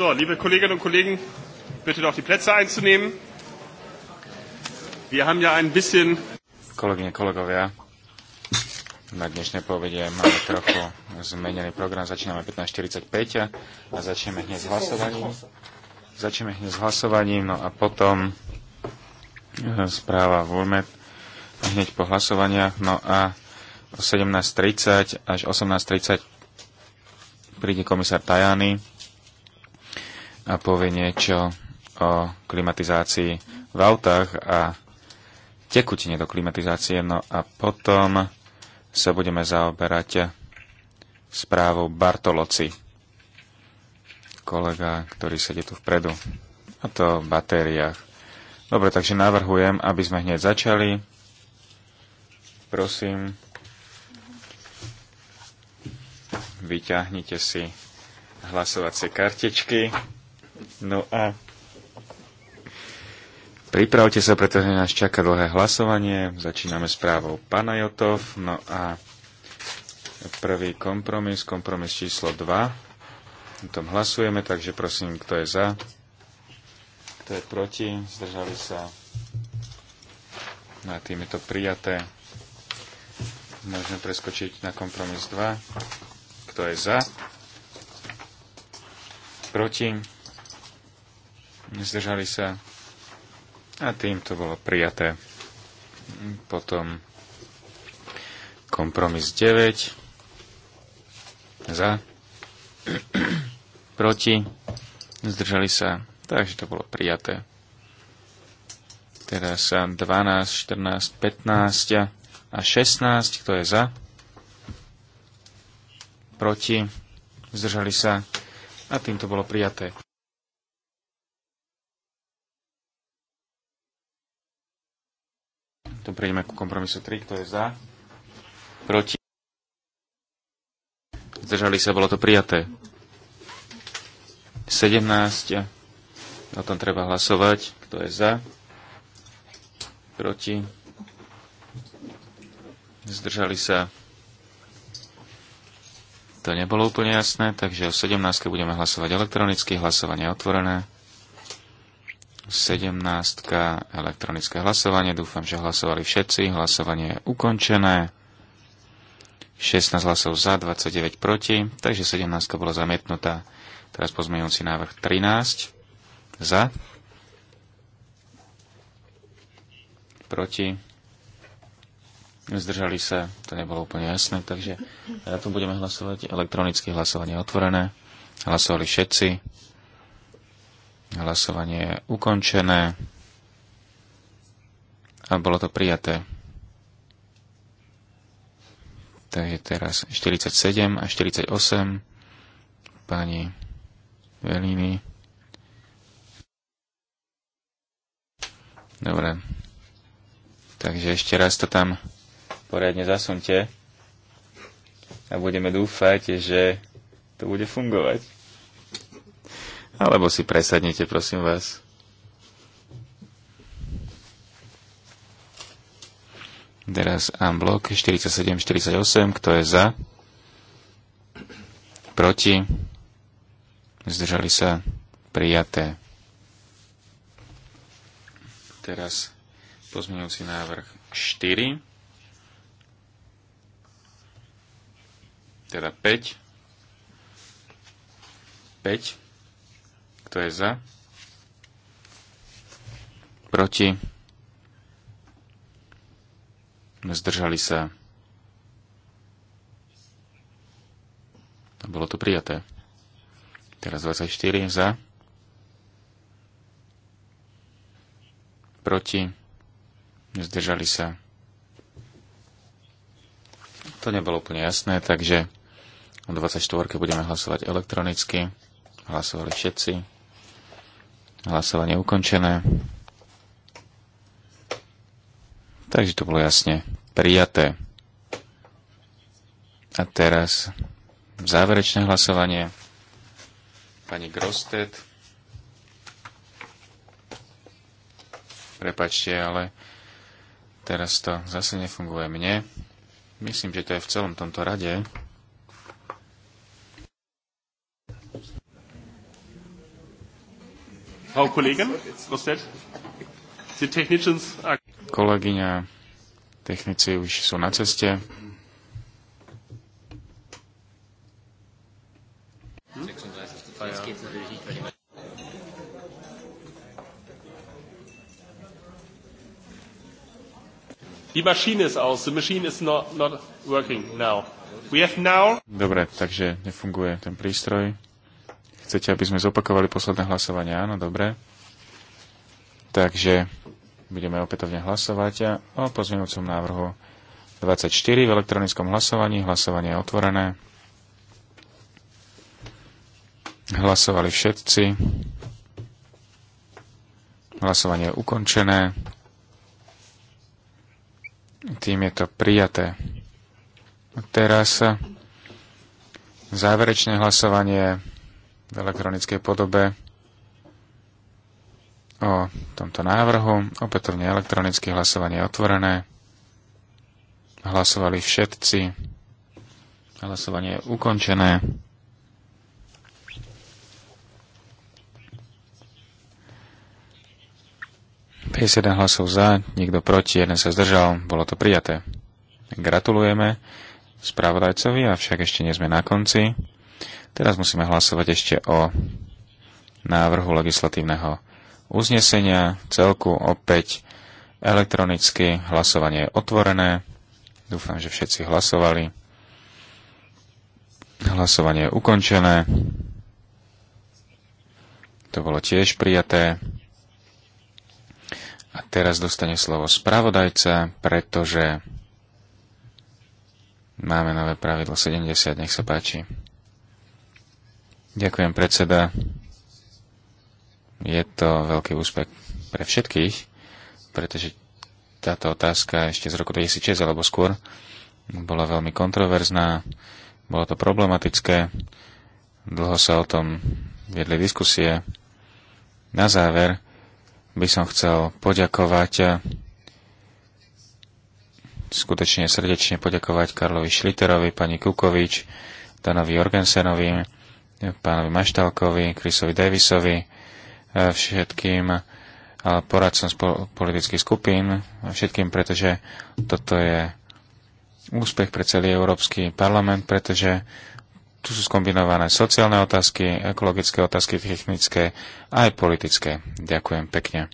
So, liebe Kolleginnen und Kollegen, bitte doch die Plätze einzunehmen. Wir haben ja ein bisschen... Kolleginnen, Kolegyne, kolegovia, na dnešné povede máme trochu zmenený program. Začíname 15.45 a začneme hneď s hlasovaním. Začneme hneď s hlasovaním, no a potom eh, správa Vulmet hneď po hlasovaniach. No a o 17.30 až 18.30 príde komisár Tajany a povie niečo o klimatizácii v autách a tekutine do klimatizácie. No a potom sa budeme zaoberať správou Bartoloci, kolega, ktorý sedí tu vpredu. A to v batériách. Dobre, takže navrhujem, aby sme hneď začali. Prosím, vyťahnite si hlasovacie kartečky. No a pripravte sa, pretože nás čaká dlhé hlasovanie. Začíname s právou Jotov. No a prvý kompromis, kompromis číslo 2. O tom hlasujeme, takže prosím, kto je za, kto je proti, zdržali sa. No a tým je to prijaté. Môžeme preskočiť na kompromis 2. Kto je za? Proti? zdržali sa a tým to bolo prijaté. Potom kompromis 9 za proti zdržali sa, takže to bolo prijaté. Teraz 12, 14, 15 a 16, kto je za? Proti, zdržali sa a týmto bolo prijaté. Potom prejdeme ku kompromisu 3, kto je za, proti, zdržali sa, bolo to prijaté. 17, o tom treba hlasovať, kto je za, proti, zdržali sa, to nebolo úplne jasné, takže o 17. budeme hlasovať elektronicky, hlasovanie je otvorené. 17. elektronické hlasovanie. Dúfam, že hlasovali všetci. Hlasovanie je ukončené. 16 hlasov za, 29 proti, takže 17 bola zamietnutá. Teraz pozmeňujúci návrh 13 za, proti, zdržali sa, to nebolo úplne jasné, takže na tu budeme hlasovať elektronicky hlasovanie otvorené. Hlasovali všetci. Hlasovanie je ukončené a bolo to prijaté. To je teraz 47 a 48 pani Veliny. Dobre. Takže ešte raz to tam poriadne zasunte a budeme dúfať, že to bude fungovať. Alebo si presadnite, prosím vás. Teraz unblock 47-48, kto je za? Proti? Zdržali sa prijaté. Teraz pozmeňujúci návrh 4. Teda 5. 5. Kto je za? Proti? Zdržali sa. Bolo to prijaté. Teraz 24 za. Proti? Zdržali sa. To nebolo úplne jasné, takže o 24 budeme hlasovať elektronicky. Hlasovali všetci. Hlasovanie ukončené. Takže to bolo jasne prijaté. A teraz záverečné hlasovanie. Pani Grosted. Prepačte, ale teraz to zase nefunguje mne. Myslím, že to je v celom tomto rade. Frau Kollegin Rostet, Sie technicians... Kolegyňa, technici už sú na ceste. Hm? Die machine is aus. The machine is not, not working now. We have now... Dobre, takže nefunguje ten prístroj. Chcete, aby sme zopakovali posledné hlasovanie? Áno, dobre. Takže budeme opätovne hlasovať a o pozmeňujúcom návrhu 24 v elektronickom hlasovaní. Hlasovanie je otvorené. Hlasovali všetci. Hlasovanie je ukončené. Tým je to prijaté. Teraz záverečné hlasovanie v elektronickej podobe o tomto návrhu. Opätovne elektronické hlasovanie je otvorené. Hlasovali všetci. Hlasovanie je ukončené. jeden hlasov za, nikto proti, jeden sa zdržal, bolo to prijaté. Gratulujeme spravodajcovi, avšak ešte nie sme na konci. Teraz musíme hlasovať ešte o návrhu legislatívneho uznesenia. Celku opäť elektronicky. Hlasovanie je otvorené. Dúfam, že všetci hlasovali. Hlasovanie je ukončené. To bolo tiež prijaté. A teraz dostane slovo spravodajca, pretože máme nové pravidlo 70. Nech sa páči. Ďakujem, predseda. Je to veľký úspech pre všetkých, pretože táto otázka ešte z roku 2006 alebo skôr bola veľmi kontroverzná, bolo to problematické, dlho sa o tom viedli diskusie. Na záver by som chcel poďakovať skutočne srdečne poďakovať Karlovi Šliterovi, pani Kukovič, Danovi Jorgensenovi, pánovi Maštalkovi, Chrisovi Davisovi, e, všetkým e, poradcom z politických skupín, všetkým, pretože toto je úspech pre celý Európsky parlament, pretože tu sú skombinované sociálne otázky, ekologické otázky, technické aj politické. Ďakujem pekne.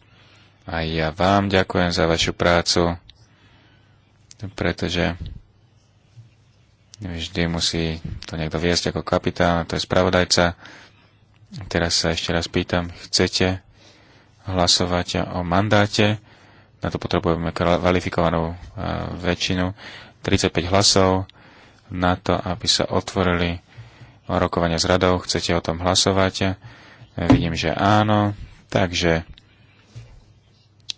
A ja vám ďakujem za vašu prácu, pretože Vždy musí to niekto viesť ako kapitán, to je spravodajca. Teraz sa ešte raz pýtam, chcete hlasovať o mandáte? Na to potrebujeme kvalifikovanú e, väčšinu. 35 hlasov na to, aby sa otvorili rokovania s radou. Chcete o tom hlasovať? Vidím, že áno. Takže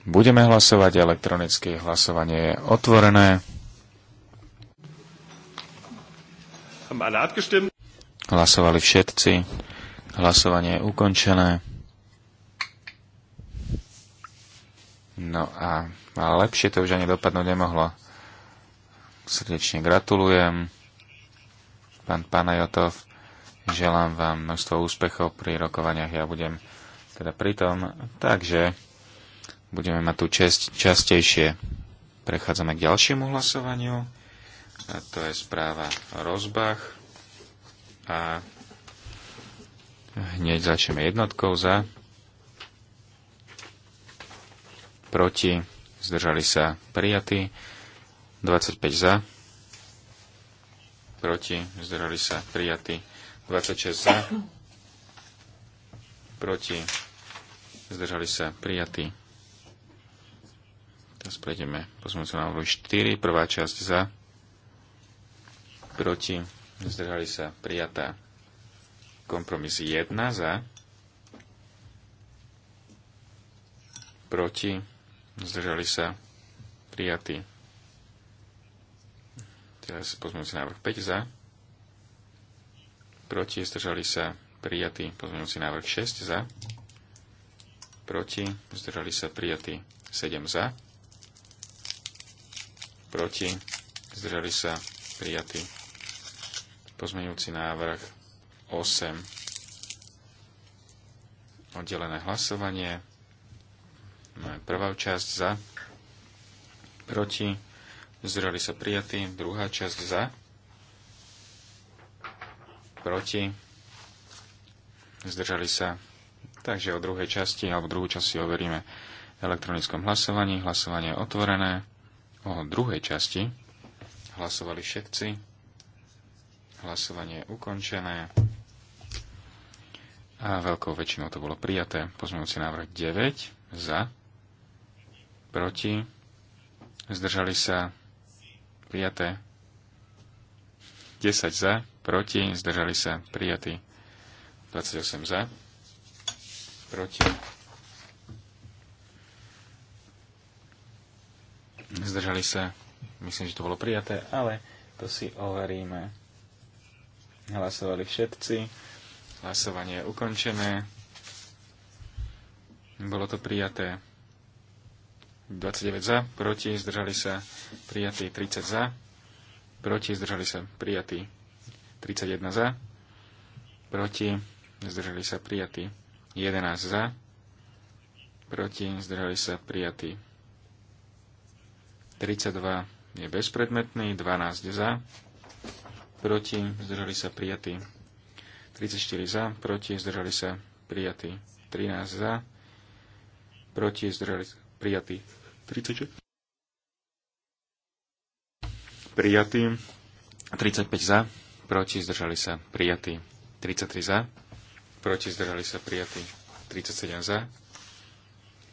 budeme hlasovať. Elektronické hlasovanie je otvorené. Hlasovali všetci. Hlasovanie je ukončené. No a, ale lepšie to už ani dopadnúť nemohlo. Srdečne gratulujem, pán Panajotov. Želám vám množstvo úspechov pri rokovaniach. Ja budem teda pritom. Takže budeme mať tu čest častejšie. Prechádzame k ďalšiemu hlasovaniu. A to je správa rozbach. A hneď začneme jednotkou za. Proti. Zdržali sa prijatí. 25 za. Proti. Zdržali sa prijatí. 26 za. Proti. Zdržali sa prijatí. Teraz prejdeme pozmúcu na 4. Prvá časť za proti, zdržali sa prijatá. Kompromis 1 za, proti, zdržali sa prijatý. Teraz pozmeňujúci návrh 5 za, proti, zdržali sa prijatý Pozmeňujúci návrh 6 za, proti, zdržali sa prijatý 7 za, proti, zdržali sa prijatí. Pozmeňujúci návrh 8. Oddelené hlasovanie. Máme prvá časť za, proti, zdrali sa prijatí, druhá časť za, proti, zdržali sa. Takže o druhej časti, alebo druhú časť si overíme v elektronickom hlasovaní. Hlasovanie je otvorené. O druhej časti hlasovali všetci. Hlasovanie je ukončené. A veľkou väčšinou to bolo prijaté. Pozmeňujúci návrh 9 za, proti, zdržali sa prijaté 10 za, proti, zdržali sa prijatí 28 za, proti, zdržali sa, myslím, že to bolo prijaté, ale to si overíme. Hlasovali všetci. Hlasovanie je ukončené. Bolo to prijaté 29 za, proti zdržali sa prijatí 30 za, proti zdržali sa prijatí 31 za, proti zdržali sa prijatí 11 za, proti zdržali sa prijatí 32 je bezpredmetný, 12 za, proti, zdržali sa prijatí. 34 za, proti, zdržali sa prijatí. 13 za, proti, zdržali sa prijatí. 36. Prijatí. 35 za, proti, zdržali sa prijatí. 33 za, proti, zdržali sa prijatí. 37 za,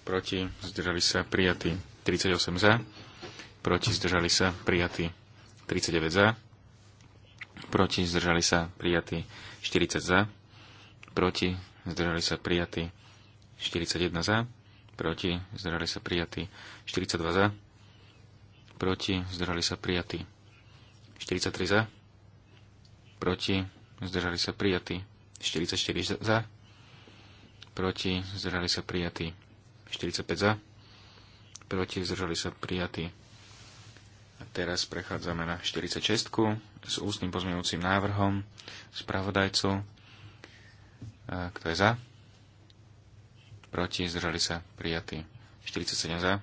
proti, zdržali sa prijatí. 38 za, proti, zdržali sa prijatí. 39 za, proti, zdržali sa prijatí 40 za, proti, zdržali sa prijatí 41 za, proti, zdržali sa prijatí 42 za, proti, zdržali sa prijatí 43 za, proti, zdržali sa prijatí 44 za, proti, zdržali sa prijatí 45 za, proti, zdržali sa prijatí teraz prechádzame na 46 s ústnym pozmeňujúcim návrhom spravodajcu. kto je za? Proti, zdržali sa, prijatí. 47 za.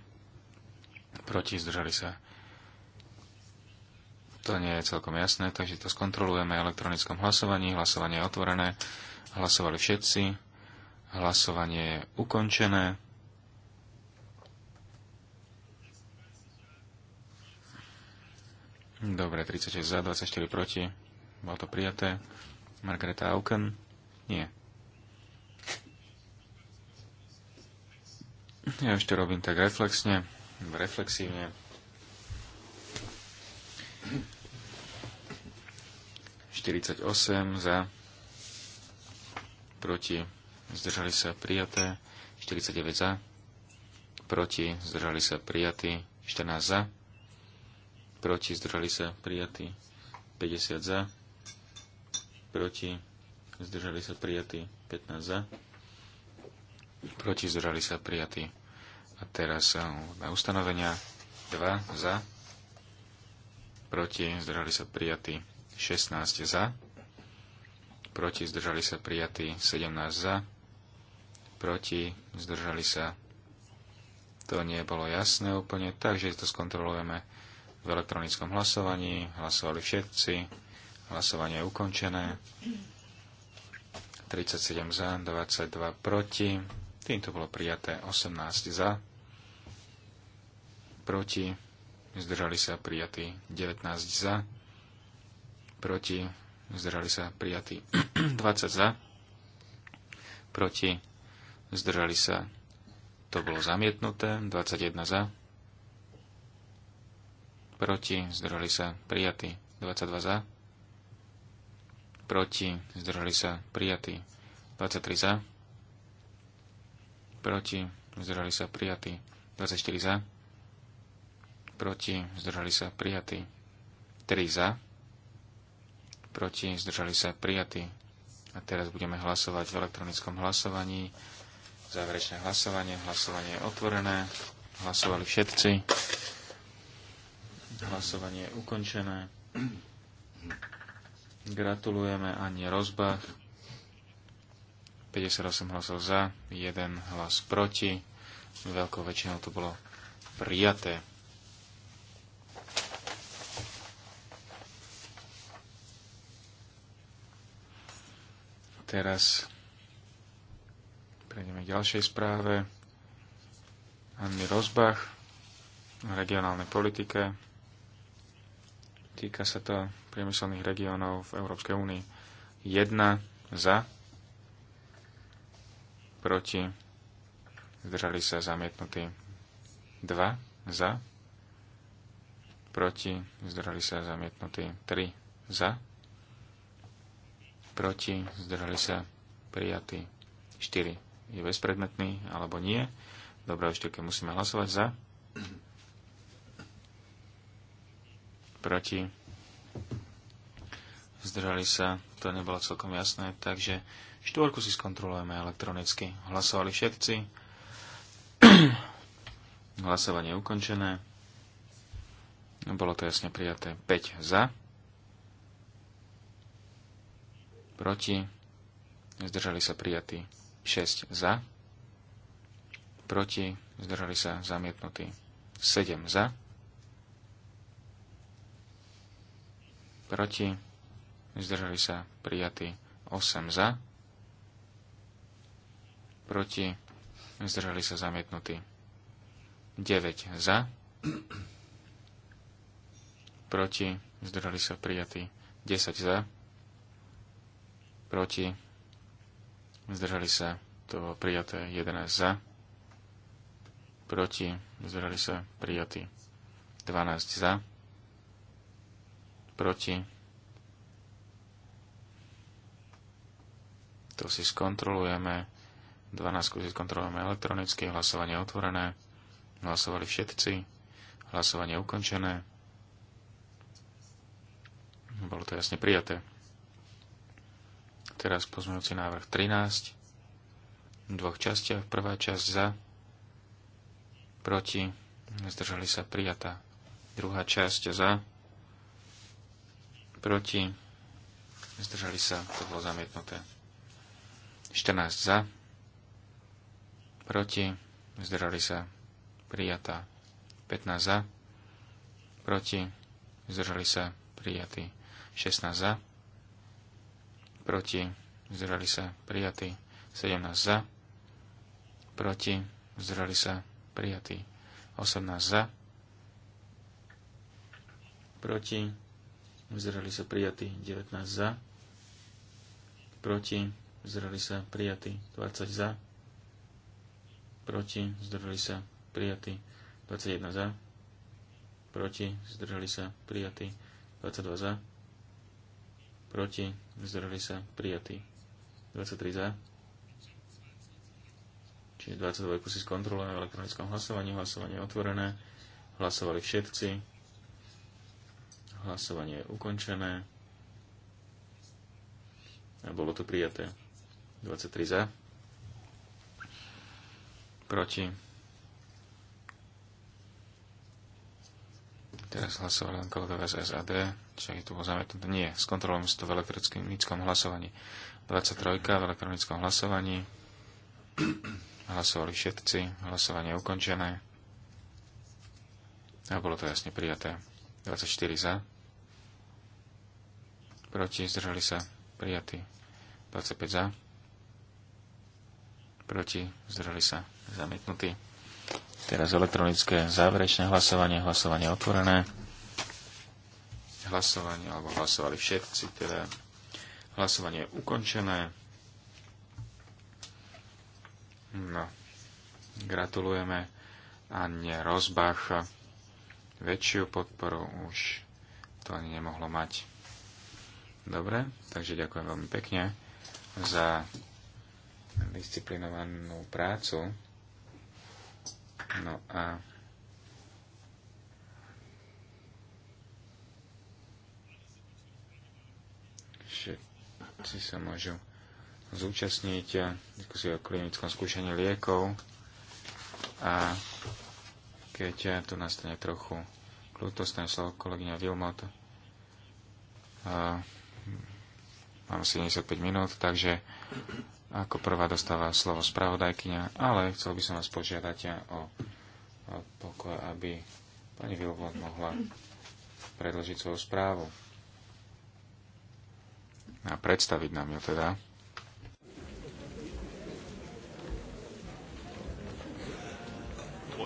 Proti, zdržali sa. To nie je celkom jasné, takže to skontrolujeme elektronickom hlasovaní. Hlasovanie je otvorené. Hlasovali všetci. Hlasovanie je ukončené. Dobre, 36 za, 24 proti. Bolo to prijaté. Margareta Auken? Nie. Ja ešte robím tak reflexne, reflexívne. 48 za, proti, zdržali sa prijaté, 49 za, proti, zdržali sa prijatí, 14 za proti, zdržali sa prijatí 50 za, proti, zdržali sa prijatí 15 za, proti, zdržali sa prijatí. A teraz eh, na ustanovenia 2 za, proti, zdržali sa prijatí 16 za, proti, zdržali sa prijatí 17 za, proti, zdržali sa. To nie bolo jasné úplne, takže to skontrolujeme v elektronickom hlasovaní. Hlasovali všetci. Hlasovanie je ukončené. 37 za, 22 proti. Týmto bolo prijaté 18 za, proti. Zdržali sa prijatí 19 za, proti. Zdržali sa prijatí 20 za, proti. Zdržali sa, to bolo zamietnuté, 21 za, proti, zdržali sa, prijatí. 22 za, proti, zdržali sa, prijatí. 23 za, proti, zdržali sa, prijatí. 24 za, proti, zdržali sa, prijatí. 3 za, proti, zdržali sa, prijatí. A teraz budeme hlasovať v elektronickom hlasovaní. Záverečné hlasovanie. Hlasovanie je otvorené. Hlasovali všetci. Hlasovanie je ukončené. Gratulujeme Ani Rozbach. 58 hlasov za, 1 hlas proti. Veľkou väčšinou to bolo prijaté. Teraz prejdeme k ďalšej správe. Anny Rozbach, regionálnej politike. Týka sa to priemyselných regiónov v Európskej únii. Jedna za, proti, zdržali sa zamietnutí. Dva za, proti, zdržali sa zamietnutí. Tri za, proti, zdržali sa prijatí. 4 je bezpredmetný alebo nie. Dobre, ešte keď musíme hlasovať za proti, zdržali sa, to nebolo celkom jasné, takže štvorku si skontrolujeme elektronicky. Hlasovali všetci. Hlasovanie ukončené. Bolo to jasne prijaté 5 za, proti, zdržali sa prijatí 6 za, proti, zdržali sa zamietnutí 7 za, proti, zdržali sa prijatí 8 za, proti, zdržali sa zamietnutí 9 za, proti, zdržali sa prijatí 10 za, proti, zdržali sa, to bolo prijaté 11 za, proti, zdržali sa prijatí 12 za, proti. To si skontrolujeme, 12 si skontrolujeme elektronicky, hlasovanie otvorené, hlasovali všetci, hlasovanie ukončené, bolo to jasne prijaté. Teraz pozmeňujúci návrh 13 v dvoch častiach. Prvá časť za, proti, zdržali sa prijatá. Druhá časť za, proti, zdržali sa, to bolo zamietnuté. 14 za, proti, zdržali sa, prijatá. 15 za, proti, zdržali sa, prijatí. 16 za, proti, zdržali sa, prijatí. 17 za, proti, zdržali sa, prijatí. 18 za, proti, Zdržali sa prijatí 19 za. Proti. Zdržali sa prijatí 20 za. Proti. Zdržali sa prijatí 21 za. Proti. Zdržali sa prijatí 22 za. Proti. Zdržali sa prijatí 23 za. Čiže 22 si skontrolované v elektronickom hlasovaní. Hlasovanie je otvorené. Hlasovali všetci. Hlasovanie je ukončené. A bolo to prijaté. 23 za. Proti. Teraz hlasovali len kolegovia z SAD, čo je tu bolo zamietnuté. Nie, skontrolujeme si to v elektronickom hlasovaní. 23 v elektronickom hlasovaní. Hlasovali všetci. Hlasovanie je ukončené. A bolo to jasne prijaté. 24 za proti, zdržali sa, prijatí. 25 za, proti, zdržali sa, zamietnutí. Teraz elektronické záverečné hlasovanie, hlasovanie otvorené. Hlasovanie, alebo hlasovali všetci, teda hlasovanie ukončené. No, gratulujeme Anne Rozbach. Väčšiu podporu už to ani nemohlo mať. Dobre, takže ďakujem veľmi pekne za disciplinovanú prácu. No a všetci sa môžu zúčastniť diskusie o klinickom skúšaní liekov a keď tu nastane trochu kľútostné slovo kolegyňa Vilmot, Mám 75 minút, takže ako prvá dostáva slovo spravodajkyňa, ale chcel by som vás požiadať ja o, o pokoj, aby pani Vilvod mohla predložiť svoju správu a predstaviť nám ju teda.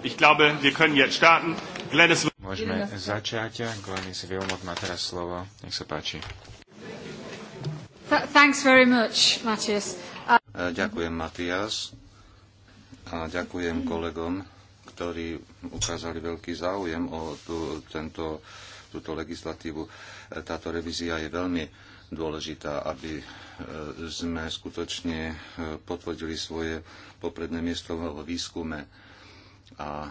Ich glaube, wir können jetzt starten. Glenis... Môžeme začať. Glenis Vilmot má teraz slovo. Nech sa páči thanks very much, e, Ďakujem, Matias. A ďakujem kolegom, ktorí ukázali veľký záujem o tú, tento, túto legislatívu. E, táto revízia je veľmi dôležitá, aby e, sme skutočne potvrdili svoje popredné miesto vo výskume a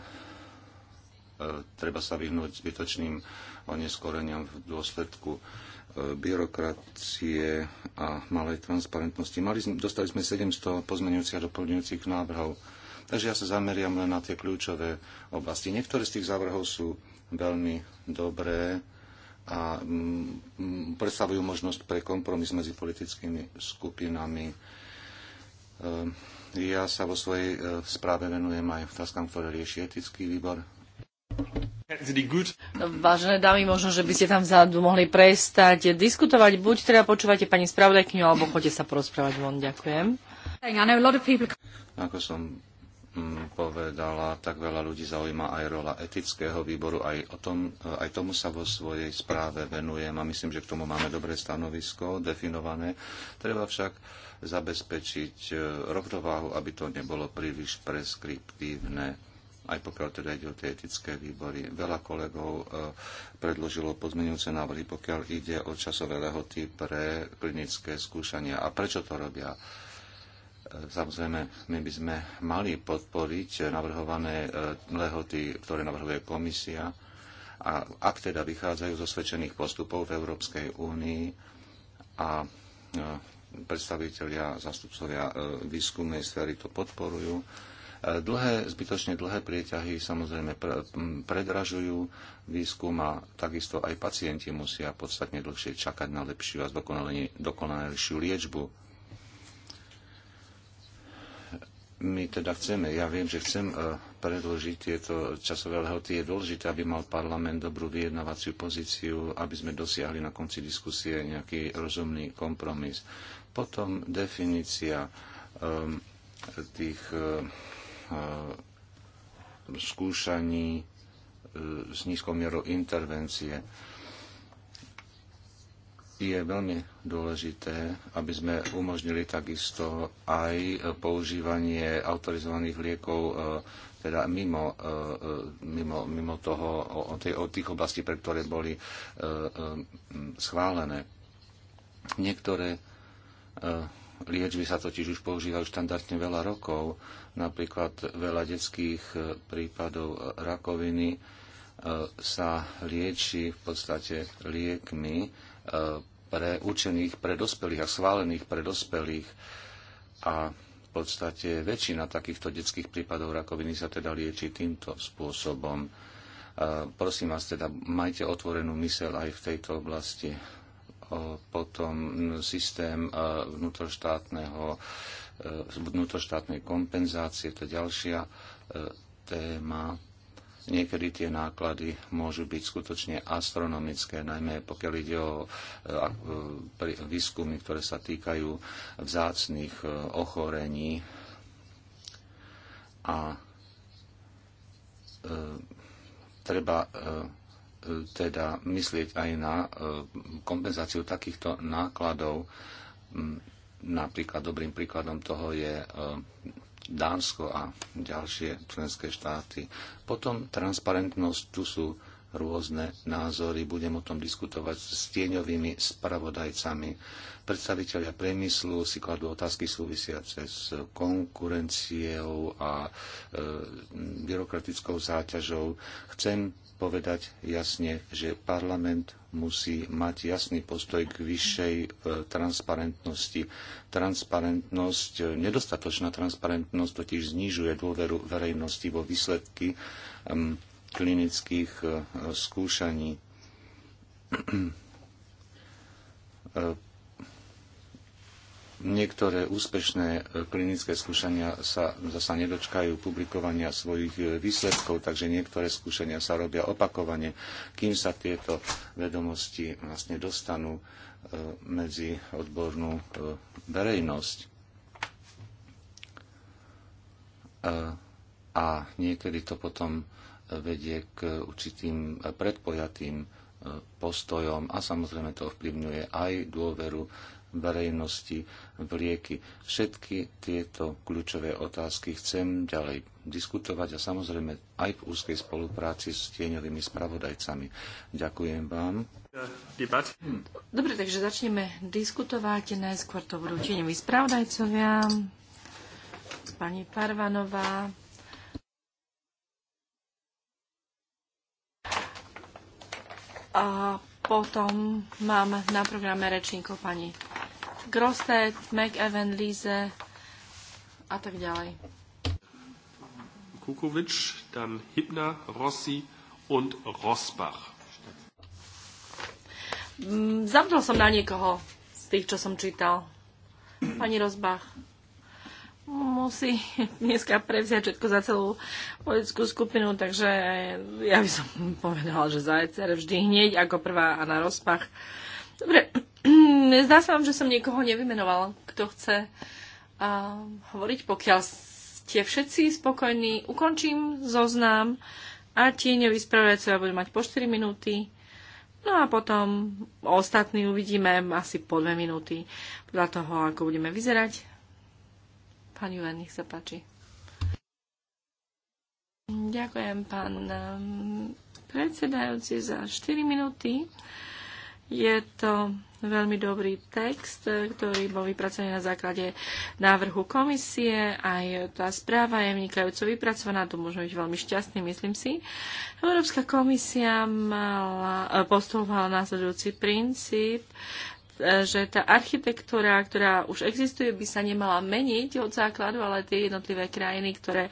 treba sa vyhnúť zbytočným oneskoreniam v dôsledku byrokracie a malej transparentnosti. Mali, dostali sme 700 pozmenujúcich a doplňujúcich návrhov, takže ja sa zameriam len na tie kľúčové oblasti. Niektoré z tých závrhov sú veľmi dobré a mm, predstavujú možnosť pre kompromis medzi politickými skupinami. Ehm, ja sa vo svojej e, správe venujem aj otázkam, ktoré rieši etický výbor Vážené dámy, možno, že by ste tam vzadu mohli prestať diskutovať. Buď teda počúvate pani spravodajkyňu, alebo chodite sa porozprávať von. Ďakujem. Ako som mm, povedala, tak veľa ľudí zaujíma aj rola etického výboru. Aj, o tom, e, aj tomu sa vo svojej správe venujem a myslím, že k tomu máme dobré stanovisko definované. Treba však zabezpečiť e, rovnováhu, aby to nebolo príliš preskriptívne aj pokiaľ teda ide o tie etické výbory. Veľa kolegov e, predložilo pozmeňujúce návrhy, pokiaľ ide o časové lehoty pre klinické skúšania. A prečo to robia? E, samozrejme, my by sme mali podporiť navrhované e, lehoty, ktoré navrhuje komisia. A ak teda vychádzajú zo svedčených postupov v Európskej únii a predstavitelia, zastupcovia výskumnej sféry to podporujú, Dlhé, zbytočne dlhé prieťahy samozrejme predražujú výskum a takisto aj pacienti musia podstatne dlhšie čakať na lepšiu a dokonalejšiu liečbu. My teda chceme, ja viem, že chcem e, predložiť tieto časové lehoty. Je dôležité, aby mal parlament dobrú vyjednávaciu pozíciu, aby sme dosiahli na konci diskusie nejaký rozumný kompromis. Potom definícia um, tých um, E, skúšaní e, s nízkou mierou intervencie. Je veľmi dôležité, aby sme umožnili takisto aj používanie autorizovaných liekov e, teda mimo, mimo, mimo toho, o, tej, o tých oblastí, pre ktoré boli schválené. Niektoré liečby sa totiž už používajú štandardne veľa rokov. Napríklad veľa detských e, prípadov e, rakoviny e, sa lieči v podstate liekmi pre učených, pre dospelých a schválených pre dospelých. A v podstate väčšina takýchto detských prípadov rakoviny sa teda lieči týmto spôsobom. Prosím vás teda, majte otvorenú myseľ aj v tejto oblasti E, potom systém e, vnútroštátneho, e, vnútroštátnej kompenzácie, to je ďalšia téma. Niekedy tie náklady môžu byť skutočne astronomické, najmä pokiaľ ide o výskumy, ktoré sa týkajú vzácných ochorení. A treba teda myslieť aj na e, kompenzáciu takýchto nákladov. Mm, napríklad dobrým príkladom toho je e, Dánsko a ďalšie členské štáty. Potom transparentnosť, tu sú rôzne názory, budem o tom diskutovať s tieňovými spravodajcami. Predstaviteľia priemyslu si kladú otázky súvisiace s konkurenciou a e, byrokratickou záťažou. Chcem povedať jasne, že parlament musí mať jasný postoj k vyššej e, transparentnosti. Transparentnosť, e, nedostatočná transparentnosť totiž znižuje dôveru verejnosti vo výsledky klinických e, skúšaní Niektoré úspešné e, klinické skúšania sa zasa nedočkajú publikovania svojich e, výsledkov, takže niektoré skúšania sa robia opakovane, kým sa tieto vedomosti vlastne dostanú e, medzi odbornú verejnosť. A niekedy to potom vedie k určitým predpojatým postojom a samozrejme to ovplyvňuje aj dôveru verejnosti v rieky. Všetky tieto kľúčové otázky chcem ďalej diskutovať a samozrejme aj v úzkej spolupráci s tieňovými spravodajcami. Ďakujem vám. Dobre, takže začneme diskutovať. Najskôr to budú tieňoví spravodajcovia. Pani Parvanová, A potom mám na programe rečníkov pani Grosset, McEwen, Lise a tak ďalej. Kukovič, dann Hibner, Rossi und Rosbach. Mm, Zabudol som na niekoho z tých, čo som čítal. Pani Rozbach musí dneska prevziať všetko za celú politickú skupinu, takže ja by som povedala, že za ECR vždy hneď ako prvá a na rozpach. Dobre, Hm, zdá sa vám, že som niekoho nevymenovala, kto chce uh, hovoriť. Pokiaľ ste všetci spokojní, ukončím zoznam a tieňoví ja budem mať po 4 minúty. No a potom ostatní uvidíme asi po 2 minúty, podľa toho, ako budeme vyzerať. Pán Juven, nech sa páči. Ďakujem, pán um, predsedajúci, za 4 minúty. Je to veľmi dobrý text, e, ktorý bol vypracovaný na základe návrhu komisie. Aj tá správa je vnikajúco vypracovaná, to môžeme byť veľmi šťastní, myslím si. Európska komisia mala, e, postulovala následujúci princíp, E, že tá architektúra, ktorá už existuje, by sa nemala meniť od základu, ale tie jednotlivé krajiny, ktoré,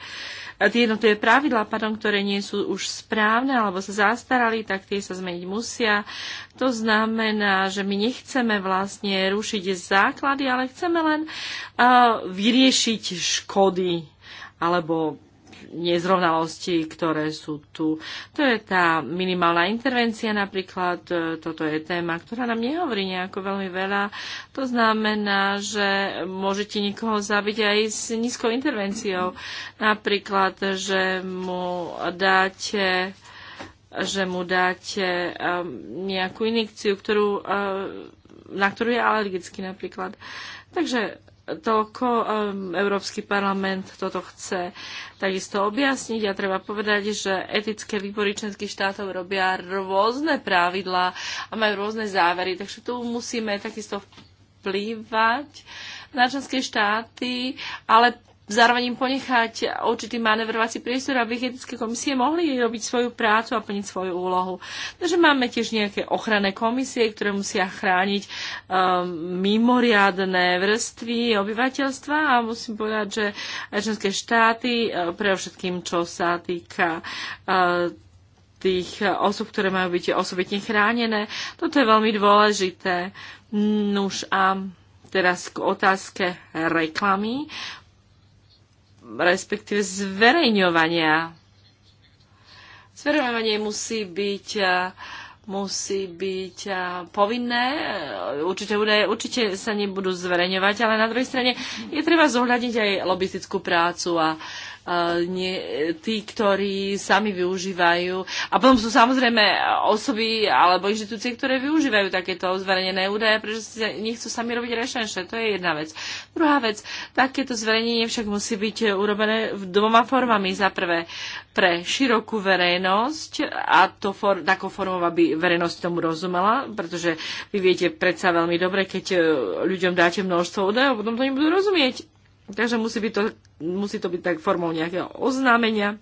e, tie jednotlivé pravidlá, pardon, ktoré nie sú už správne alebo sa zastarali, tak tie sa zmeniť musia. To znamená, že my nechceme vlastne rušiť základy, ale chceme len uh, vyriešiť škody alebo nezrovnalosti, ktoré sú tu. To je tá minimálna intervencia napríklad, e, toto je téma, ktorá nám nehovorí nejako veľmi veľa. To znamená, že môžete niekoho zabiť aj s nízkou intervenciou. Napríklad, že mu dáte že mu dáte e, nejakú injekciu, ktorú, e, na ktorú je alergický napríklad. Takže toľko um, Európsky parlament toto chce takisto objasniť a treba povedať, že etické výbory členských štátov robia rôzne pravidlá a majú rôzne závery, takže tu musíme takisto vplývať na členské štáty, ale zároveň im ponechať určitý manevrovací priestor, aby etické komisie mohli robiť svoju prácu a plniť svoju úlohu. Takže máme tiež nejaké ochranné komisie, ktoré musia chrániť um, mimoriadné vrstvy obyvateľstva a musím povedať, že aj členské štáty, uh, pre všetkým, čo sa týka uh, tých osob, ktoré majú byť osobitne chránené. Toto je veľmi dôležité. Nuž a teraz k otázke reklamy respektíve zverejňovania. Zverejňovanie musí byť musí byť povinné. Určite, údaje, určite sa nebudú zverejňovať, ale na druhej strane je treba zohľadniť aj lobistickú prácu a uh, nie, tí, ktorí sami využívajú. A potom sú samozrejme osoby alebo inštitúcie, ktoré využívajú takéto zverejnené údaje, pretože si nechcú sami robiť rešenše. To je jedna vec. Druhá vec, takéto zverejnenie však musí byť urobené dvoma formami. Za prvé, pre širokú verejnosť a to for, takou formou, aby verejnosť tomu rozumela, pretože vy viete predsa veľmi dobre, keď e, ľuďom dáte množstvo údajov, potom to nebudú rozumieť Takže musí, byť to, musí to byť tak formou nejakého oznámenia,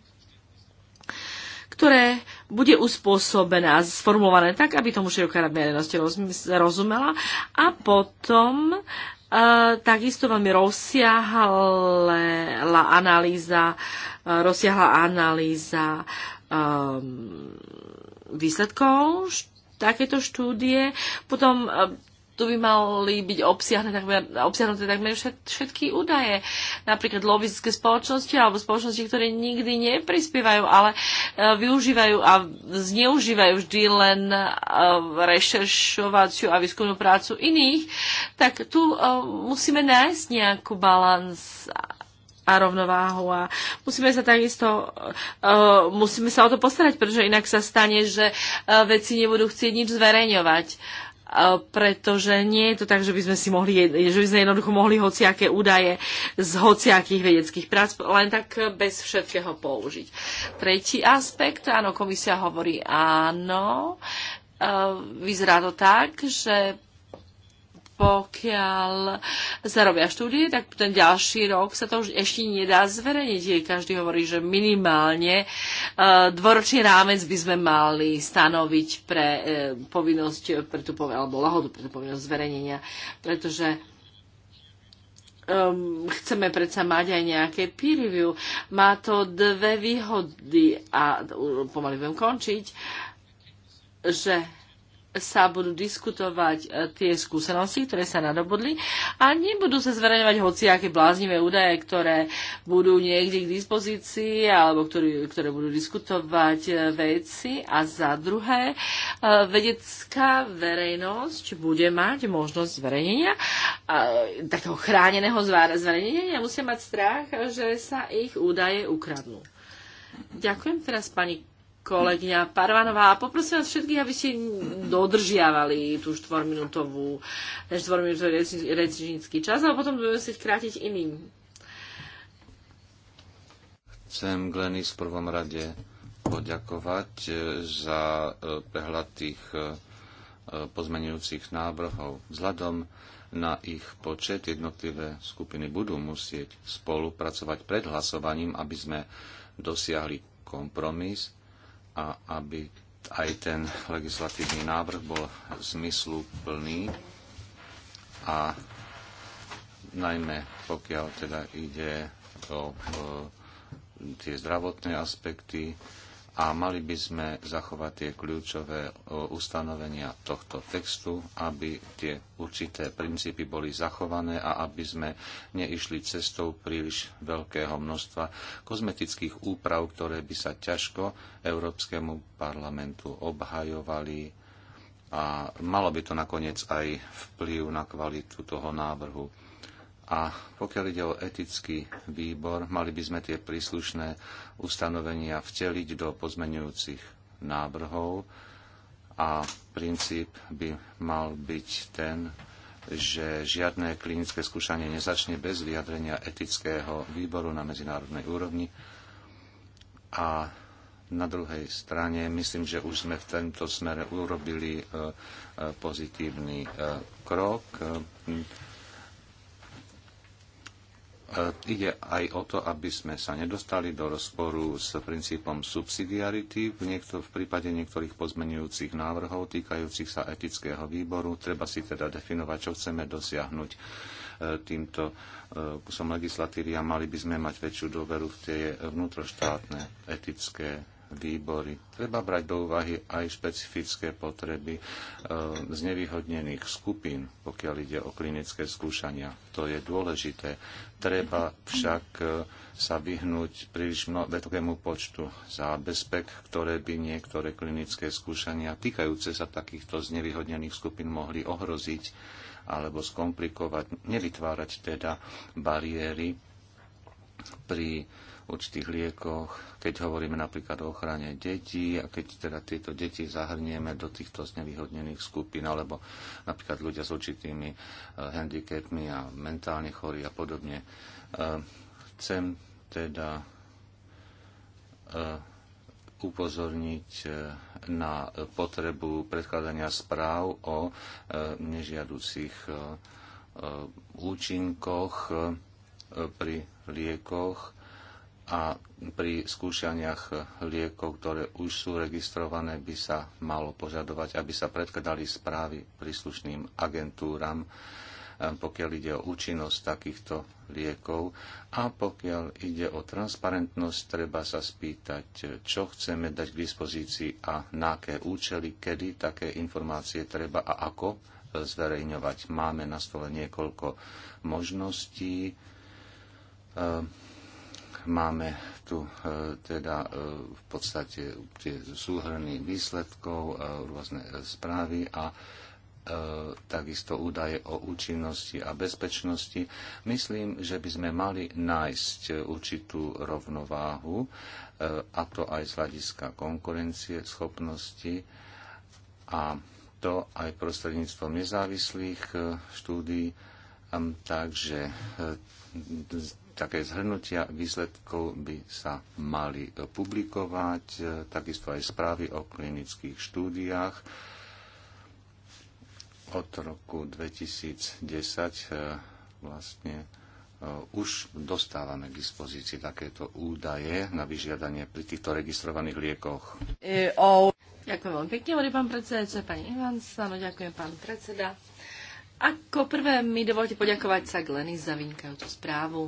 ktoré bude uspôsobené a sformulované tak, aby tomu široká verejnosti rozumela a potom e, takisto veľmi rozsiahla analýza, e, rozsiahla analýza e, výsledkov takéto štúdie. Potom e, tu by mali byť obsiahnuté takmer, takmer všetky údaje. Napríklad lobistické spoločnosti alebo spoločnosti, ktoré nikdy neprispievajú, ale e, využívajú a zneužívajú vždy len e, rešeršovaciu a výskumnú prácu iných, tak tu e, musíme nájsť nejakú balans a rovnováhu a musíme sa takisto uh, musíme sa o to postarať, pretože inak sa stane, že uh, veci nebudú chcieť nič zverejňovať. Uh, Eh, pretože nie je to tak, že by sme si mohli, že by sme jednoducho mohli hociaké údaje z hociakých vedeckých prác len tak eh, bez všetkého použiť. Tretí aspekt, áno, komisia hovorí áno, eh, vyzerá to tak, že pokiaľ sa robia štúdie, tak ten ďalší rok sa to už ešte nedá zverejniť. Každý hovorí, že minimálne e, dvoročný rámec by sme mali stanoviť pre e, povinnosť, pre tú, alebo lahodu pre tú povinnosť zverejnenia, pretože um, chceme predsa mať aj nejaké peer review. Má to dve výhody a pomaly budem končiť, že sa budú diskutovať e, tie skúsenosti, ktoré sa nadobudli a nebudú sa zverejňovať hociaké bláznivé údaje, ktoré budú niekde k dispozícii alebo ktorý, ktoré budú diskutovať e, vedci. A za druhé, e, vedecká verejnosť bude mať možnosť zverejnenia, takého chráneného zverejnenia, nemusia mať strach, že sa ich údaje ukradnú. Ďakujem teraz pani kolegyňa Parvanová. Poprosím vás všetkých, aby ste dodržiavali tú štvorminútovú, ten štvorminútový rečnícky čas, ale potom budeme si krátiť iným. Chcem Glenis v prvom rade poďakovať e, za e, prehľad tých e, pozmenujúcich návrhov. Vzhľadom na ich počet jednotlivé skupiny budú musieť spolupracovať pred hlasovaním, aby sme dosiahli kompromis a aby aj ten legislatívny návrh bol zmysluplný a najmä pokiaľ teda ide o, o tie zdravotné aspekty, a mali by sme zachovať tie kľúčové e, ustanovenia tohto textu, aby tie určité princípy boli zachované a aby sme neišli cestou príliš veľkého množstva kozmetických úprav, ktoré by sa ťažko Európskemu parlamentu obhajovali a malo by to nakoniec aj vplyv na kvalitu toho návrhu. A pokiaľ ide o etický výbor, mali by sme tie príslušné ustanovenia vteliť do pozmenujúcich návrhov a princíp by mal byť ten, že žiadne klinické skúšanie nezačne bez vyjadrenia etického výboru na medzinárodnej úrovni. A na druhej strane myslím, že už sme v tento smere urobili e, e, pozitívny e, krok E, ide aj o to, aby sme sa nedostali do rozporu s princípom subsidiarity. V, niekto, v prípade niektorých pozmenujúcich návrhov týkajúcich sa etického výboru treba si teda definovať, čo chceme dosiahnuť e, týmto e, kusom legislatívy a mali by sme mať väčšiu dôveru v tie vnútroštátne etické výbory. Treba brať do úvahy aj špecifické potreby eh, znevýhodnených skupín, pokiaľ ide o klinické skúšania. To je dôležité. Treba však eh, sa vyhnúť príliš veľkému počtu zábezpek, ktoré by niektoré klinické skúšania týkajúce sa takýchto znevýhodnených skupín mohli ohroziť alebo skomplikovať, nevytvárať teda bariéry pri určitých liekoch, keď hovoríme napríklad o ochrane detí a keď teda tieto deti zahrnieme do týchto znevýhodnených skupín, alebo napríklad ľudia s určitými e, handicapmi a mentálne chorí a podobne. E, chcem teda e, upozorniť na potrebu predkladania správ o nežiaducich účinkoch pri liekoch a pri skúšaniach liekov, ktoré už sú registrované, by sa malo požadovať, aby sa predkladali správy príslušným agentúram, e, pokiaľ ide o účinnosť takýchto liekov a pokiaľ ide o transparentnosť, treba sa spýtať, čo chceme dať k dispozícii a na aké účely, kedy také informácie treba a ako zverejňovať. Máme na stole niekoľko možností e, máme tu e, teda e, v podstate tie súhrny výsledkov, e, rôzne správy a takisto údaje o účinnosti a bezpečnosti. Myslím, že by sme mali nájsť určitú rovnováhu, a to aj z hľadiska konkurencie, schopnosti a to aj prostredníctvom nezávislých štúdí. Takže také zhrnutia výsledkov by sa mali publikovať, e, takisto aj správy o klinických štúdiách. Od roku 2010 e, vlastne e, už dostávame k dispozícii takéto údaje na vyžiadanie pri týchto registrovaných liekoch. Ďakujem veľmi pekne, hovorí pán predsedajúce, pani Ivans, áno, ďakujem pán predseda. Ako prvé mi dovolte poďakovať sa Glenis za vynikajúcu správu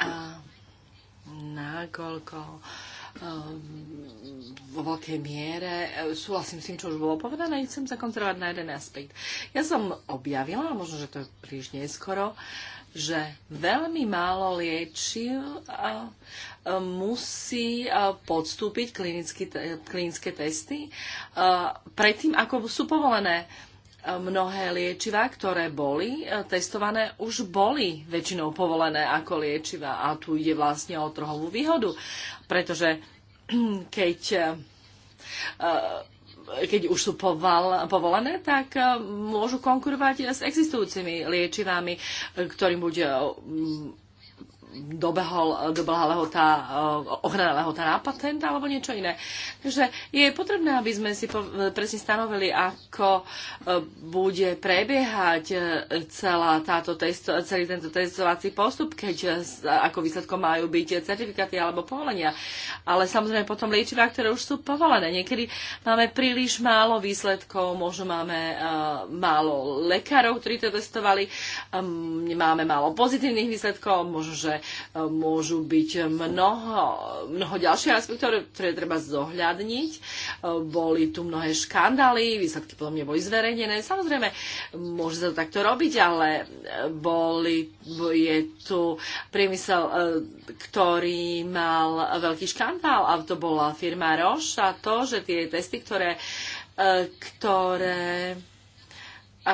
a nakoľko ehm, v veľkej miere e, súhlasím s tým, čo už bolo povedané, chcem sa koncentrovať na jeden aspekt. Ja som objavila, možno, že to je príliš neskoro, že veľmi málo a e, e, musí podstúpiť klinické testy predtým, ako sú povolené mnohé liečivá, ktoré boli e, testované, už boli väčšinou povolené ako liečiva a tu ide vlastne o trhovú výhodu, pretože keď e, e, keď už sú poval, povolené, tak môžu konkurovať s existujúcimi liečivami, ktorým bude dobehol, dobehla lehota, eh, ochrana lehota na patent alebo niečo iné. Takže je potrebné, aby sme si presne stanovili, ako eh, bude prebiehať eh, celá táto testo, celý tento testovací postup, keď ako výsledkom majú byť certifikáty alebo povolenia. Ale samozrejme potom liečivá, ktoré už sú povolené. Niekedy máme príliš málo výsledkov, možno máme málo lekárov, ktorí to testovali, máme málo pozitívnych výsledkov, možno, že E, môžu byť mnoho, mnoho ďalších aspektov, ktoré treba zohľadniť. E, boli tu mnohé škandály, výsledky potom neboli zverejnené. Samozrejme, môže sa to takto robiť, ale e, boli, je tu priemysel, ktorý mal veľký škandál a to bola firma Roche a to, že tie testy, ktoré, ktoré uh,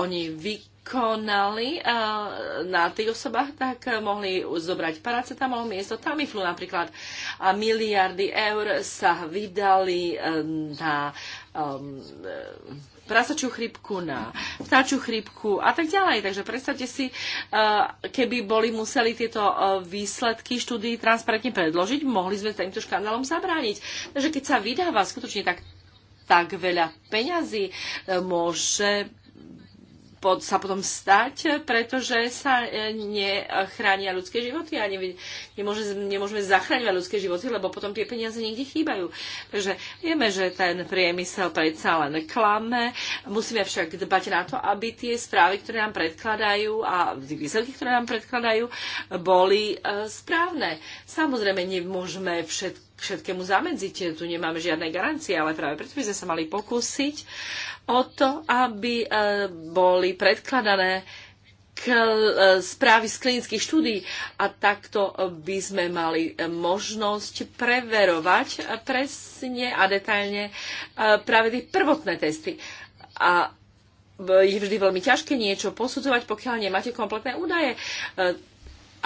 oni vykonali, konali eh, na tých osobách, tak mohli zobrať paracetamol miesto Tamiflu napríklad. A miliardy eur sa vydali na um, eh, prasačiu chrypku, na vtáčiu chrypku a tak ďalej. Takže predstavte si, eh, keby boli museli tieto výsledky štúdií transparentne predložiť, mohli sme týmto škandálom zabrániť. Takže keď sa vydáva skutočne tak, tak veľa peňazí, môže pod, sa potom stať, pretože sa e, nechránia ľudské životy a ne, nemôže, nemôžeme zachráňovať ľudské životy, lebo potom tie peniaze niekde chýbajú. Takže vieme, že ten priemysel predsa len klame. Musíme však dbať na to, aby tie správy, ktoré nám predkladajú a výsledky, ktoré nám predkladajú, boli e, správne. Samozrejme, nemôžeme všetko všetkému zamedziť. Tu nemáme žiadne garancie, ale práve preto by sme sa mali pokúsiť o to, aby e, boli predkladané e, správy z klinických štúdí a takto by sme mali možnosť preverovať presne a detailne e, práve tie prvotné testy. A je vždy veľmi ťažké niečo posudzovať, pokiaľ nemáte kompletné údaje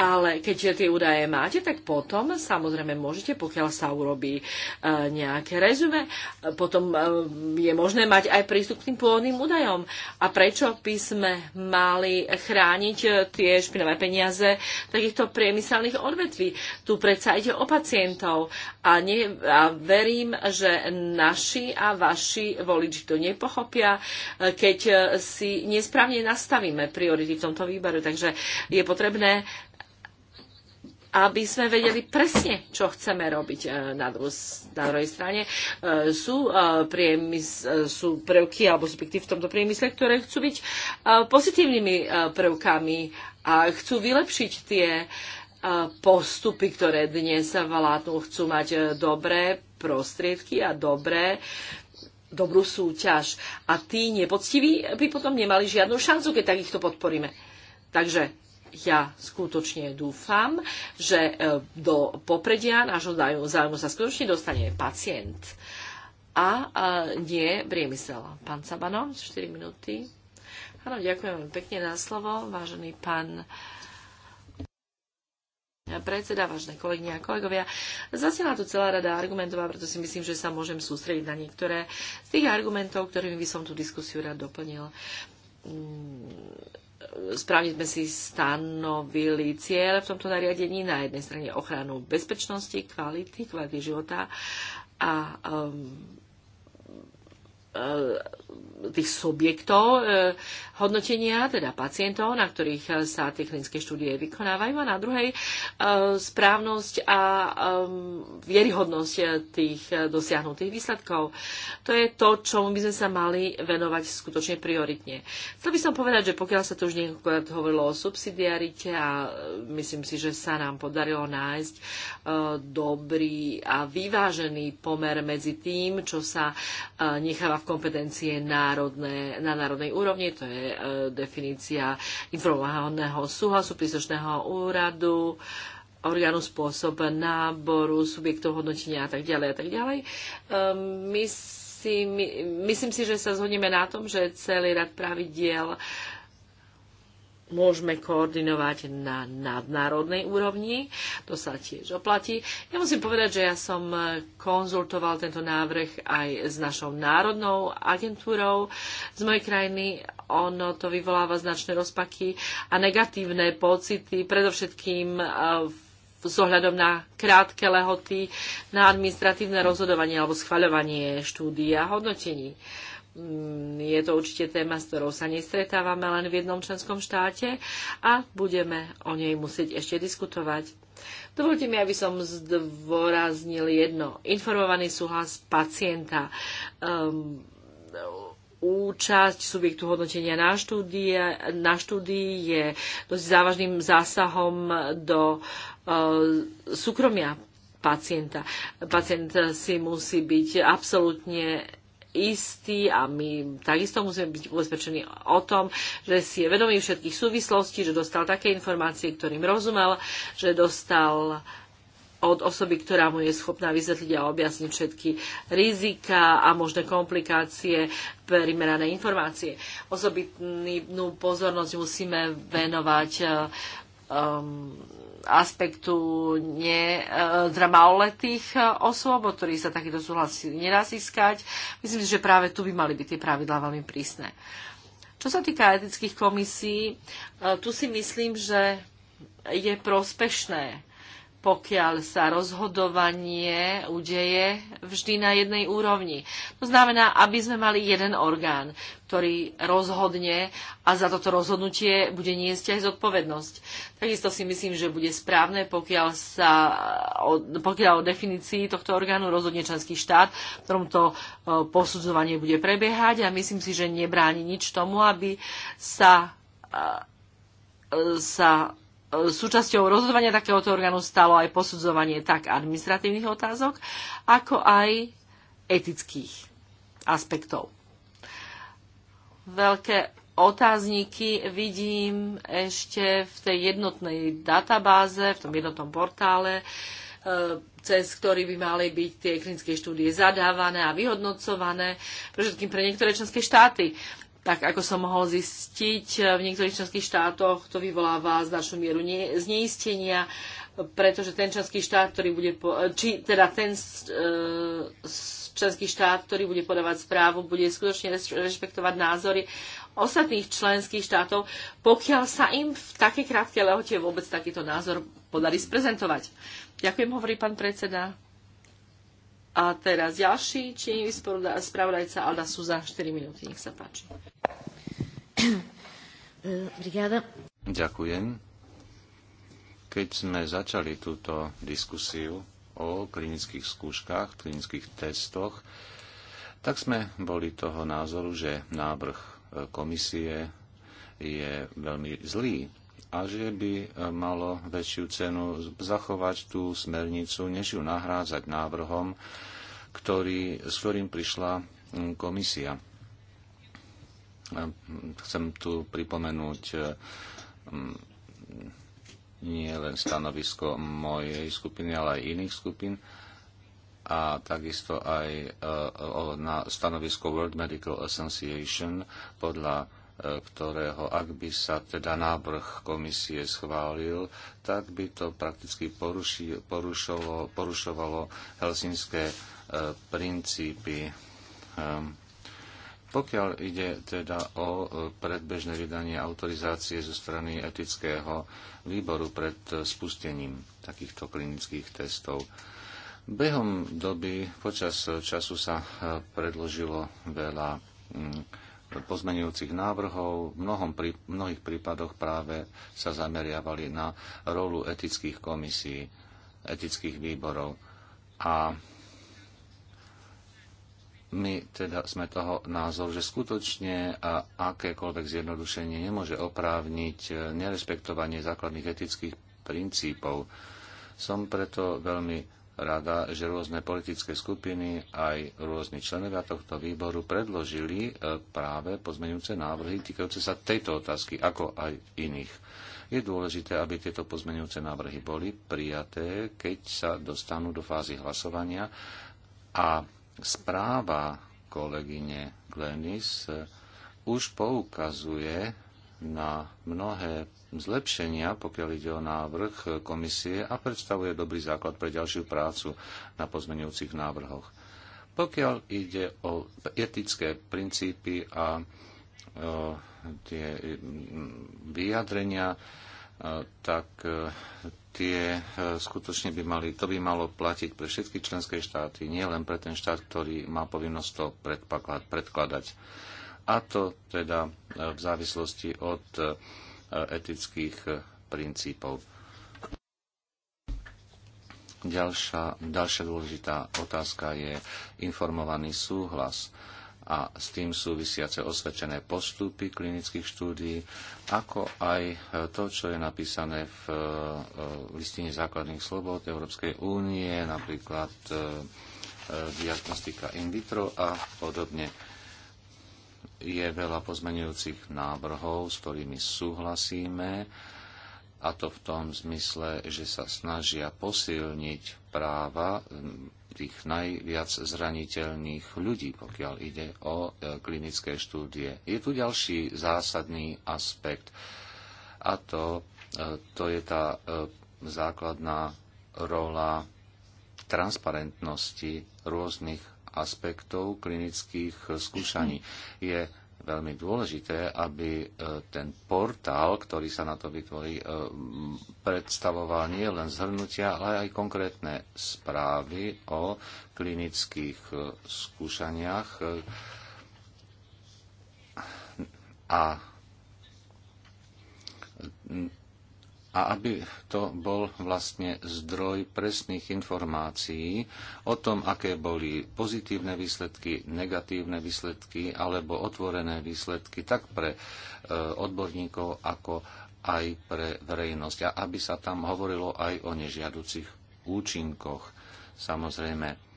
ale keď tie údaje máte, tak potom samozrejme môžete, pokiaľ sa urobí e, nejaké rezume, potom e, je možné mať aj prístup k tým pôvodným údajom. A prečo by sme mali chrániť e, tie špinavé peniaze takýchto priemyselných odvetví? Tu predsa ide o pacientov a, ne, a verím, že naši a vaši voliči to nepochopia, keď si nesprávne nastavíme priority v tomto výberu. Takže je potrebné aby sme vedeli presne, čo chceme robiť e, na, dru- na druhej strane. E, sú, e, priemys- sú prvky alebo subjekty v tomto priemysle, ktoré chcú byť pozitívnymi prvkami a chcú vylepšiť tie postupy, ktoré dnes vládnu, chcú mať dobré prostriedky a dobré dobrú súťaž. A tí nepoctiví by potom nemali žiadnu šancu, keď tak ich to podporíme. Takže ja skutočne dúfam, že e, do popredia nášho zájmu sa skutočne dostane pacient a, a nie priemysel. Pán Sabano, 4 minúty. Áno, ďakujem pekne na slovo, vážený pán predseda, vážne kolegyne a kolegovia. Zasiela tu celá rada argumentov a preto si myslím, že sa môžem sústrediť na niektoré z tých argumentov, ktorými by som tú diskusiu rád doplnil mm, správne sme si stanovili cieľ v tomto nariadení na jednej strane ochranu bezpečnosti, kvality, kvality života a um, E, tých subjektov e, hodnotenia, teda pacientov, na ktorých e, sa tie klinické štúdie vykonávajú a na druhej správnosť a vieryhodnosť tých dosiahnutých výsledkov. To je to, čomu by sme sa mali venovať skutočne prioritne. Chcel by som povedať, že pokiaľ sa tu už niekoľkokrát hovorilo o subsidiarite a myslím si, že sa nám podarilo nájsť dobrý a vyvážený pomer medzi tým, čo sa necháva v kompetencie národné, na národnej úrovni, to je e, definícia informovaného súhlasu príslušného úradu, orgánu spôsob náboru, subjektov hodnotenia a tak ďalej a tak ďalej. E, my si, my, myslím si, že sa zhodneme na tom, že celý rad pravidiel môžeme koordinovať na nadnárodnej úrovni. To sa tiež oplatí. Ja musím povedať, že ja som e, konzultoval tento návrh aj s našou národnou agentúrou z mojej krajiny. Ono to vyvoláva značné rozpaky a negatívne pocity, predovšetkým e, s ohľadom na krátke lehoty, na administratívne rozhodovanie alebo schvaľovanie štúdia a hodnotení. Uh, Mm, je to určite téma, s ktorou sa nestretávame len v jednom členskom štáte a budeme o nej musieť ešte diskutovať. Dovolte mi, aby som zdôraznil jedno. Informovaný súhlas pacienta. Um, účasť subjektu hodnotenia na, štúdie, na štúdii je dosť závažným zásahom do uh, súkromia pacienta. Pacient si musí byť absolútne istý a my takisto musíme byť ubezpečení o tom, že si je vedomý všetkých súvislostí, že dostal také informácie, ktorým rozumel, že dostal od osoby, ktorá mu je schopná vysvetliť a objasniť všetky rizika a možné komplikácie, primerané informácie. Osobitnú pozornosť musíme venovať um, aspektu ne, teda maloletých e, osôb, od ktorých sa takýto súhlas nedá získať. Myslím si, že práve tu by mali byť tie pravidlá veľmi prísne. Čo sa týka etických komisí, e, tu si myslím, že je prospešné pokiaľ sa rozhodovanie udeje vždy na jednej úrovni. To znamená, aby sme mali jeden orgán, ktorý rozhodne a za toto rozhodnutie bude niesť aj zodpovednosť. Takisto si myslím, že bude správne, pokiaľ sa o, pokiaľ o definícii tohto orgánu rozhodne členský štát, v ktorom to posudzovanie bude prebiehať a myslím si, že nebráni nič tomu, aby sa, sa súčasťou rozhodovania takéhoto orgánu stalo aj posudzovanie tak administratívnych otázok, ako aj etických aspektov. Veľké otázniky vidím ešte v tej jednotnej databáze, v tom jednotnom portále, e, cez ktorý by mali byť tie klinické štúdie zadávané a vyhodnocované, pre všetkým pre niektoré členské štáty tak ako som mohol zistiť, eh, v niektorých členských štátoch to vyvoláva značnú mieru zneistenia, pretože ten členský štát, ktorý bude, po, eh, či teda ten eh, členský štát, ktorý bude podávať správu, bude skutočne rešpektovať názory ostatných členských štátov, pokiaľ sa im v také krátkej lehote vôbec takýto názor podarí sprezentovať. Ďakujem, hovorí pán predseda. A teraz ďalší, či spravodajca Alda Suza, 4 minúty, nech sa páči. Brigáda. Ďakujem. Keď sme začali túto diskusiu o klinických skúškach, klinických testoch, tak sme boli toho názoru, že návrh e, komisie je veľmi zlý a že by e, malo väčšiu cenu zachovať tú smernicu, než ju nahrázať návrhom, ktorý, s ktorým prišla komisia. Chcem tu pripomenúť e, nie len stanovisko mojej skupiny, ale aj iných skupín a takisto aj e, na stanovisko World Medical Association podľa ktorého, ak by sa teda návrh komisie schválil, tak by to prakticky poruši, porušovalo, porušovalo helsinské e, princípy. E, pokiaľ ide teda o e, predbežné vydanie autorizácie zo strany etického výboru pred spustením takýchto klinických testov, behom doby počas času sa predložilo veľa pozmenujúcich návrhov v mnohom, pri, mnohých prípadoch práve sa zameriavali na rolu etických komisí, etických výborov. A my teda sme toho názor, že skutočne a akékoľvek zjednodušenie nemôže oprávniť nerespektovanie základných etických princípov. Som preto veľmi rada, že rôzne politické skupiny aj rôzni členovia tohto výboru predložili e, práve pozmeňujúce návrhy týkajúce sa tejto otázky, ako aj iných. Je dôležité, aby tieto pozmeňujúce návrhy boli prijaté, keď sa dostanú do fázy hlasovania a správa kolegyne Glenis e, už poukazuje na mnohé zlepšenia, pokiaľ ide o návrh komisie a predstavuje dobrý základ pre ďalšiu prácu na pozmenujúcich návrhoch. Pokiaľ ide o etické princípy a e, tie mm, vyjadrenia, e, tak e, tie skutočne by mali, to by malo platiť pre všetky členské štáty, nielen pre ten štát, ktorý má povinnosť to predpokladať, predkladať a to teda e, v závislosti od e, etických e, princípov. Ďalšia, ďalšia dôležitá otázka je informovaný súhlas a s tým súvisiace osvedčené postupy klinických štúdií, ako aj to, čo je napísané v listine základných slobod Európskej únie, napríklad diagnostika in vitro a podobne je veľa pozmenujúcich návrhov, s ktorými súhlasíme, a to v tom zmysle, že sa snažia posilniť práva tých najviac zraniteľných ľudí, pokiaľ ide o e, klinické štúdie. Je tu ďalší zásadný aspekt, a to, e, to je tá e, základná rola transparentnosti rôznych aspektov klinických eh, skúšaní. Je veľmi dôležité, aby eh, ten portál, ktorý sa na to vytvorí, eh, predstavoval nie len zhrnutia, ale aj konkrétne správy o klinických skúšaniach. A a aby to bol vlastne zdroj presných informácií o tom, aké boli pozitívne výsledky, negatívne výsledky alebo otvorené výsledky tak pre e, odborníkov ako aj pre verejnosť. A aby sa tam hovorilo aj o nežiaducich účinkoch. Samozrejme,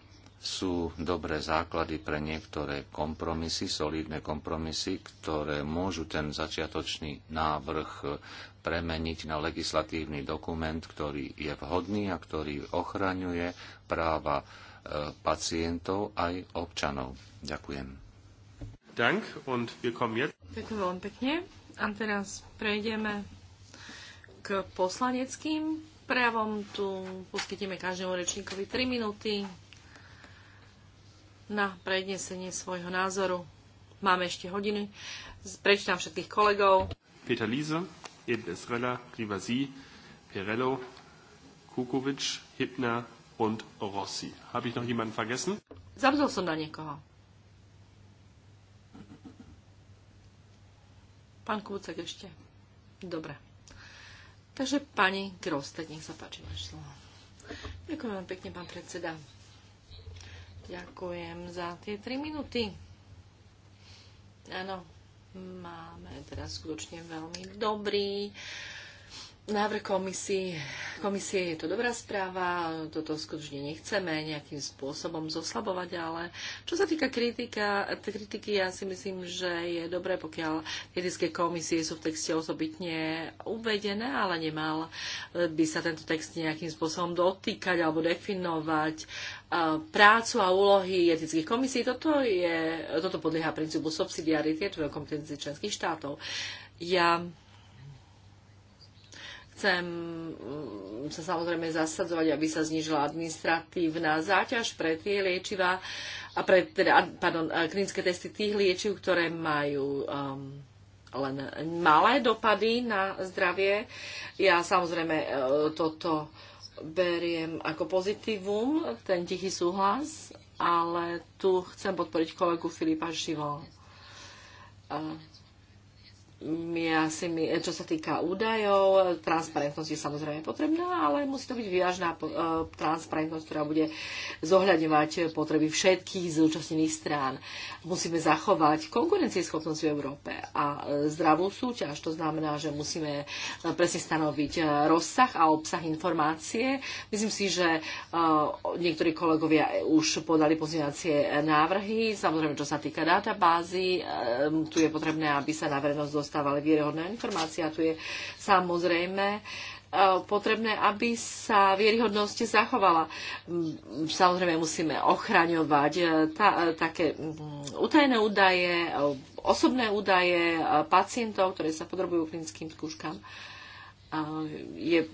sú dobré základy pre niektoré kompromisy, solidné kompromisy, ktoré môžu ten začiatočný návrh e, premeniť na legislatívny dokument, ktorý je vhodný a ktorý ochraňuje práva e, pacientov aj občanov. Ďakujem. Dank und wir kommen jetzt. Ďakujem veľmi pekne. A teraz prejdeme k poslaneckým prejavom. Tu poskytíme každému rečníkovi 3 minúty na prednesenie svojho názoru. Máme ešte hodiny. Prečítam všetkých kolegov. Peter Liese, Eben Esrella, Rivasi, Pirello, Kukovic, Hipner und Rossi. Habe ich noch jemanden vergessen? Zabudol som na niekoho. Pán Kúcek ešte. Dobre. Takže pani Grosted, nech sa páči, máš slovo. Ďakujem vám pekne, pán predseda. Ďakujem za tie 3 minúty. Áno, máme teraz skutočne veľmi dobrý Návrh komisie, komisie je to dobrá správa, toto skutočne nechceme nejakým spôsobom zoslabovať, ale čo sa týka kritika, kritiky, ja si myslím, že je dobré, pokiaľ kritické komisie sú v texte osobitne uvedené, ale nemal by sa tento text nejakým spôsobom dotýkať alebo definovať e, prácu a úlohy etických komisí. Toto, je, toto podlieha princípu subsidiarity, to je kompetencii členských štátov. Ja Chcem mm, sa samozrejme zasadzovať, aby sa znižila administratívna záťaž pre tie liečivá a pre teda, pardon, klinické testy tých liečiv, ktoré majú um, len malé dopady na zdravie. Ja samozrejme e, toto beriem ako pozitívum, ten tichý súhlas, ale tu chcem podporiť kolegu Filipa Živo. Uh, e, Mm, ja si my, čo sa týka údajov, transparentnosť je samozrejme potrebná, ale musí to byť vyvážna eh, transparentnosť, ktorá bude zohľadňovať potreby všetkých zúčastnených strán. Musíme zachovať konkurencieschopnosť v Európe a eh, zdravú súťaž. To znamená, že musíme eh, presne stanoviť rozsah a obsah informácie. Myslím si, že niektorí kolegovia už podali pozmeňovacie návrhy. Samozrejme, čo sa týka databázy, tu je potrebné, aby sa na verejnosť dostala dostávali vierhodné informácie. A tu je samozrejme e, potrebné, aby sa vierhodnosť zachovala. Mm, samozrejme musíme ochraňovať e, ta, e, také mm, utajné údaje, osobné údaje pacientov, ktorí sa podrobujú klinickým skúškam. Je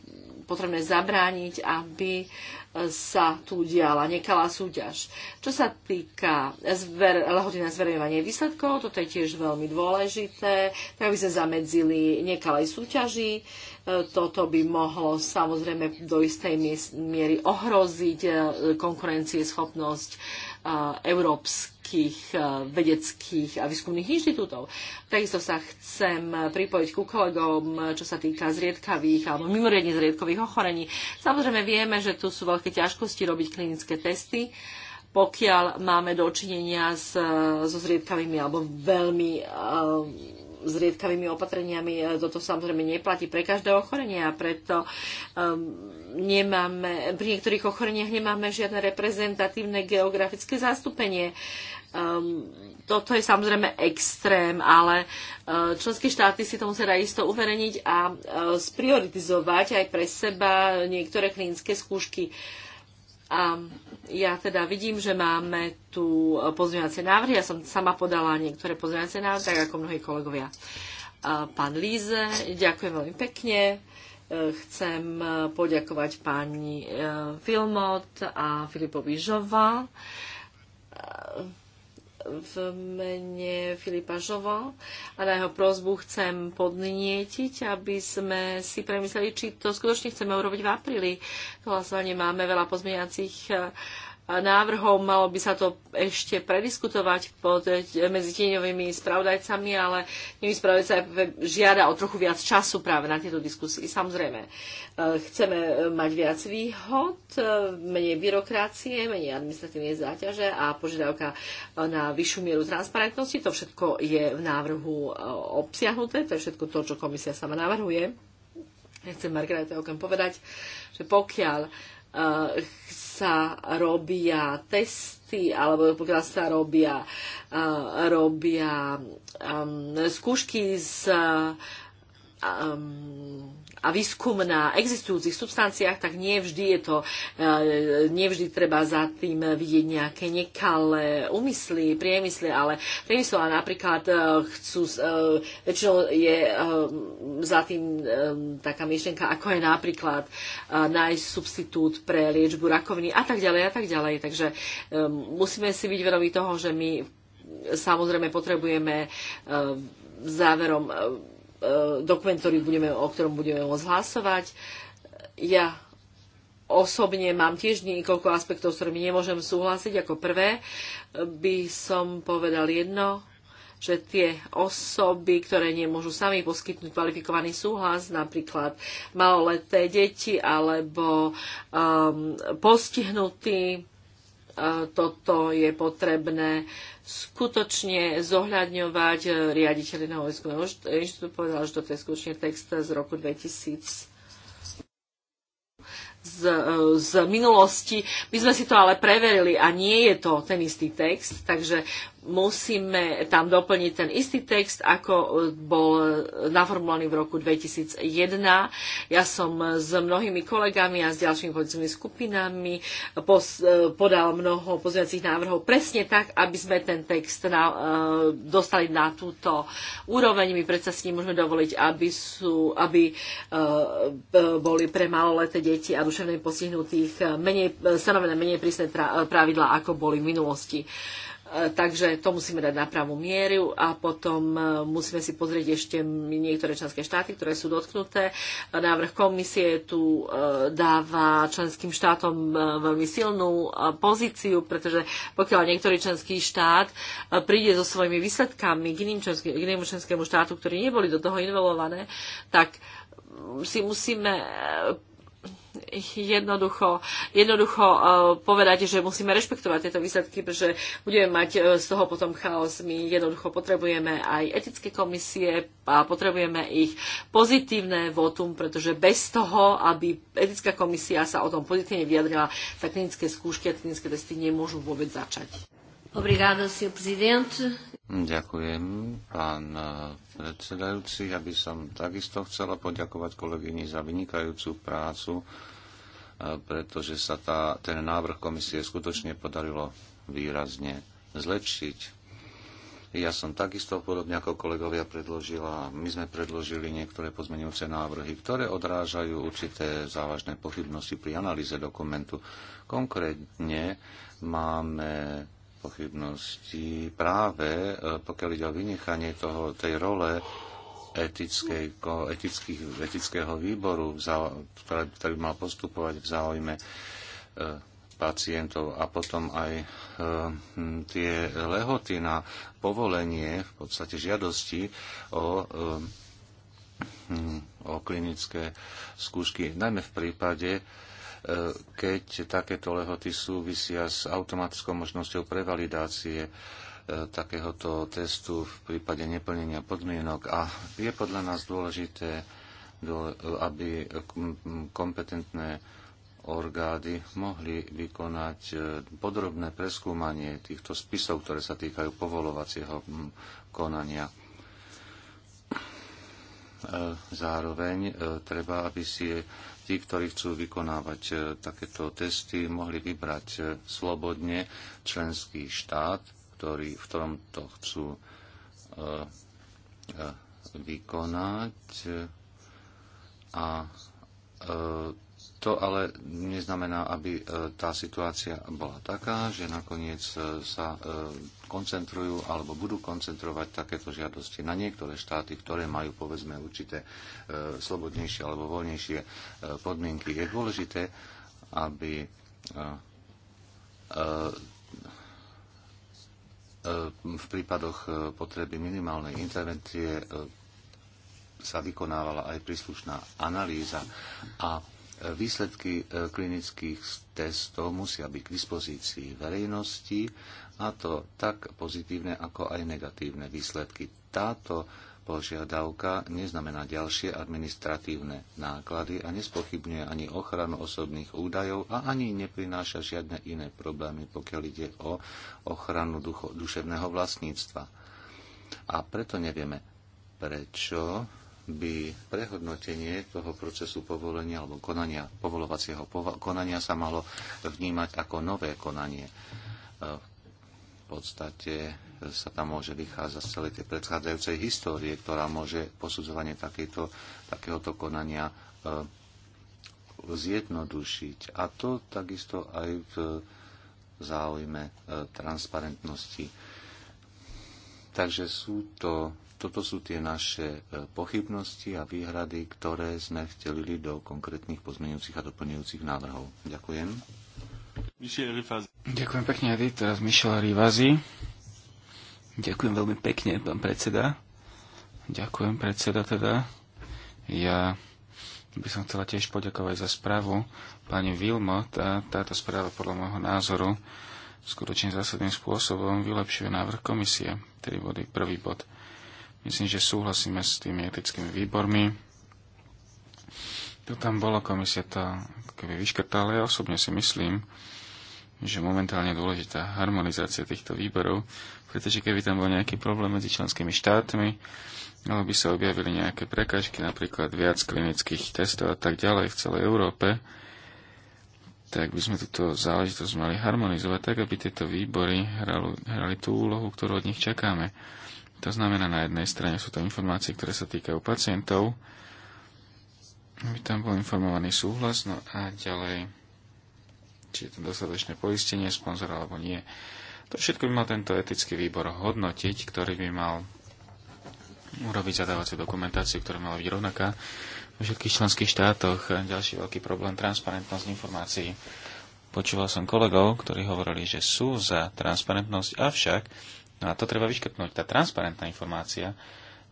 potrebné zabrániť, aby sa tu diala nekalá súťaž. Čo sa týka zver, lehoty na zverejovanie výsledkov, toto je tiež veľmi dôležité, tak aby sme zamedzili nekalej súťaži. E, toto by mohlo samozrejme do istej miery ohroziť e, konkurencieschopnosť e, európskej všetkých eh, vedeckých a výskumných inštitútov. Takisto sa chcem pripojiť ku kolegom, čo sa týka zriedkavých alebo mimoriadne zriedkových ochorení. Samozrejme vieme, že tu sú veľké ťažkosti robiť klinické testy, pokiaľ máme dočinenia s, so zriedkavými alebo veľmi eh, zriedkavými opatreniami. E, toto samozrejme neplatí pre každé ochorenie a preto ehm, nemáme, pri niektorých ochoreniach nemáme žiadne reprezentatívne geografické zastúpenie. Um, toto je samozrejme extrém, ale uh, členské štáty si to musia isto uverejniť a uh, sprioritizovať aj pre seba niektoré klinické skúšky. Uh, a ja teda vidím, že máme tu pozmeňovacie návrhy. Ja som sama podala niektoré pozmeňovacie návrhy, tak ako mnohí kolegovia. Pán Líze, ďakujem veľmi pekne. E, chcem poďakovať pani e, Filmot a Filipovi Žova e, v mene Filipa Žovo a na jeho prozbu chcem podnietiť, aby sme si premysleli, či to skutočne chceme urobiť v apríli. hlasovanie máme veľa pozmeňacích návrhov. Malo by sa to ešte prediskutovať pod, medzi tieňovými spravodajcami, ale tieňový spravodajca žiada o trochu viac času práve na tieto diskusie. Samozrejme, e, chceme mať viac výhod, e, menej byrokracie, menej administratívnej záťaže a požiadavka na vyššiu mieru transparentnosti. To všetko je v návrhu e, obsiahnuté, to je všetko to, čo komisia sama navrhuje. Chcem Margarete okrem povedať, že pokiaľ uh, sa robia testy, alebo pokiaľ sa robia, uh, robia um, skúšky z um, a výskum na existujúcich substanciách, tak nie vždy je to, e, nie vždy treba za tým vidieť nejaké nekalé úmysly, priemysly, ale priemysel napríklad e, chcú, e, väčšinou je za tým taká myšlienka, ako je napríklad nájsť substitút pre liečbu rakoviny a tak ďalej a tak ďalej. Takže musíme si byť vedomi toho, že my samozrejme potrebujeme záverom E, dokument, ktorý budeme, o ktorom budeme môcť hlasovať. Ja osobne mám tiež niekoľko aspektov, s ktorými nemôžem súhlasiť. Ako prvé e, by som povedal jedno, že tie osoby, ktoré nemôžu sami poskytnúť kvalifikovaný súhlas, napríklad maloleté deti alebo um, postihnutí, E, toto je potrebné skutočne zohľadňovať. E, Riaditeľ na Vojskovom inštitútu povedal, že toto je skutočne text z roku 2000 z, e, z minulosti. My sme si to ale preverili a nie je to ten istý text, takže musíme tam doplniť ten istý text, ako e, bol e, naformulovaný v roku 2001. Ja som s mnohými kolegami a s ďalšími politickými skupinami e, podal mnoho pozviacich návrhov presne tak, aby sme ten text na, dostali na túto úroveň. My predsa s ním môžeme dovoliť, aby, sú, aby boli pre maloleté deti a duševne postihnutých menej, stanovené menej prísne pravidla, ako boli v minulosti. Uh, Takže to musíme dať na pravú mieru a potom e, musíme si pozrieť ešte niektoré členské štáty, ktoré sú dotknuté. Návrh komisie tu e, dáva členským štátom e, veľmi silnú pozíciu, pretože pokiaľ niektorý členský štát príde so svojimi výsledkami k, iným členský, k inému členskému štátu, ktorí neboli do toho involované, tak si musíme jednoducho, jednoducho e, povedať, že musíme rešpektovať tieto výsledky, pretože budeme mať e, z toho potom chaos. My jednoducho potrebujeme aj etické komisie a potrebujeme ich pozitívne votum, pretože bez toho, aby etická komisia sa o tom pozitívne vyjadrila, tak klinické skúšky a klinické testy nemôžu vôbec začať. Obrigada, senhor presidente. Ďakujem, pán eh, predsedajúci. Ja by som takisto chcela poďakovať kolegyni za vynikajúcu prácu, eh, pretože sa tá, ten návrh komisie skutočne podarilo výrazne zlepšiť. Ja som takisto podobne ako kolegovia predložila, my sme predložili niektoré pozmenujúce návrhy, ktoré odrážajú určité závažné pochybnosti pri analýze dokumentu. Konkrétne máme pochybnosti práve e, pokiaľ ide o vynechanie toho, tej role etickej, etických, etického výboru, ktorý mal postupovať v záujme e, pacientov a potom aj e, tie lehoty na povolenie, v podstate žiadosti o, o klinické skúšky, najmä v prípade keď takéto lehoty súvisia s automatickou možnosťou prevalidácie e, takéhoto testu v prípade neplnenia podmienok. A je podľa nás dôležité, aby kompetentné orgády mohli vykonať e, podrobné preskúmanie týchto spisov, ktoré sa týkajú povolovacieho konania. E, zároveň treba, aby si tí, ktorí chcú vykonávať e, takéto testy, mohli vybrať e, slobodne členský štát, ktorý, v ktorom to chcú e, vykonať a to ale neznamená, aby e, tá situácia bola taká, že nakoniec e, sa e, koncentrujú alebo budú koncentrovať takéto žiadosti na niektoré štáty, ktoré majú povedzme určité slobodnejšie alebo voľnejšie podmienky. Je dôležité, aby v prípadoch potreby minimálnej intervencie sa vykonávala aj príslušná analýza a Výsledky e, klinických testov musia byť k dispozícii verejnosti a to tak pozitívne ako aj negatívne výsledky. Táto požiadavka neznamená ďalšie administratívne náklady a nespochybňuje ani ochranu osobných údajov a ani neprináša žiadne iné problémy, pokiaľ ide o ochranu ducho, duševného vlastníctva. A preto nevieme, prečo by prehodnotenie toho procesu povolenia alebo konania, povolovacieho konania sa malo vnímať ako nové konanie. E, v podstate sa tam môže vychádzať z celej tej predchádzajúcej histórie, ktorá môže posudzovanie takéto, takéhoto konania e, zjednodušiť. A to takisto aj v záujme e, transparentnosti. Takže sú to toto sú tie naše e, pochybnosti a výhrady, ktoré sme vtelili do konkrétnych pozmeňujúcich a doplňujúcich návrhov. Ďakujem. Ďakujem pekne, Edy. Teraz Michel Rivazi. Ďakujem veľmi pekne, pán predseda. Ďakujem, predseda teda. Ja by som chcela tiež poďakovať za správu pani Vilmo. Tá, táto správa podľa môjho názoru skutočne zásadným spôsobom vylepšuje návrh komisie, tedy body prvý bod. Myslím, že súhlasíme s tými etickými výbormi. To tam bola komisia to keby vyškrtala. Ja osobne si myslím, že momentálne je dôležitá harmonizácia týchto výborov, pretože keby tam bol nejaký problém medzi členskými štátmi, alebo by sa objavili nejaké prekážky, napríklad viac klinických testov a tak ďalej v celej Európe, tak by sme túto záležitosť mali harmonizovať tak, aby tieto výbory hrali, hrali tú úlohu, ktorú od nich čakáme. To znamená, na jednej strane sú to informácie, ktoré sa týkajú pacientov, aby tam bol informovaný súhlas, no a ďalej, či je to dostatočné poistenie, sponzor alebo nie. To všetko by mal tento etický výbor hodnotiť, ktorý by mal urobiť zadávaciu dokumentáciu, ktorá mala byť rovnaká vo všetkých členských štátoch. Ďalší veľký problém, transparentnosť informácií. Počúval som kolegov, ktorí hovorili, že sú za transparentnosť, avšak No a to treba vyškrtnúť. Tá transparentná informácia,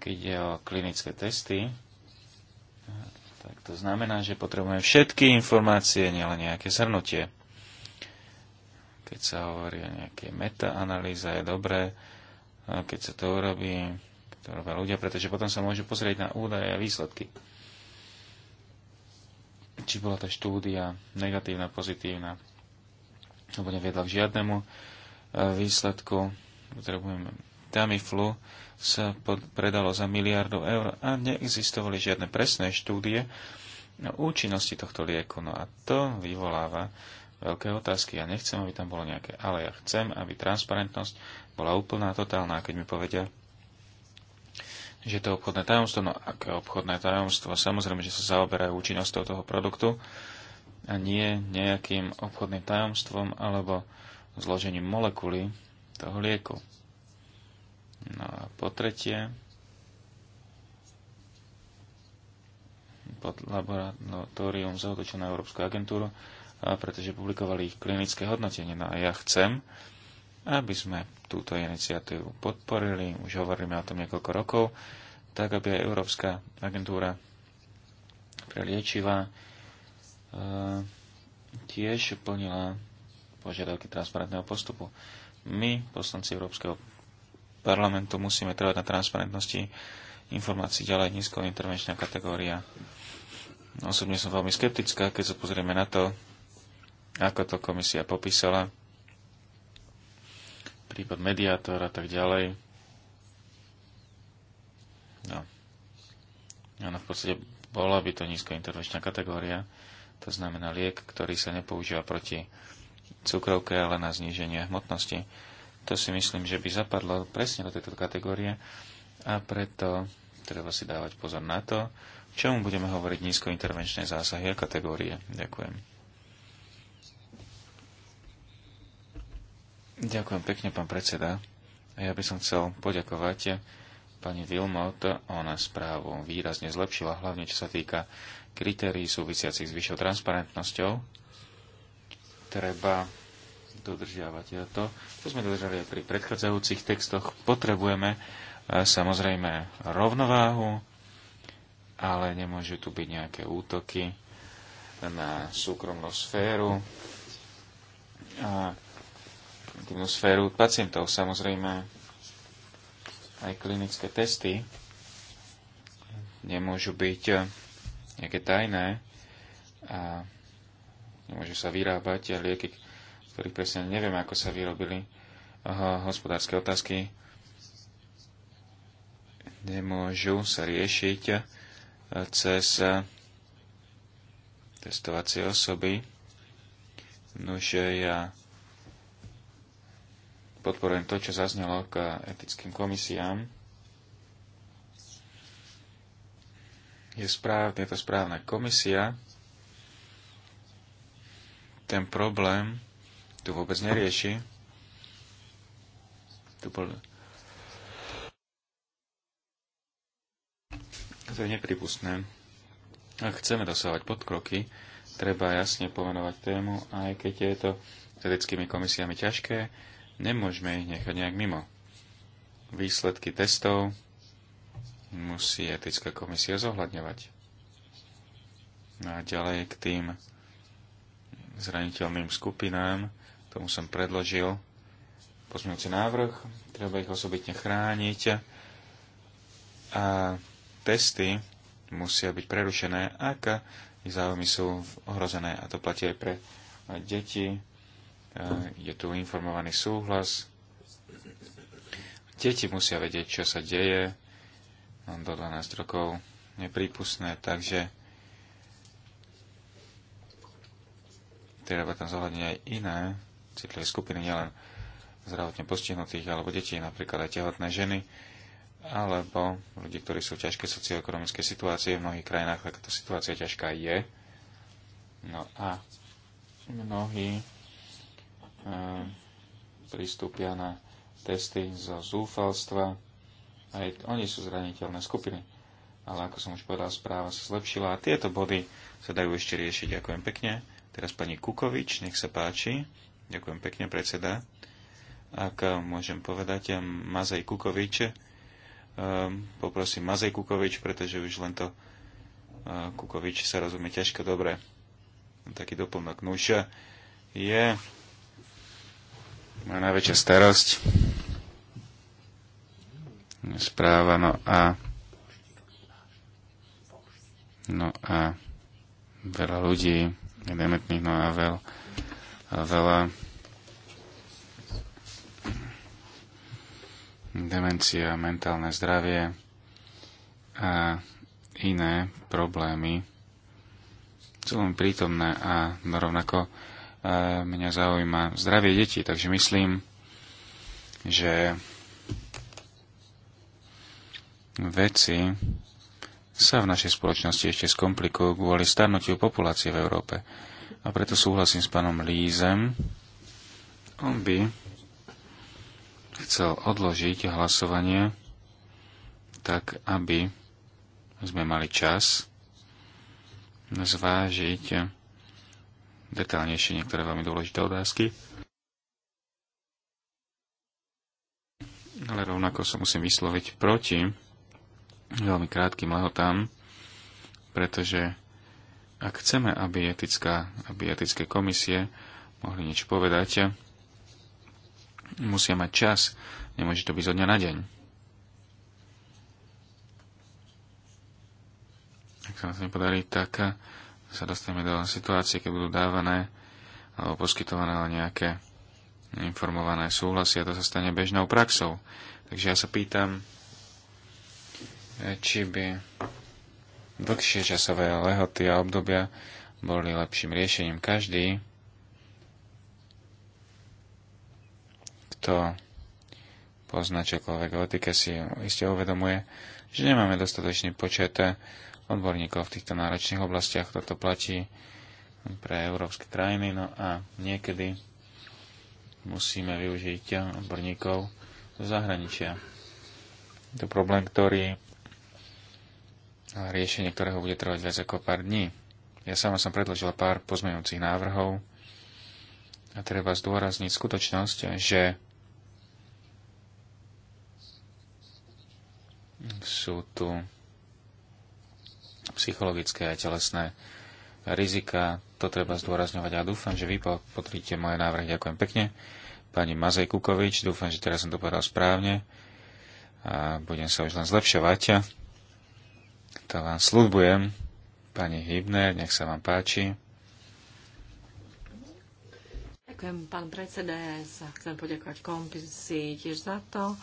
keď ide o klinické testy, tak to znamená, že potrebujeme všetky informácie, nielen nejaké zhrnutie. Keď sa hovorí o nejakej metaanalýze, je dobré, keď sa to urobí, to robia ľudia, pretože potom sa môžu pozrieť na údaje a výsledky. Či bola tá štúdia negatívna, pozitívna, alebo neviedla k žiadnemu e, výsledku potrebujeme Tamiflu, sa pod, predalo za miliardov eur a neexistovali žiadne presné štúdie o účinnosti tohto lieku. No a to vyvoláva veľké otázky. Ja nechcem, aby tam bolo nejaké, ale ja chcem, aby transparentnosť bola úplná, totálna. Keď mi povedia, že to obchodné tajomstvo, no aké obchodné tajomstvo, samozrejme, že sa zaoberajú účinnosťou toho produktu a nie nejakým obchodným tajomstvom alebo zložením molekuly, toho lieku. No a po tretie, pod laboratórium zautočil na Európsku agentúru, pretože publikovali ich klinické hodnotenie. No a ja chcem, aby sme túto iniciatívu podporili, už hovoríme o tom niekoľko rokov, tak aby aj Európska agentúra pre liečiva e, tiež plnila požiadavky transparentného postupu my, poslanci Európskeho parlamentu, musíme trvať na transparentnosti informácií ďalej nízkointervenčná kategória. Osobne som veľmi skeptická, keď sa pozrieme na to, ako to komisia popísala, prípad mediátor a tak ďalej. No. Áno, v podstate bola by to nízkointervenčná kategória, to znamená liek, ktorý sa nepoužíva proti cukrovke, ale na zníženie hmotnosti. To si myslím, že by zapadlo presne do tejto kategórie a preto treba si dávať pozor na to, čomu budeme hovoriť nízkointervenčné zásahy a kategórie. Ďakujem. Ďakujem pekne, pán predseda. Ja by som chcel poďakovať pani Vilmot. Ona správu výrazne zlepšila, hlavne čo sa týka kritérií súvisiacich s vyššou transparentnosťou treba dodržiavať to. To sme dodržali aj pri predchádzajúcich textoch. Potrebujeme e, samozrejme rovnováhu, ale nemôžu tu byť nejaké útoky na súkromnú sféru a intimnú sféru pacientov. Samozrejme aj klinické testy nemôžu byť e, nejaké tajné a Môže sa vyrábať lieky, z ktorých presne nevieme, ako sa vyrobili. Hospodárske otázky nemôžu sa riešiť cez testovacie osoby. Nože ja podporujem to, čo zaznelo k etickým komisiám. Je, správ, je to správna komisia, ten problém tu vôbec nerieši. Tu bol... To je nepripustné. Ak chceme dosávať podkroky, treba jasne pomenovať tému, aj keď je to s etickými komisiami ťažké, nemôžeme ich nechať nejak mimo. Výsledky testov musí etická komisia zohľadňovať. No a ďalej k tým zraniteľným skupinám. Tomu som predložil pozmeňujúci návrh. Treba ich osobitne chrániť. A testy musia byť prerušené, ak ich záujmy sú ohrozené. A to platí aj pre deti. Je tu informovaný súhlas. Deti musia vedieť, čo sa deje do 12 rokov neprípustné, takže treba tam zohľadniť aj iné citlivé skupiny, nielen zdravotne postihnutých alebo detí, napríklad aj tehotné ženy, alebo ľudí, ktorí sú v ťažkej socioekonomickej situácii. V mnohých krajinách takáto situácia ťažká je. No a mnohí e, pristúpia na testy zo zúfalstva. Aj oni sú zraniteľné skupiny. Ale ako som už povedal, správa sa zlepšila a tieto body sa dajú ešte riešiť. Ďakujem pekne. Teraz pani Kukovič, nech sa páči. Ďakujem pekne, predseda. Ak môžem povedať, ja Mazej Kukovič. Eh, poprosím Mazej Kukovič, pretože už len to eh, Kukovič sa rozumie ťažko dobre. Taký doplnok. Nuž eh, je má najväčšia starosť správa, no a no a veľa ľudí dementných, no a veľ, a veľa demencia, mentálne zdravie a iné problémy sú len prítomné a rovnako e, mňa zaujíma zdravie detí, takže myslím, že veci, sa v našej spoločnosti ešte skomplikujú kvôli starnutiu populácie v Európe. A preto súhlasím s pánom Lízem. On by chcel odložiť hlasovanie tak, aby sme mali čas zvážiť detálnejšie niektoré veľmi dôležité otázky. Ale rovnako sa musím vysloviť proti veľmi krátkým lehotám, pretože ak chceme, aby, etická, aby etické komisie mohli niečo povedať, musia mať čas. Nemôže to byť zo dňa na deň. Ak sa nás nepodarí, tak sa dostaneme do situácie, keď budú dávané alebo poskytované ale nejaké informované súhlasy a to sa stane bežnou praxou. Takže ja sa pýtam, či by dlhšie časové lehoty a obdobia boli lepším riešením. Každý, kto pozná čokoľvek o etike, si iste uvedomuje, že nemáme dostatočný počet odborníkov v týchto náročných oblastiach. Toto platí pre európske krajiny, no a niekedy musíme využiť odborníkov zo zahraničia. To problém, ktorý riešenie, ktorého bude trvať viac ako pár dní. Ja sama som predložila pár pozmeňujúcich návrhov a treba zdôrazniť skutočnosť, že sú tu psychologické a telesné rizika. To treba zdôrazňovať a ja dúfam, že vy potríte moje návrhy. Ďakujem pekne. Pani Mazej Kukovič, dúfam, že teraz som to povedal správne a budem sa už len zlepšovať. To vám slúbujem. Pani Hybner, nech sa vám páči. Ďakujem, pán predsede sa chcem poďakovať kompisi tiež za to,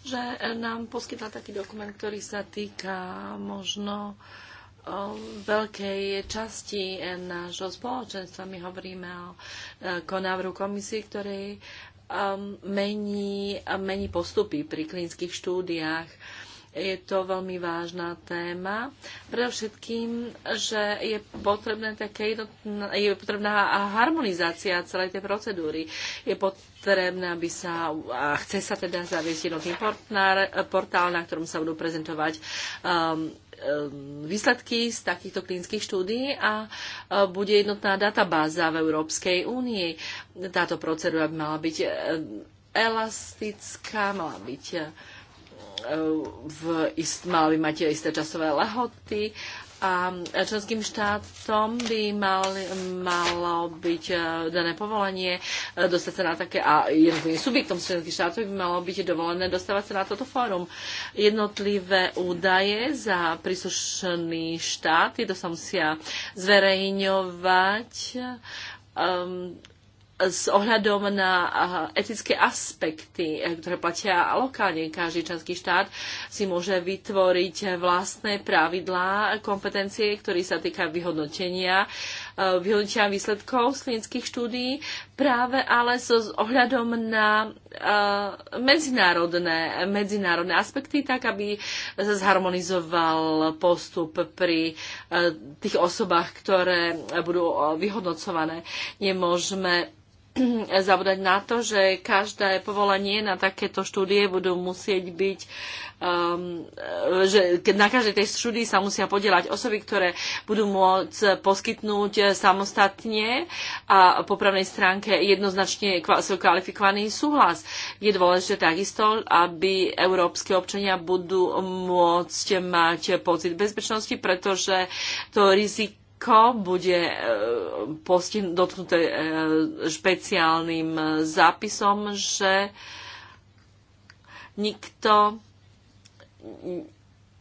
že nám poskytla taký dokument, ktorý sa týka možno eh, veľkej časti eh, nášho spoločenstva. My hovoríme o eh, konávru komisii, ktorý mení, mení postupy pri klinických štúdiách je to veľmi vážna téma. Predovšetkým, že je, potrebné také je potrebná harmonizácia celej tej procedúry. Je potrebné, aby sa, a chce sa teda zaviesť jednotný portál, na ktorom sa budú prezentovať um, um výsledky z takýchto klinických štúdií a uh, bude jednotná databáza v Európskej únii. Táto procedúra by mala byť uh, elastická, mala byť uh, v ist, by mať isté časové lehoty a členským štátom by mal, malo byť eh, dané povolenie eh, dostať sa na také a jednotlivým subjektom členských štátov by malo byť dovolené dostávať sa na toto fórum. Jednotlivé údaje za príslušný štát, tieto sa musia zverejňovať um, s ohľadom na etické aspekty, eh, ktoré platia lokálne. Každý členský štát si môže vytvoriť vlastné pravidlá, kompetencie, ktoré sa týka vyhodnotenia, eh, vyhodnotenia výsledkov klinických štúdí, práve ale so ohľadom na eh, medzinárodné, medzinárodné aspekty, tak aby sa zharmonizoval postup pri tých osobách, ktoré budú vyhodnocované. Nemôžeme zabúdať na to, že každé povolenie na takéto štúdie budú musieť byť, um, že na každej tej štúdii sa musia podielať osoby, ktoré budú môcť poskytnúť samostatne a po pravnej stránke jednoznačne kvalifikovaný súhlas. Je dôležité takisto, aby európske občania budú môcť mať pocit bezpečnosti, pretože to riziko Rusko bude e, postihn- dotknuté e, špeciálnym e, zápisom, že nikto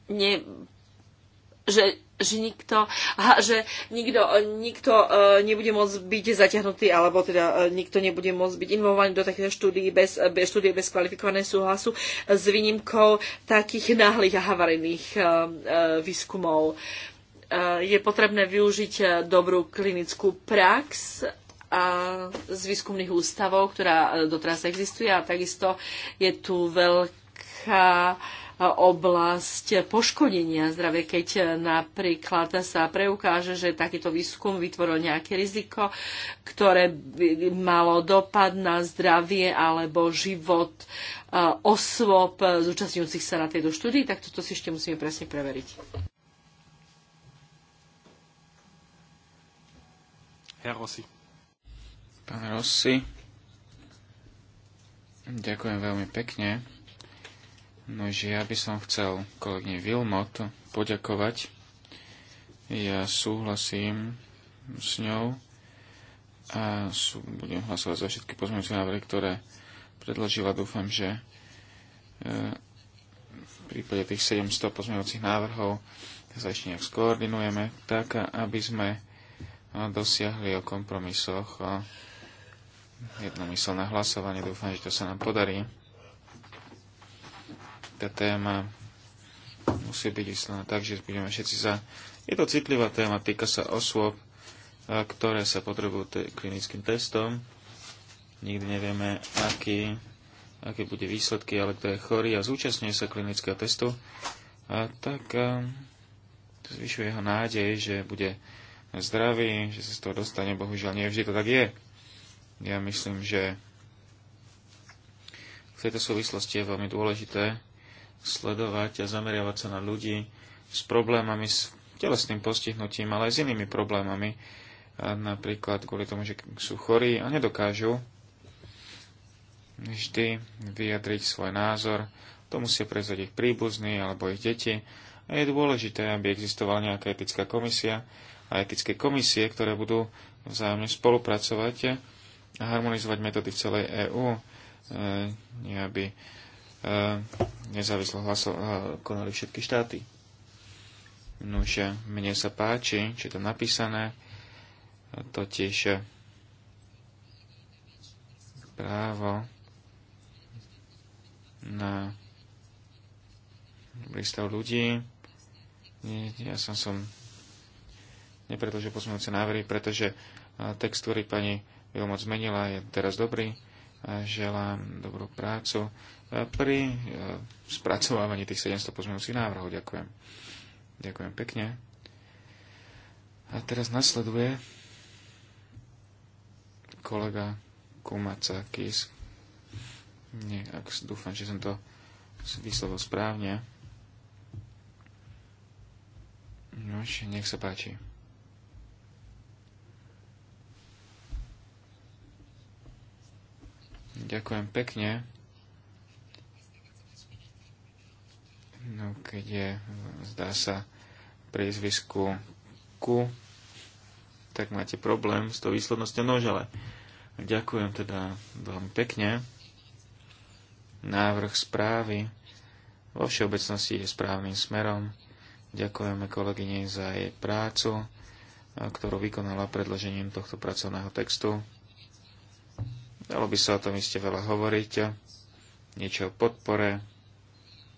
ne, že, že nikto, aha, že nikto, nikto uh, nebude môcť byť zatiahnutý, alebo teda uh, nikto nebude môcť byť involvovaný do takéto štúdie bez, bez, štúdie bez kvalifikovaného súhlasu s výnimkou takých náhlych a havarených uh, uh, výskumov. Uh, Eh, je potrebné využiť eh, dobrú klinickú prax a z výskumných ústavov, ktorá eh, doteraz existuje a takisto je tu veľká oblasť poškodenia zdravia, keď napríklad sa preukáže, že takýto výskum vytvoril nejaké riziko, ktoré by malo dopad na zdravie alebo život osôb zúčastňujúcich sa na tejto štúdii, tak toto si ešte musíme presne preveriť. Herr Rossi. Pán Rossi, ďakujem veľmi pekne. Nože ja by som chcel kolegyne Vilmot poďakovať. Ja súhlasím s ňou a sú, budem hlasovať za všetky pozmeňujúce návrhy, ktoré predložila. Dúfam, že e, v prípade tých 700 pozmeňujúcich návrhov sa ešte nejak skoordinujeme, tak aby sme dosiahli o kompromisoch a jednomyselné hlasovanie. Dúfam, že to sa nám podarí. Tá téma musí byť vyslaná tak, že budeme všetci za. Je to citlivá téma, týka sa osôb, ktoré sa potrebujú te- klinickým testom. Nikdy nevieme, aký, aké bude výsledky, ale kto je chorý a zúčastňuje sa klinického testu, a tak a, to zvyšuje jeho nádej, že bude zdraví, že sa z toho dostane. Bohužiaľ, nie vždy to tak je. Ja myslím, že v tejto súvislosti je veľmi dôležité sledovať a zameriavať sa na ľudí s problémami, s telesným postihnutím, ale aj s inými problémami. A napríklad kvôli tomu, že sú chorí a nedokážu vždy vyjadriť svoj názor. To musia prezvať ich príbuzní alebo ich deti. A je dôležité, aby existovala nejaká etická komisia, a etické komisie, ktoré budú vzájomne spolupracovať a harmonizovať metódy v celej EÚ, e, e aby e, nezávislo hlaso, e, konali všetky štáty. Nože, mne sa páči, čo je tam napísané, totiž e, právo na prístav ľudí. Ja som som nepredložil posunúce návrhy, pretože text, ktorý pani Vilmoc zmenila, je teraz dobrý. Želám dobrú prácu pri spracovávaní tých 700 pozmeňujúcich návrhov. Ďakujem. Ďakujem pekne. A teraz nasleduje kolega Kumaca Kis. Nie, ak dúfam, že som to vyslovil správne. No, nech sa páči. Ďakujem pekne. No, keď je, zdá sa, priezvisku ku, tak máte problém s tou výslednosťou nožele. Ďakujem teda veľmi pekne. Návrh správy vo všeobecnosti je správnym smerom. Ďakujeme kolegyne za jej prácu, ktorú vykonala predložením tohto pracovného textu. Dalo by sa o tom iste veľa hovoriť, niečo o podpore,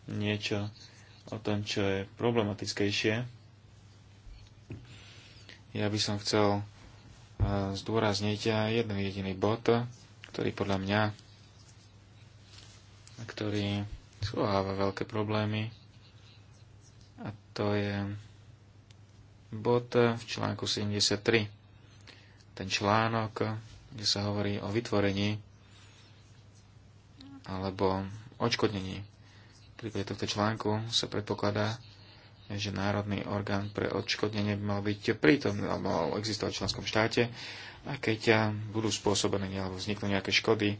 niečo o tom, čo je problematickejšie. Ja by som chcel e, zdôrazniť jeden jediný bod, ktorý podľa mňa, ktorý súháva veľké problémy, a to je bod v článku 73. Ten článok kde sa hovorí o vytvorení alebo odškodnení. V prípade tohto článku sa predpokladá, že národný orgán pre odškodnenie by mal byť prítomný alebo mal existovať v členskom štáte a keď budú spôsobené alebo vzniknú nejaké škody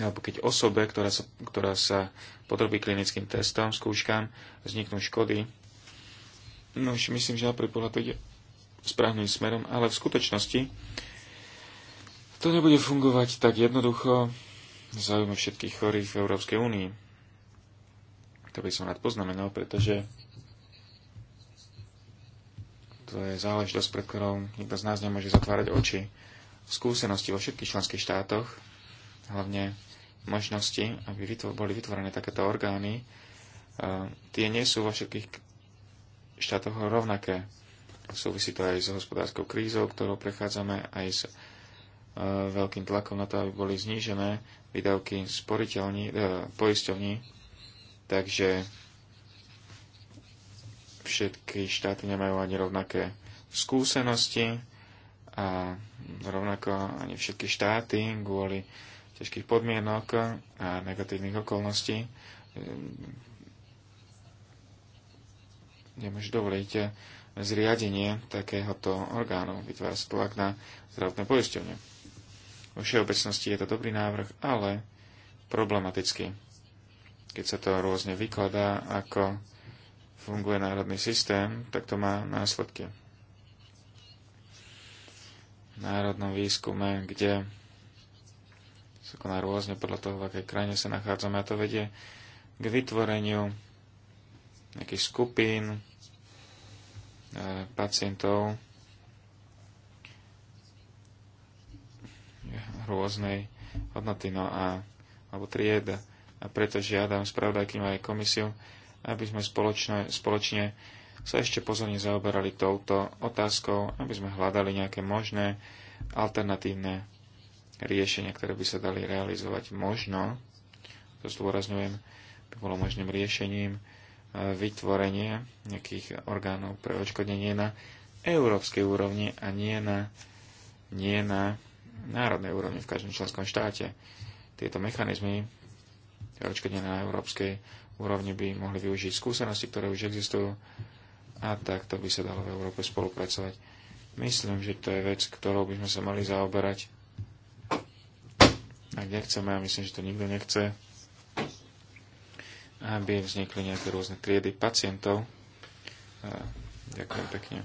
alebo keď osobe, ktorá sa, ktorá sa podrobí klinickým testom, skúškam, vzniknú škody. No už myslím, že na prvý ide správnym smerom, ale v skutočnosti to nebude fungovať tak jednoducho v záujme všetkých chorých v Európskej únii. To by som rád poznamenal, pretože to je záležitosť, pred ktorou nikto z nás nemôže zatvárať oči. Skúsenosti vo všetkých členských štátoch, hlavne možnosti, aby boli vytvorené takéto orgány, tie nie sú vo všetkých štátoch rovnaké. Súvisí to aj s hospodárskou krízou, ktorou prechádzame, aj s e, veľkým tlakom na to, aby boli znížené výdavky e, poisťovní. Takže všetky štáty nemajú ani rovnaké skúsenosti a rovnako ani všetky štáty kvôli ťažkých podmienok a negatívnych okolností e, nemôžu dovoliť zriadenie takéhoto orgánu. Vytvára sa tlak na zdravotné poisťovne. Vo všeobecnosti je to dobrý návrh, ale problematický. Keď sa to rôzne vykladá, ako funguje národný systém, tak to má následky. V národnom výskume, kde sa koná rôzne podľa toho, v akej krajine sa nachádzame, a to vedie k vytvoreniu nejakých skupín, Eh, pacientov rôznej hodnoty no a, alebo tried. A preto žiadam spravodajkyňu aj komisiu, aby sme spoločne, spoločne sa ešte pozorne zaoberali touto otázkou, aby sme hľadali nejaké možné alternatívne riešenia, ktoré by sa dali realizovať. Možno, to zdôrazňujem, by bolo možným riešením vytvorenie nejakých orgánov pre odškodnenie na európskej úrovni a nie na, nie na národnej úrovni v každom členskom štáte. Tieto mechanizmy pre na európskej úrovni by mohli využiť skúsenosti, ktoré už existujú a takto by sa dalo v Európe spolupracovať. Myslím, že to je vec, ktorou by sme sa mali zaoberať. Ak nechceme, a myslím, že to nikto nechce, aby vznikli nejaké rôzne triedy pacientov. Ďakujem pekne.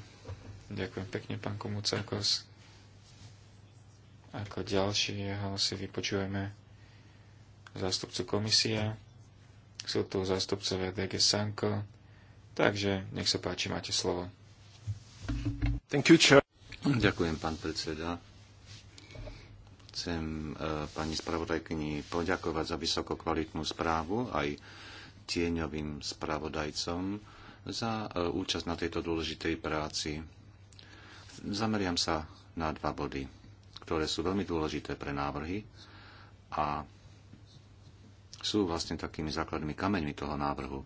Ďakujem pekne, pán Komucakos. Ako jeho si vypočujeme zástupcu komisie. Sú tu zástupcovia DG Sanko. Takže nech sa páči, máte slovo. Thank you, chair. Ďakujem, pán predseda. Chcem e, pani spravodajkyni poďakovať za vysokokvalitnú správu aj tieňovým spravodajcom za e, účasť na tejto dôležitej práci. Zameriam sa na dva body, ktoré sú veľmi dôležité pre návrhy a sú vlastne takými základnými kameňmi toho návrhu.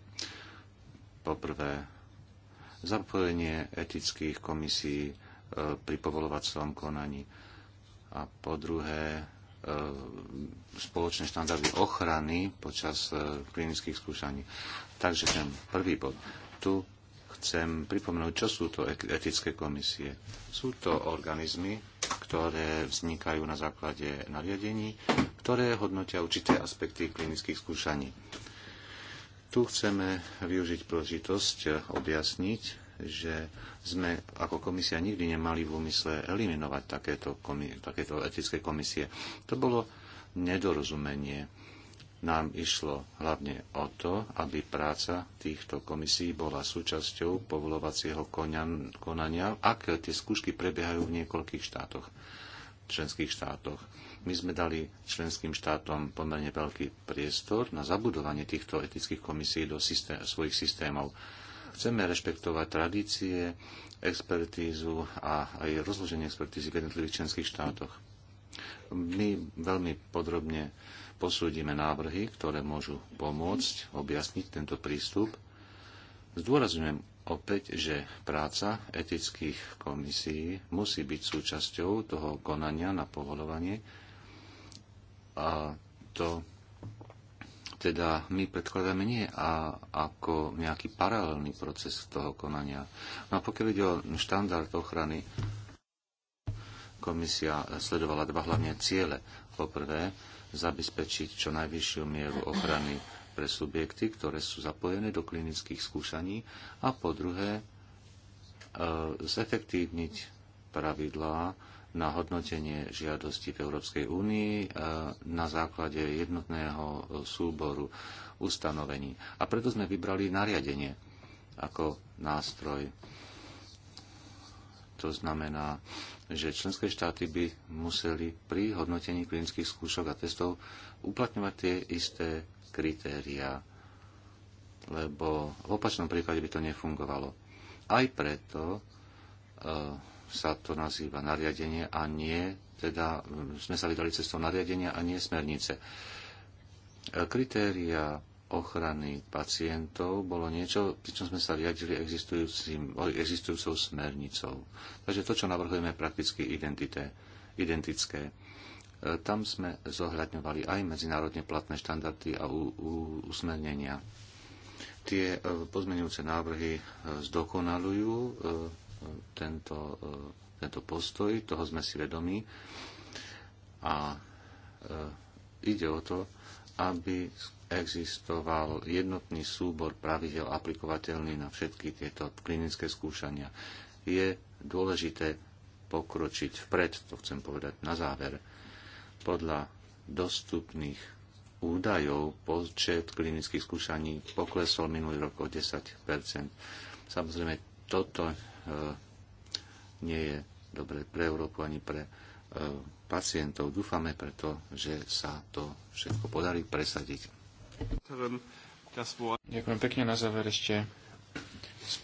Poprvé, zapojenie etických komisí e, pri povolovacom konaní a po druhé, E, spoločné štandardy ochrany počas e, klinických skúšaní. Takže ten prvý bod. Tu chcem pripomenúť, čo sú to etické komisie. Sú to organizmy, ktoré vznikajú na základe nariadení, ktoré hodnotia určité aspekty klinických skúšaní. Tu chceme využiť príležitosť e, objasniť, že sme ako komisia nikdy nemali v úmysle eliminovať takéto, komi- takéto etické komisie. To bolo nedorozumenie. Nám išlo hlavne o to, aby práca týchto komisí bola súčasťou povolovacieho konania, ak tie skúšky prebiehajú v niekoľkých štátoch, členských štátoch. My sme dali členským štátom pomerne veľký priestor na zabudovanie týchto etických komisí do systé- svojich systémov Chceme rešpektovať tradície, expertízu a aj rozloženie expertízy v jednotlivých členských štátoch. My veľmi podrobne posúdime návrhy, ktoré môžu pomôcť objasniť tento prístup. Zdôrazňujem opäť, že práca etických komisí musí byť súčasťou toho konania na povolovanie a to teda my predkladáme nie a ako nejaký paralelný proces toho konania. No a pokiaľ ide o štandard ochrany, komisia sledovala dva hlavne ciele. Poprvé, zabezpečiť čo najvyššiu mieru ochrany pre subjekty, ktoré sú zapojené do klinických skúšaní a po druhé, e, zefektívniť pravidlá, na hodnotenie žiadosti v Európskej únii e, na základe jednotného e, súboru ustanovení. A preto sme vybrali nariadenie ako nástroj. To znamená, že členské štáty by museli pri hodnotení klinických skúšok a testov uplatňovať tie isté kritériá, lebo v opačnom prípade by to nefungovalo. Aj preto e, sa to nazýva nariadenie a nie, teda sme sa vydali cestou nariadenia a nie smernice. Kritéria ochrany pacientov bolo niečo, pri čom sme sa riadili existujúcou smernicou. Takže to, čo navrhujeme, je prakticky identité, identické. E, tam sme zohľadňovali aj medzinárodne platné štandardy a usmernenia tie e, pozmenujúce návrhy e, zdokonalujú tento, e, tento postoj, toho sme si vedomí. A e, ide o to, aby existoval jednotný súbor pravidel aplikovateľný na všetky tieto klinické skúšania. Je dôležité pokročiť vpred, to chcem povedať na záver. Podľa dostupných údajov počet klinických skúšaní poklesol minulý rok o 10 Samozrejme, toto e, nie je dobre pre Európu ani pre e, pacientov. Dúfame preto, že sa to všetko podarí presadiť. Ďakujem pekne na záver ešte.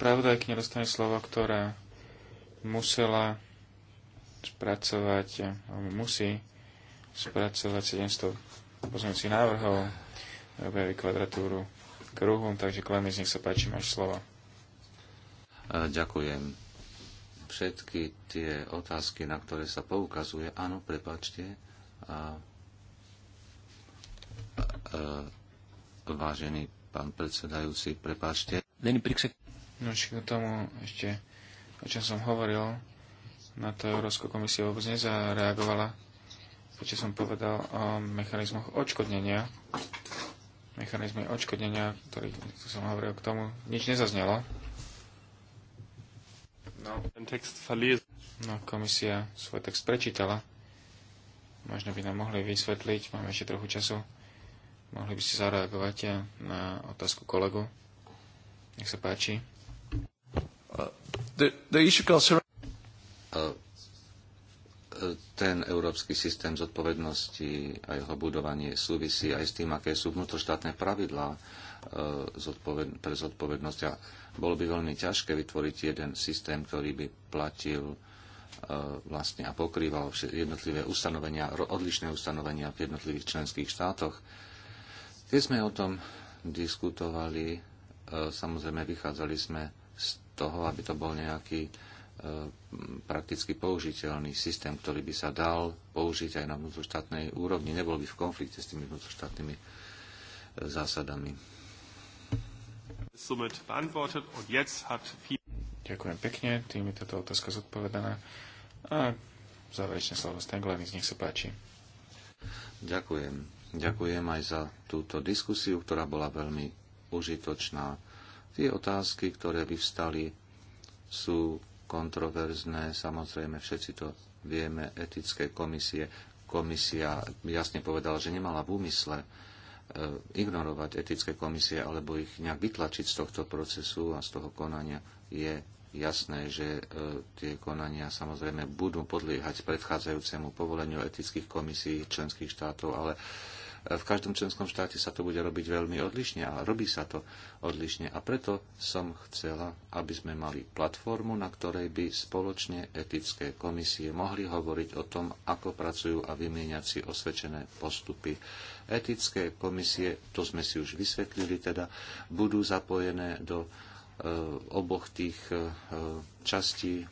ak dostane slovo, ktorá musela spracovať, alebo musí spracovať 700 pozmeňujúcich návrhov, objaví kvadratúru kruhu, takže z nich sa páči, máš slovo. Ďakujem. Všetky tie otázky, na ktoré sa poukazuje, áno, prepačte, a, a, vážený pán predsedajúci, prepáčte. No, k tomu ešte, o čom som hovoril, na to Európska komisia vôbec nezareagovala, prečo som povedal o mechanizmoch odškodnenia. Mechanizmy odškodnenia, ktorých som hovoril k tomu, nič nezaznelo. No. Ten text No, komisia svoj text prečítala. Možno by nám mohli vysvetliť, máme ešte trochu času. Mohli by ste zareagovať eh, na otázku kolegu. Nech sa páči. Uh, the, the issue concern... Uh, uh, ten európsky systém zodpovednosti a jeho budovanie súvisí aj s tým, aké sú vnútroštátne pravidlá E, pre zodpovednosť a bolo by veľmi ťažké vytvoriť jeden systém, ktorý by platil e, vlastne a pokrýval jednotlivé ustanovenia, odlišné ustanovenia v jednotlivých členských štátoch. Keď sme o tom diskutovali, e, samozrejme vychádzali sme z toho, aby to bol nejaký prakticky použiteľný systém, ktorý by sa dal použiť aj na vnútroštátnej úrovni, nebol by v konflikte s tými vnútroštátnymi zásadami. Ďakujem pekne, tým je táto otázka zodpovedaná. A záverečné slovo z nich sa páči. Ďakujem. Ďakujem aj za túto diskusiu, ktorá bola veľmi užitočná. Tie otázky, ktoré vyvstali, sú kontroverzné, samozrejme všetci to vieme, etické komisie. Komisia jasne povedala, že nemala v úmysle E, ignorovať etické komisie alebo ich nejak vytlačiť z tohto procesu a z toho konania je jasné, že e, tie konania samozrejme budú podliehať predchádzajúcemu povoleniu etických komisí členských štátov, ale v každom členskom štáte sa to bude robiť veľmi odlišne a robí sa to odlišne. A preto som chcela, aby sme mali platformu, na ktorej by spoločne etické komisie mohli hovoriť o tom, ako pracujú a vymieňať si osvedčené postupy. Etické komisie, to sme si už vysvetlili, teda budú zapojené do e, oboch tých e, častí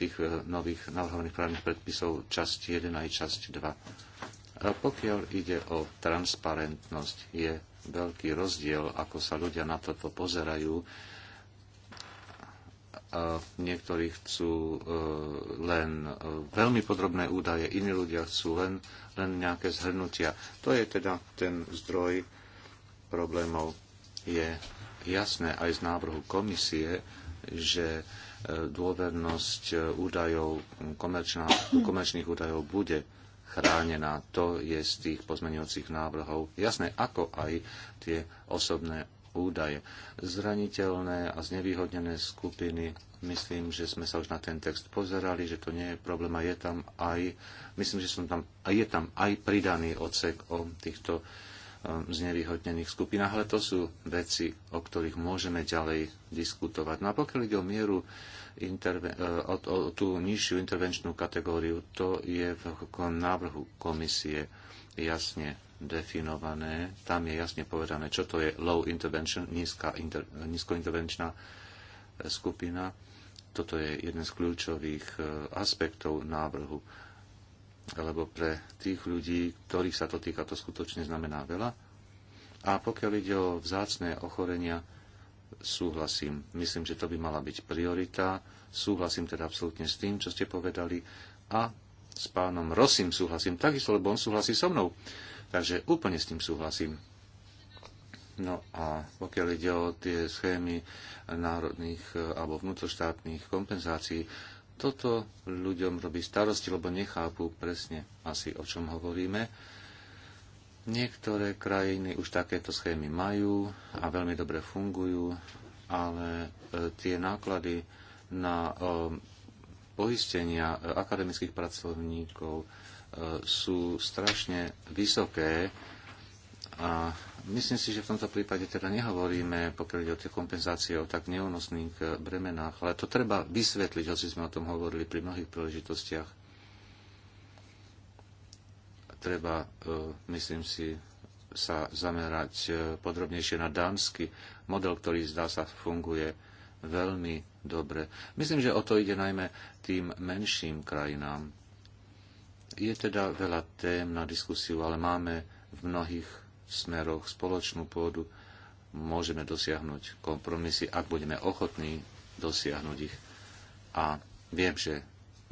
tých e, nových navrhovaných právnych predpisov časť 1 aj časť 2. Pokiaľ ide o transparentnosť, je veľký rozdiel, ako sa ľudia na toto pozerajú. a Niektorí chcú e, len e, veľmi podrobné údaje, iní ľudia chcú len, len nejaké zhrnutia. To je teda ten zdroj problémov. Je jasné aj z návrhu komisie, že e, dôvernosť údajov, komerčných údajov bude chránená. To je z tých pozmeňujúcich návrhov jasné, ako aj tie osobné údaje. Zraniteľné a znevýhodnené skupiny, myslím, že sme sa už na ten text pozerali, že to nie je problém a je tam aj, myslím, že som tam, a je tam aj pridaný odsek o týchto um, znevýhodnených skupinách, ale to sú veci, o ktorých môžeme ďalej diskutovať. No a pokiaľ ide o mieru E, o, o tú nižšiu intervenčnú kategóriu. To je v návrhu komisie jasne definované. Tam je jasne povedané, čo to je low intervention, nízka inter- nízkointervenčná e, skupina. Toto je jeden z kľúčových e, aspektov návrhu lebo pre tých ľudí, ktorých sa to týka, to skutočne znamená veľa. A pokiaľ ide o vzácne ochorenia, súhlasím. Myslím, že to by mala byť priorita. Súhlasím teda absolútne s tým, čo ste povedali. A s pánom Rosim súhlasím takisto, lebo on súhlasí so mnou. Takže úplne s tým súhlasím. No a pokiaľ ide o tie schémy národných eh, alebo vnútroštátnych kompenzácií, toto ľuďom robí starosti, lebo nechápu presne asi, o čom hovoríme Niektoré krajiny už takéto schémy majú a veľmi dobre fungujú, ale e, tie náklady na e, poistenia e, akademických pracovníkov sú strašne vysoké a myslím si, že v tomto prípade teda nehovoríme, pokiaľ ide o tie kompenzácie, o tak neúnosných bremenách, ale to treba vysvetliť, hoci sme o tom hovorili pri mnohých príležitostiach treba, e, myslím si, sa zamerať e, podrobnejšie na dánsky model, ktorý zdá sa funguje veľmi dobre. Myslím, že o to ide najmä tým menším krajinám. Je teda veľa tém na diskusiu, ale máme v mnohých smeroch spoločnú pôdu. Môžeme dosiahnuť kompromisy, ak budeme ochotní dosiahnuť ich. A viem, že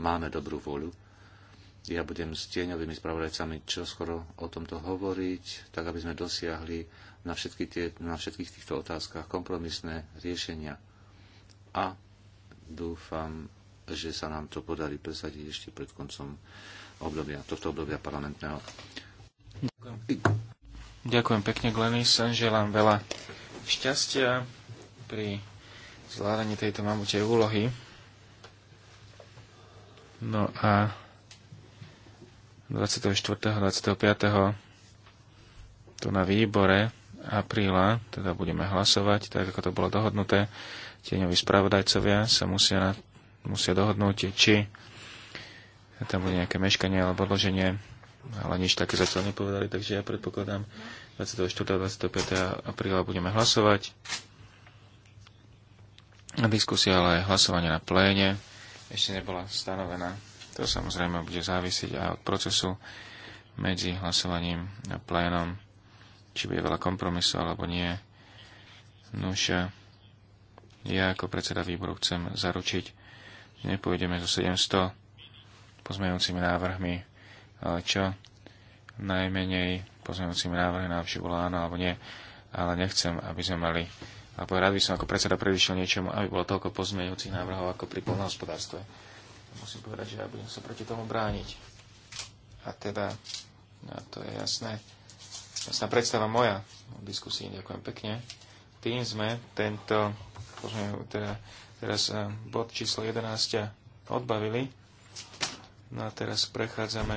máme dobrú voľu ja budem s tieňovými spravodajcami čoskoro o tomto hovoriť, tak aby sme dosiahli na, všetky tie, na všetkých týchto otázkach kompromisné riešenia. A dúfam, že sa nám to podarí presadiť ešte pred koncom obdobia, tohto obdobia parlamentného. Ďakujem, Ďakujem pekne, Glenis. Želám veľa šťastia pri zvládaní tejto mamutej úlohy. No a 24. 25. tu na výbore apríla, teda budeme hlasovať, tak ako to bolo dohodnuté. Tieňoví spravodajcovia sa musia, na, musia dohodnúť, či tam bude nejaké meškanie alebo odloženie, ale nič také zatiaľ nepovedali, takže ja predpokladám 24. a 25. apríla budeme hlasovať. Diskusia, ale aj hlasovanie na pléne ešte nebola stanovená. To samozrejme bude závisiť aj od procesu medzi hlasovaním a plénom, či bude veľa kompromisov alebo nie. Nuž, ja ako predseda výboru chcem zaručiť, že nepôjdeme so 700 pozmeňujúcimi návrhmi, ale čo najmenej pozmeňujúcimi návrhmi na bolo áno alebo nie, ale nechcem, aby sme mali alebo rád by som ako predseda predišiel niečomu, aby bolo toľko pozmeňujúcich návrhov ako pri polnohospodárstve musím povedať, že ja budem sa proti tomu brániť. A teda, no, to je jasné, jasná predstava moja o diskusii. Ďakujem pekne. Tým sme tento, teda, teraz eh, bod číslo 11 odbavili. No a teraz prechádzame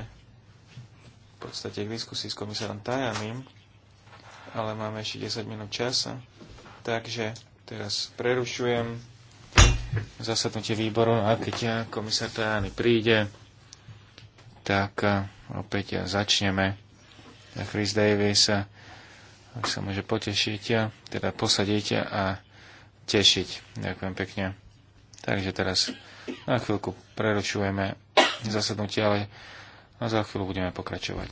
v podstate k diskusii s komisárom Tajaným, ale máme ešte 10 minút časa, takže teraz prerušujem zasadnutie výboru a keď komisár Tajani príde, tak eh, opäť začneme. Chris Davis ak eh, sa môže potešiť, eh, teda posadiť a tešiť. Ďakujem pekne. Takže teraz na chvíľku prerušujeme zasadnutie, ale a za chvíľu budeme pokračovať.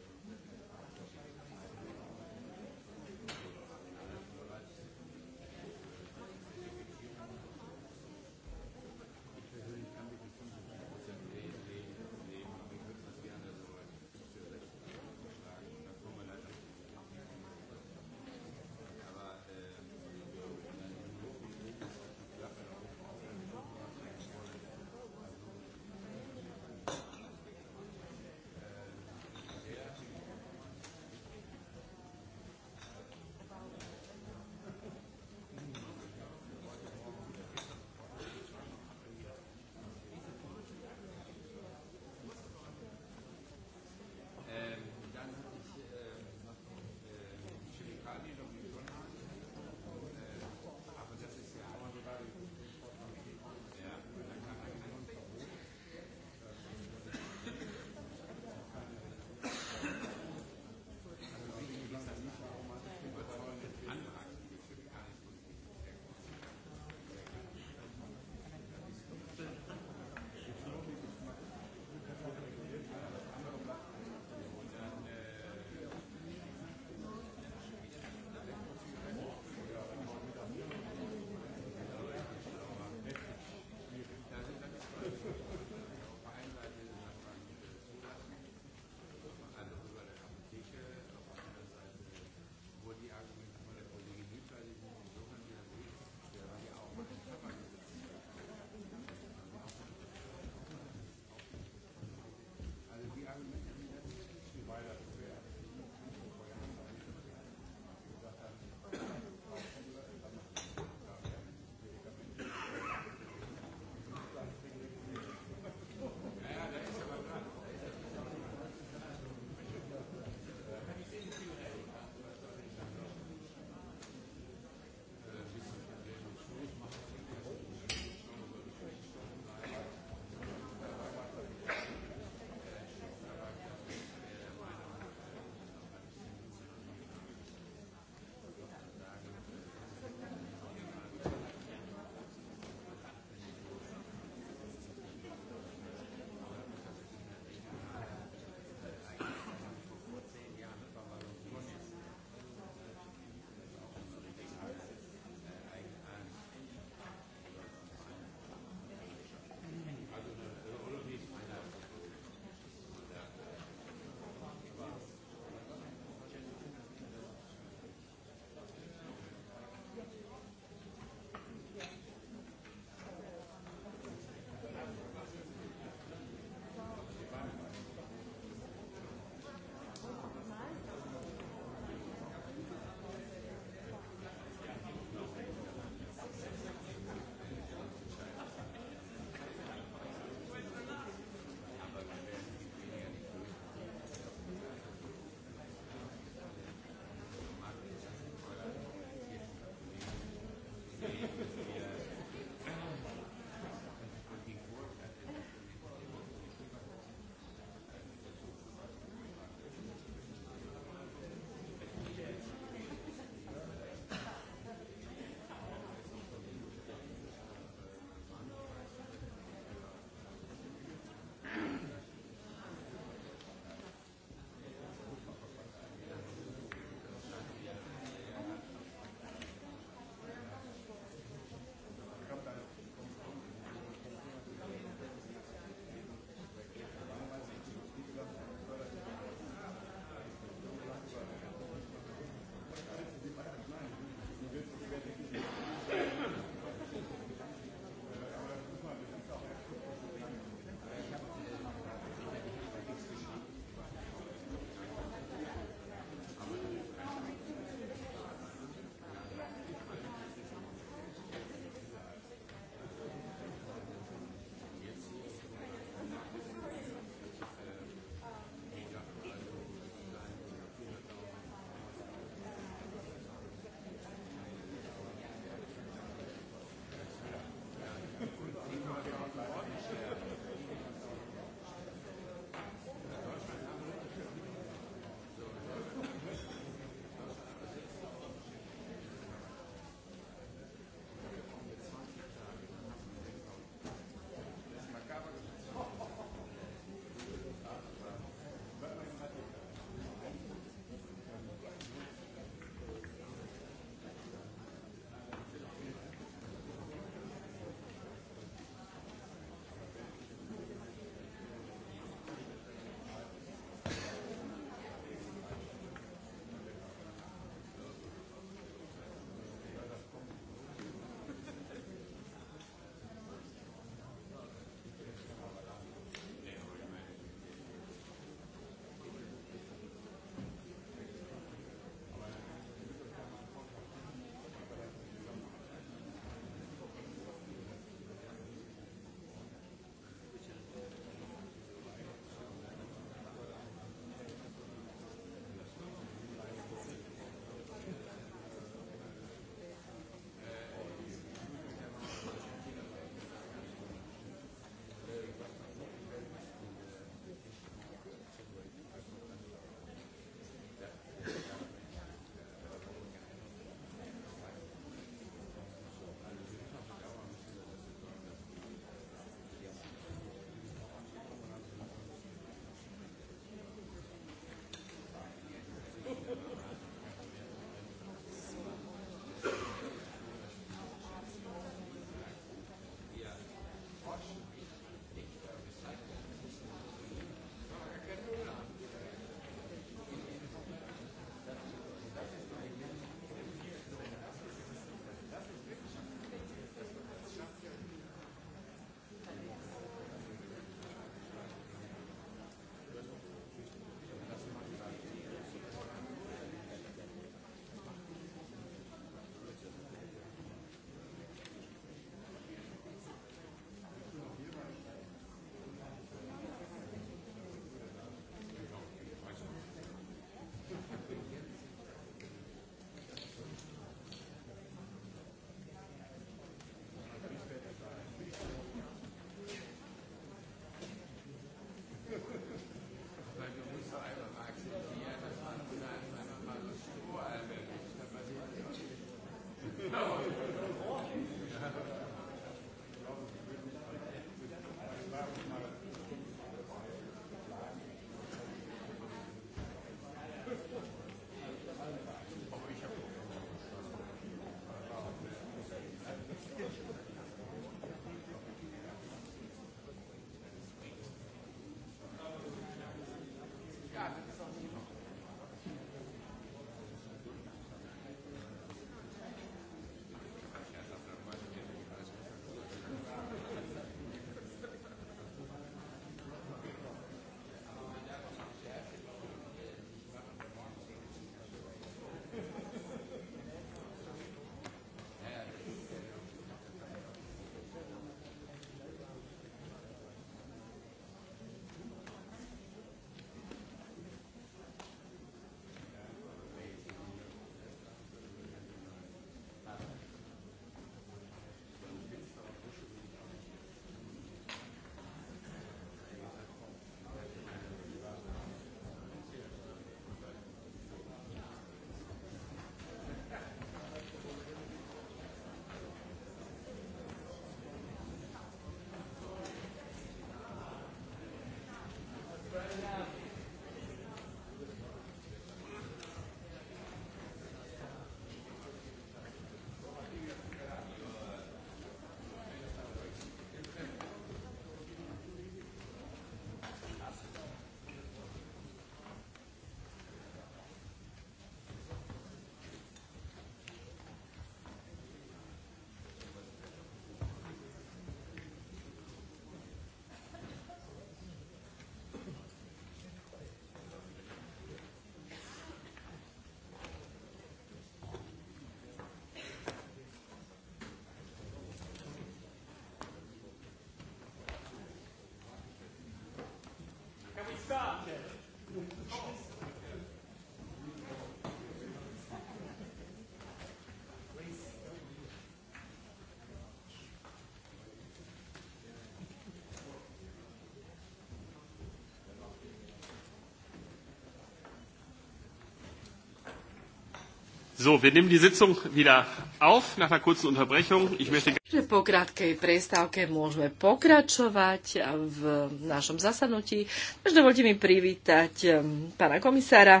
So, wir nehmen die Sitzung wieder auf nach einer kurzen Unterbrechung. Ich möchte... Že po krátkej prestávke môžeme pokračovať v našom zasadnutí. Takže dovolte mi privítať ehm, pána komisára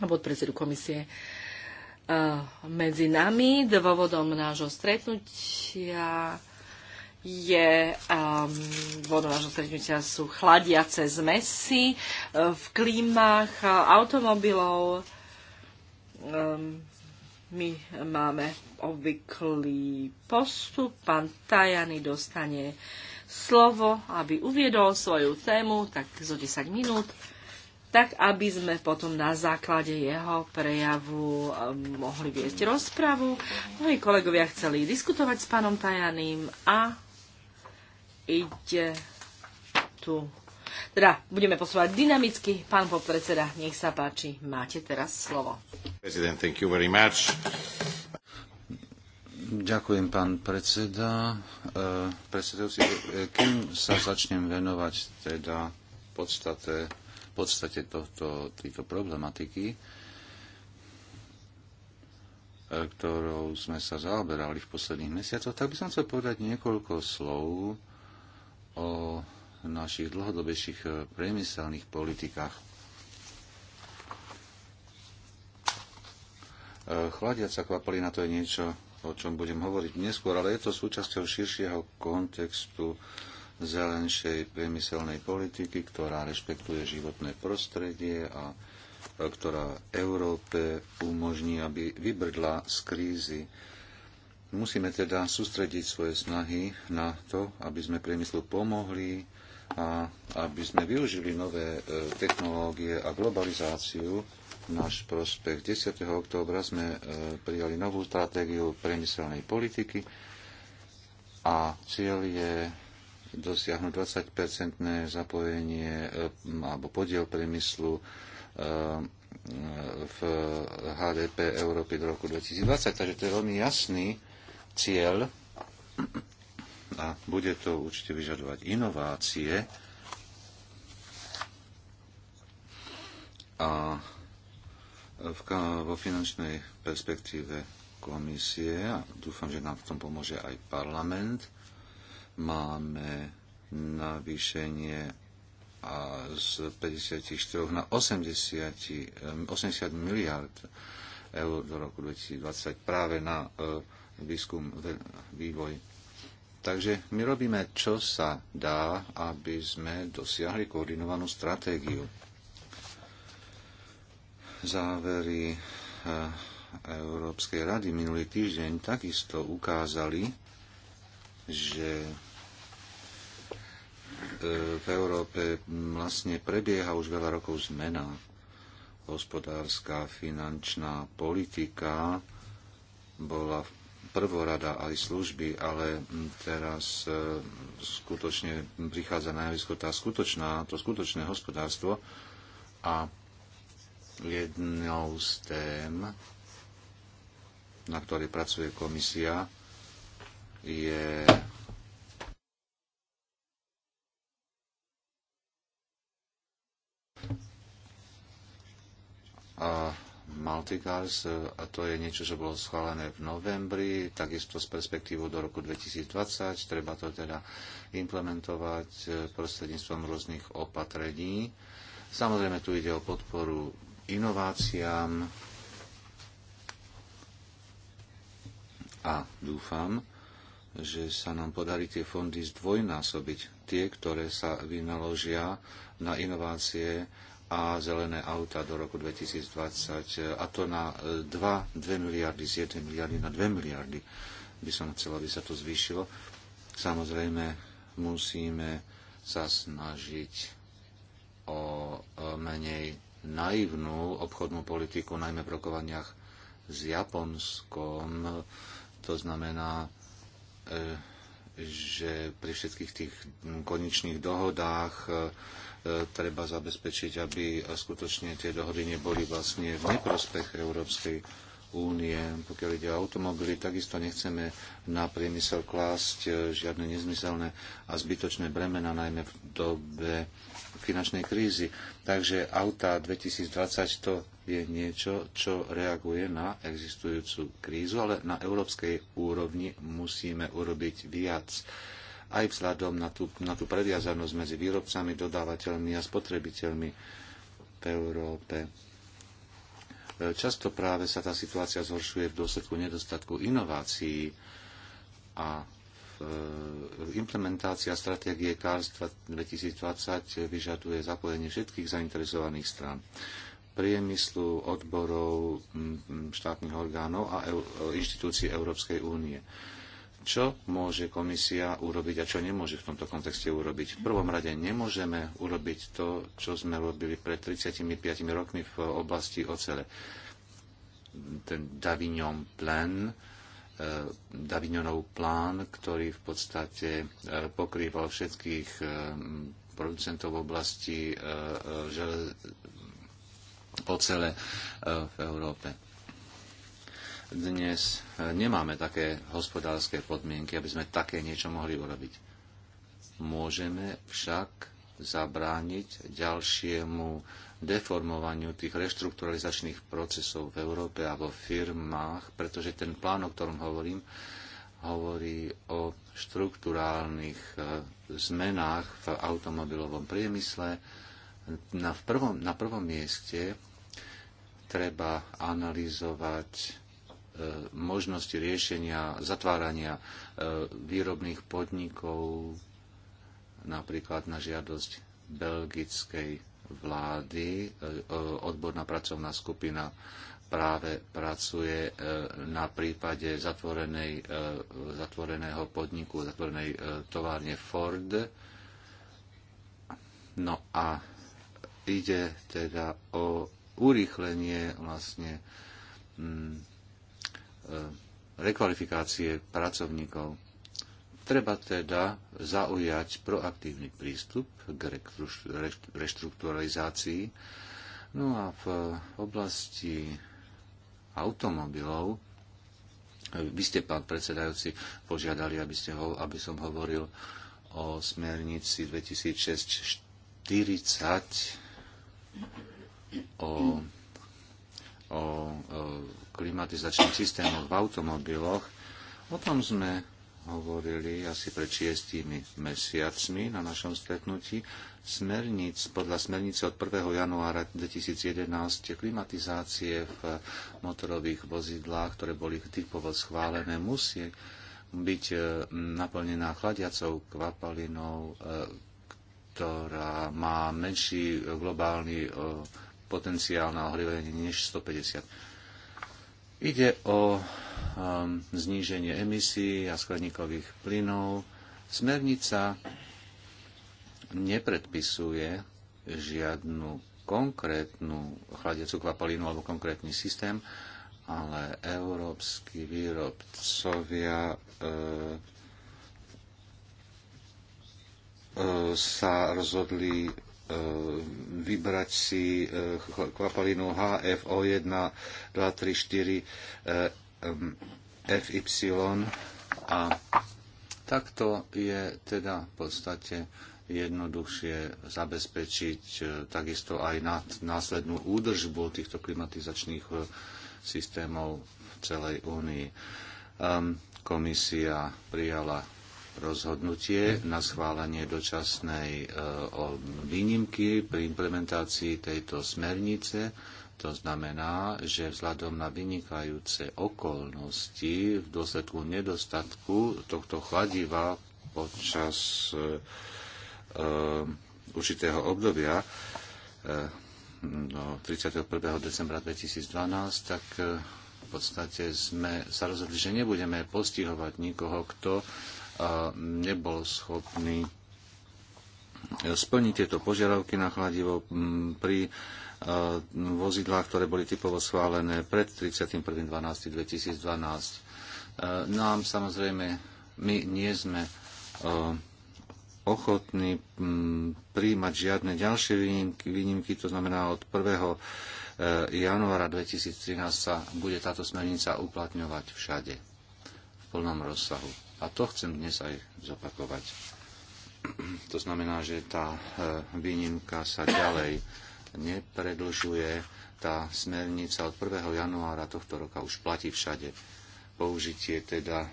a podpredsedu komisie eh, medzi nami. Dôvodom nášho stretnutia je, um, nášho stretnutia sú chladiace zmesy eh, v klímach eh, automobilov, my máme obvyklý postup. Pán Tajany dostane slovo, aby uviedol svoju tému, tak zo 10 minút, tak aby sme potom na základe jeho prejavu ehm, mohli viesť rozpravu. Moji kolegovia chceli diskutovať s pánom Tajaným a ide tu teda budeme posúvať dynamicky. Pán podpredseda, nech sa páči, máte teraz slovo. thank you very much. Ďakujem, pán predseda. E, Predsedovci, e, kým sa začnem venovať teda podstate, podstate tohto, tejto problematiky, e, ktorou sme sa zaoberali v posledných mesiacoch, tak by som chcel povedať niekoľko slov o našich dlhodobejších e, priemyselných politikách. E, chladiaca kvapalina to je niečo, o čom budem hovoriť neskôr, ale je to súčasťou širšieho kontextu zelenšej priemyselnej politiky, ktorá rešpektuje životné prostredie a e, ktorá Európe umožní, aby vybrdla z krízy. Musíme teda sústrediť svoje snahy na to, aby sme priemyslu pomohli a aby sme využili nové e, technológie a globalizáciu náš prospech. 10. októbra sme e, prijali novú stratégiu priemyselnej politiky a cieľ je dosiahnuť 20-percentné zapojenie e, alebo podiel priemyslu v HDP Európy do roku 2020. Takže to je veľmi jasný cieľ a bude to určite vyžadovať inovácie a vo finančnej perspektíve komisie a dúfam, že nám v tom pomôže aj parlament. Máme navýšenie a z 54 na 80, 80 miliard eur do roku 2020 práve na e, výskum, vývoj Takže my robíme, čo sa dá, aby sme dosiahli koordinovanú stratégiu. Závery eh, Európskej rady minulý týždeň takisto ukázali, že eh, v Európe vlastne prebieha už veľa rokov zmena. Hospodárska, finančná politika bola v prvorada aj služby, ale teraz e, skutočne prichádza na javisko tá skutočná, to skutočné hospodárstvo a jednou z tém, na ktorej pracuje komisia, je a Multigas, a to je niečo, čo bolo schválené v novembri, takisto s perspektívou do roku 2020. Treba to teda implementovať eh, prostredníctvom rôznych opatrení. Samozrejme, tu ide o podporu inováciám a dúfam, že sa nám podarí tie fondy zdvojnásobiť. Tie, ktoré sa vynaložia na inovácie, a zelené auta do roku 2020, a to na 2, e, 2 miliardy, z 1 miliardy na 2 miliardy. By som chcel, aby sa to zvýšilo. Samozrejme, musíme sa snažiť o e, menej naivnú obchodnú politiku, najmä v rokovaniach s Japonskom. To znamená, e, že pri všetkých tých konečných dohodách e, treba zabezpečiť, aby e, skutočne tie dohody neboli vlastne v neprospech Európskej únie. Pokiaľ ide o automobily, takisto nechceme na priemysel klásť e, žiadne nezmyselné a zbytočné bremena, najmä v dobe finančnej krízy. Takže auta 2020 to je niečo, čo reaguje na existujúcu krízu, ale na európskej úrovni musíme urobiť viac aj vzhľadom na tú, na tú previazanosť medzi výrobcami, dodávateľmi a spotrebiteľmi v Európe Často práve sa tá situácia zhoršuje v dôsledku nedostatku inovácií a e, implementácia stratégie CARS 2020 vyžaduje zapojenie všetkých zainteresovaných strán priemyslu, odborov, štátnych orgánov a e, inštitúcií Európskej únie čo môže komisia urobiť a čo nemôže v tomto kontexte urobiť. V prvom rade nemôžeme urobiť to, čo sme robili pred 35 rokmi v oblasti ocele. Ten Davignon Plan, e, Davignonov plán, ktorý v podstate e, pokrýval všetkých e, producentov v oblasti ocele v Európe dnes e, nemáme také hospodárske podmienky, aby sme také niečo mohli urobiť. Môžeme však zabrániť ďalšiemu deformovaniu tých reštrukturalizačných procesov v Európe a vo firmách, pretože ten plán, o ktorom hovorím, hovorí o štruktúrálnych e, zmenách v automobilovom priemysle. Na prvom, na prvom mieste treba analyzovať E, možnosti riešenia zatvárania e, výrobných podnikov napríklad na žiadosť belgickej vlády. E, odborná pracovná skupina práve pracuje na prípade zatvorenej, zatvoreného podniku, zatvorenej továrne Ford. No a ide teda o urýchlenie vlastne mm, E, rekvalifikácie pracovníkov. Treba teda zaujať proaktívny prístup k reštrukturalizácii. No a v oblasti automobilov vy ste, pán predsedajúci, požiadali, aby, ste ho, aby som hovoril o smernici 2006-40 o o klimatizačných systémoch v automobiloch. O tom sme hovorili asi pred šiestými mesiacmi na našom stretnutí. Smernic, podľa smernice od 1. januára 2011 klimatizácie v motorových vozidlách, ktoré boli typovo schválené, musí byť e, naplnená chladiacou kvapalinou, e, ktorá má menší globálny e, potenciál na ohrievanie než 150. Ide o um, zníženie emisí a skladníkových plynov. Smernica nepredpisuje žiadnu konkrétnu chladiacu kvapalinu alebo konkrétny systém, ale európsky výrobcovia e, e, sa rozhodli E, vybrať si e, kvapalinu HFO1, 2, 3, 4, FY a takto je teda v podstate jednoduchšie zabezpečiť e, takisto aj následnú údržbu týchto klimatizačných systémov v celej únii. Komisia prijala rozhodnutie na schválenie dočasnej e, výnimky pri implementácii tejto smernice. To znamená, že vzhľadom na vynikajúce okolnosti v dôsledku nedostatku tohto chladiva počas e, e, určitého obdobia do no, 31. decembra 2012, tak v podstate sme sa rozhodli, že nebudeme postihovať nikoho, kto a nebol schopný splniť tieto požiadavky na chladivo pri vozidlách, ktoré boli typovo schválené pred 31.12.2012. E, Nám no samozrejme, my nie sme e, ochotní príjmať žiadne ďalšie výnimky, výnimky, to znamená od 1. E, januára 2013 sa bude táto smernica uplatňovať všade v plnom rozsahu. A to chcem dnes aj zopakovať. To znamená, že tá e, výnimka sa ďalej nepredlžuje. Tá smernica od 1. januára tohto roka už platí všade. Použitie teda e,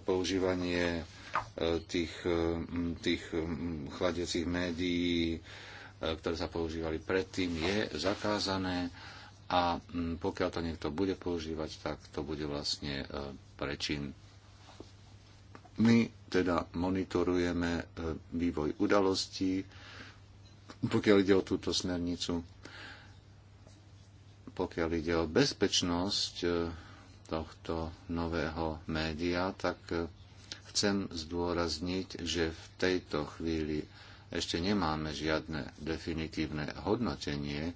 používanie e, tých, e, tých chladiacich médií, ktoré sa používali predtým, je zakázané a mm, pokiaľ to niekto bude používať, tak to bude vlastne e, prečin. My teda monitorujeme e, vývoj udalostí, pokiaľ ide o túto smernicu, pokiaľ ide o bezpečnosť e, tohto nového média, tak chcem zdôrazniť, že v tejto chvíli ešte nemáme žiadne definitívne hodnotenie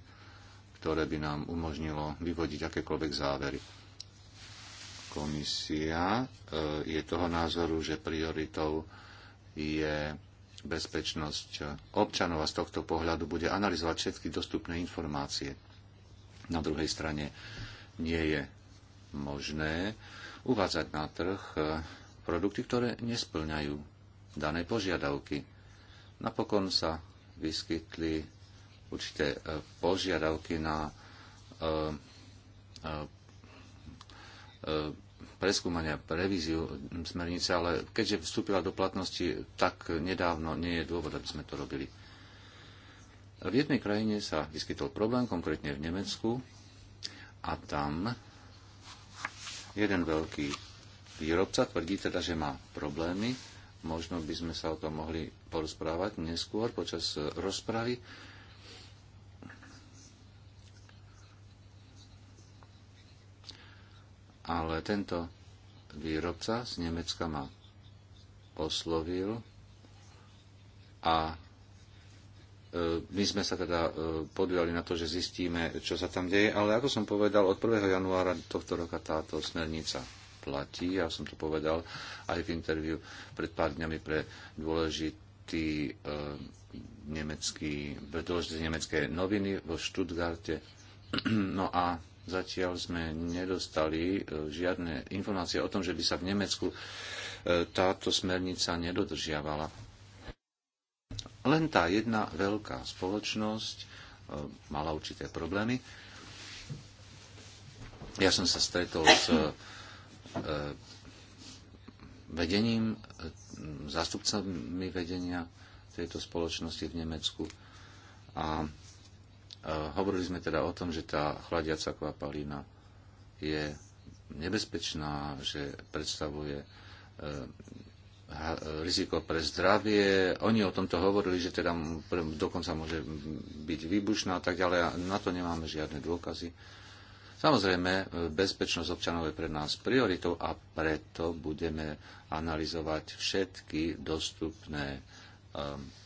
ktoré by nám umožnilo vyvodiť akékoľvek závery. Komisia e, je toho názoru, že prioritou je bezpečnosť občanov a z tohto pohľadu bude analyzovať všetky dostupné informácie. Na druhej strane nie je možné uvádzať na trh e, produkty, ktoré nesplňajú dané požiadavky. Napokon sa vyskytli určité e, požiadavky na e, e, preskúmania revíziu smernice, ale keďže vstúpila do platnosti tak nedávno, nie je dôvod, aby sme to robili. V jednej krajine sa vyskytol problém, konkrétne v Nemecku, a tam jeden veľký výrobca tvrdí teda, že má problémy. Možno by sme sa o tom mohli porozprávať neskôr počas rozpravy. ale tento výrobca z Nemecka ma oslovil a e, my sme sa teda e, podujali na to, že zistíme, čo sa tam deje, ale ako som povedal, od 1. januára tohto roka táto smernica platí. Ja som to povedal aj v interviu pred pár dňami pre dôležitý e, nemecký, dôležité nemecké noviny vo Stuttgarte. No a Zatiaľ sme nedostali e, žiadne informácie o tom, že by sa v Nemecku e, táto smernica nedodržiavala. Len tá jedna veľká spoločnosť e, mala určité problémy. Ja som sa stretol s vedením, zástupcami vedenia tejto spoločnosti v Nemecku a Hovorili sme teda o tom, že tá chladiaca kvapalina je nebezpečná, že predstavuje eh, riziko pre zdravie. Oni o tomto hovorili, že teda dokonca môže byť výbušná a tak ďalej. Na to nemáme žiadne dôkazy. Samozrejme, eh, bezpečnosť občanov je pre nás prioritou a preto budeme analyzovať všetky dostupné eh,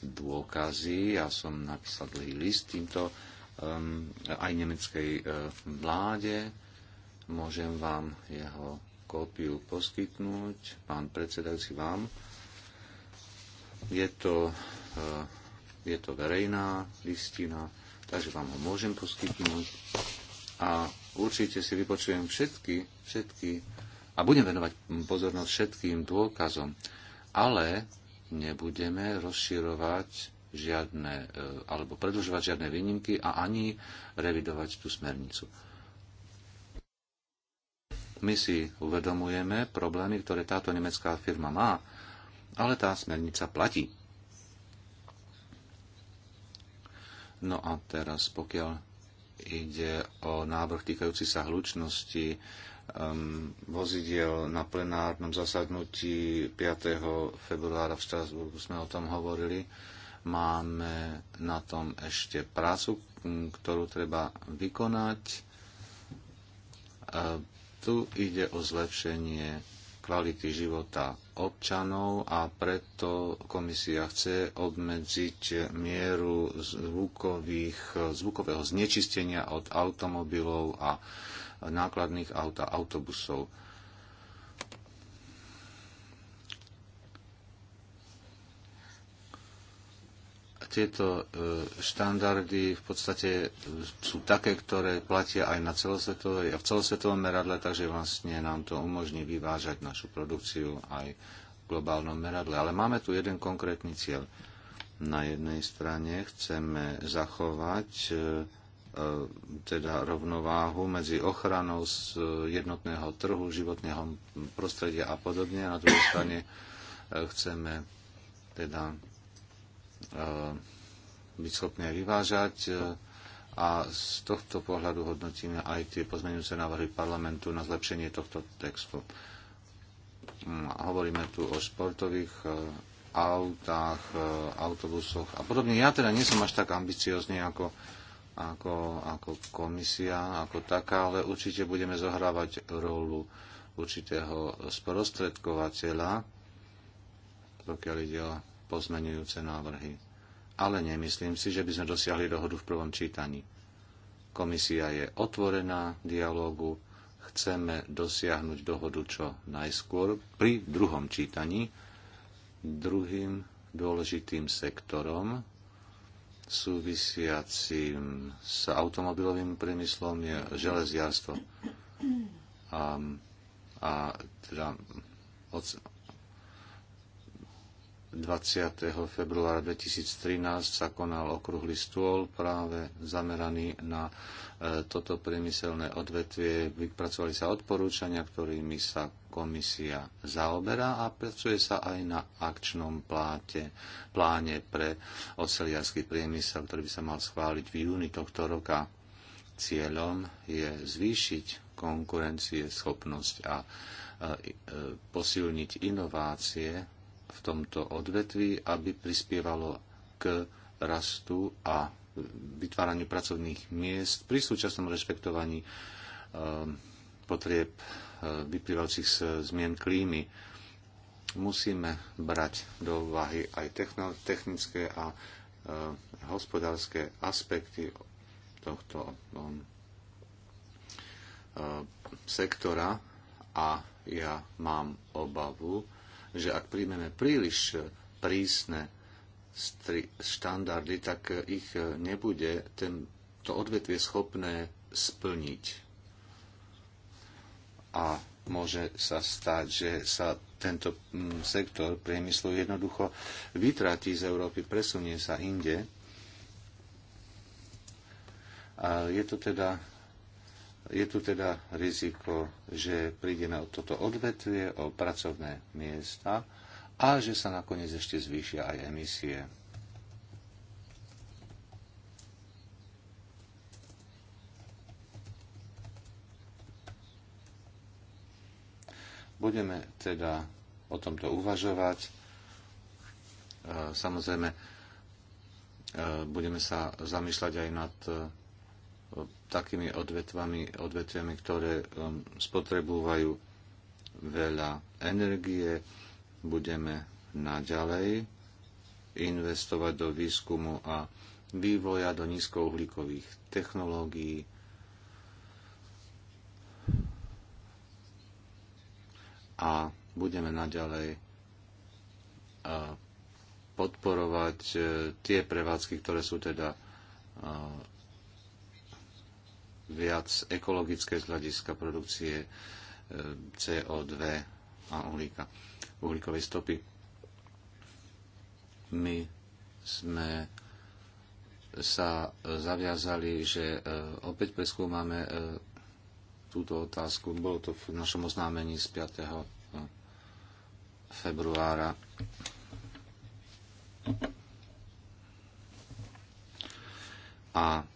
dôkazy. Ja som napísal dlhý list týmto Um, aj nemeckej uh, vláde. Môžem vám jeho kópiu poskytnúť, pán predsedajúci vám. Je to, uh, je to verejná listina, takže vám ho môžem poskytnúť. A určite si vypočujem všetky, všetky a budem venovať pozornosť všetkým dôkazom, ale nebudeme rozširovať žiadne, e, alebo predlžovať žiadne výnimky a ani revidovať tú smernicu. My si uvedomujeme problémy, ktoré táto nemecká firma má, ale tá smernica platí. No a teraz, pokiaľ ide o návrh týkajúci sa hlučnosti um, vozidiel na plenárnom zasadnutí 5. februára v Štrasburgu, sme o tom hovorili máme na tom ešte prácu, ktorú treba vykonať. E, tu ide o zlepšenie kvality života občanov a preto komisia chce obmedziť mieru zvukových, zvukového znečistenia od automobilov a nákladných aut a autobusov tieto e, štandardy v podstate e, sú také, ktoré platia aj na celosvetovej a v celosvetovom meradle, takže vlastne nám to umožní vyvážať našu produkciu aj v globálnom meradle. Ale máme tu jeden konkrétny cieľ. Na jednej strane chceme zachovať e, teda rovnováhu medzi ochranou z jednotného trhu, životného prostredia a podobne. Na druhej strane chceme teda Eh, byť schopné vyvážať eh, a z tohto pohľadu hodnotíme aj tie pozmeňujúce návrhy parlamentu na zlepšenie tohto textu. Mm, hovoríme tu o športových eh, autách, autobusoch a podobne. Ja teda nie som až tak ambiciozný ako, ako, ako komisia, ako taká, ale určite budeme zohrávať rolu určitého sprostredkovateľa, pokiaľ ide o pozmenujúce návrhy. Ale nemyslím si, že by sme dosiahli dohodu v prvom čítaní. Komisia je otvorená dialogu. chceme dosiahnuť dohodu čo najskôr pri druhom čítaní. Druhým dôležitým sektorom súvisiacím s automobilovým priemyslom je železiarstvo. A, a teda 20. februára 2013 sa konal okrúhly stôl práve zameraný na e, toto priemyselné odvetvie. Vypracovali sa odporúčania, ktorými sa komisia zaoberá a pracuje sa aj na akčnom pláte, pláne pre oceliarský priemysel, ktorý by sa mal schváliť v júni tohto roka. Cieľom je zvýšiť konkurencie, schopnosť a e, e, posilniť inovácie v tomto odvetvi, aby prispievalo k rastu a vytváraniu pracovných miest pri súčasnom rešpektovaní ehm, potrieb eh, vyplývajúcich z zmien klímy. Musíme brať do úvahy aj technické a eh, hospodárske aspekty tohto ehm, eh, sektora a ja mám obavu, že ak príjmeme príliš e, prísne štandardy, tak e, ich e, nebude ten, to odvetvie schopné splniť. A môže sa stať, že sa tento sektor priemyslu jednoducho vytratí z Európy, presunie sa inde. A je to teda je tu teda riziko, že príde o toto odvetvie o pracovné miesta a že sa nakoniec ešte zvýšia aj emisie. Budeme teda o tomto uvažovať. E, samozrejme, e, budeme sa zamýšľať aj nad e, takými odvetvami, odvetviami, ktoré um, spotrebujú veľa energie. Budeme naďalej investovať do výskumu a vývoja do nízkouhlíkových technológií. A budeme naďalej podporovať e, tie prevádzky, ktoré sú teda viac ekologické z hľadiska produkcie e, CO2 a uhlíka, uhlíkovej stopy. My sme sa zaviazali, že e, opäť preskúmame e, túto otázku. Bolo to v našom oznámení z 5. februára. A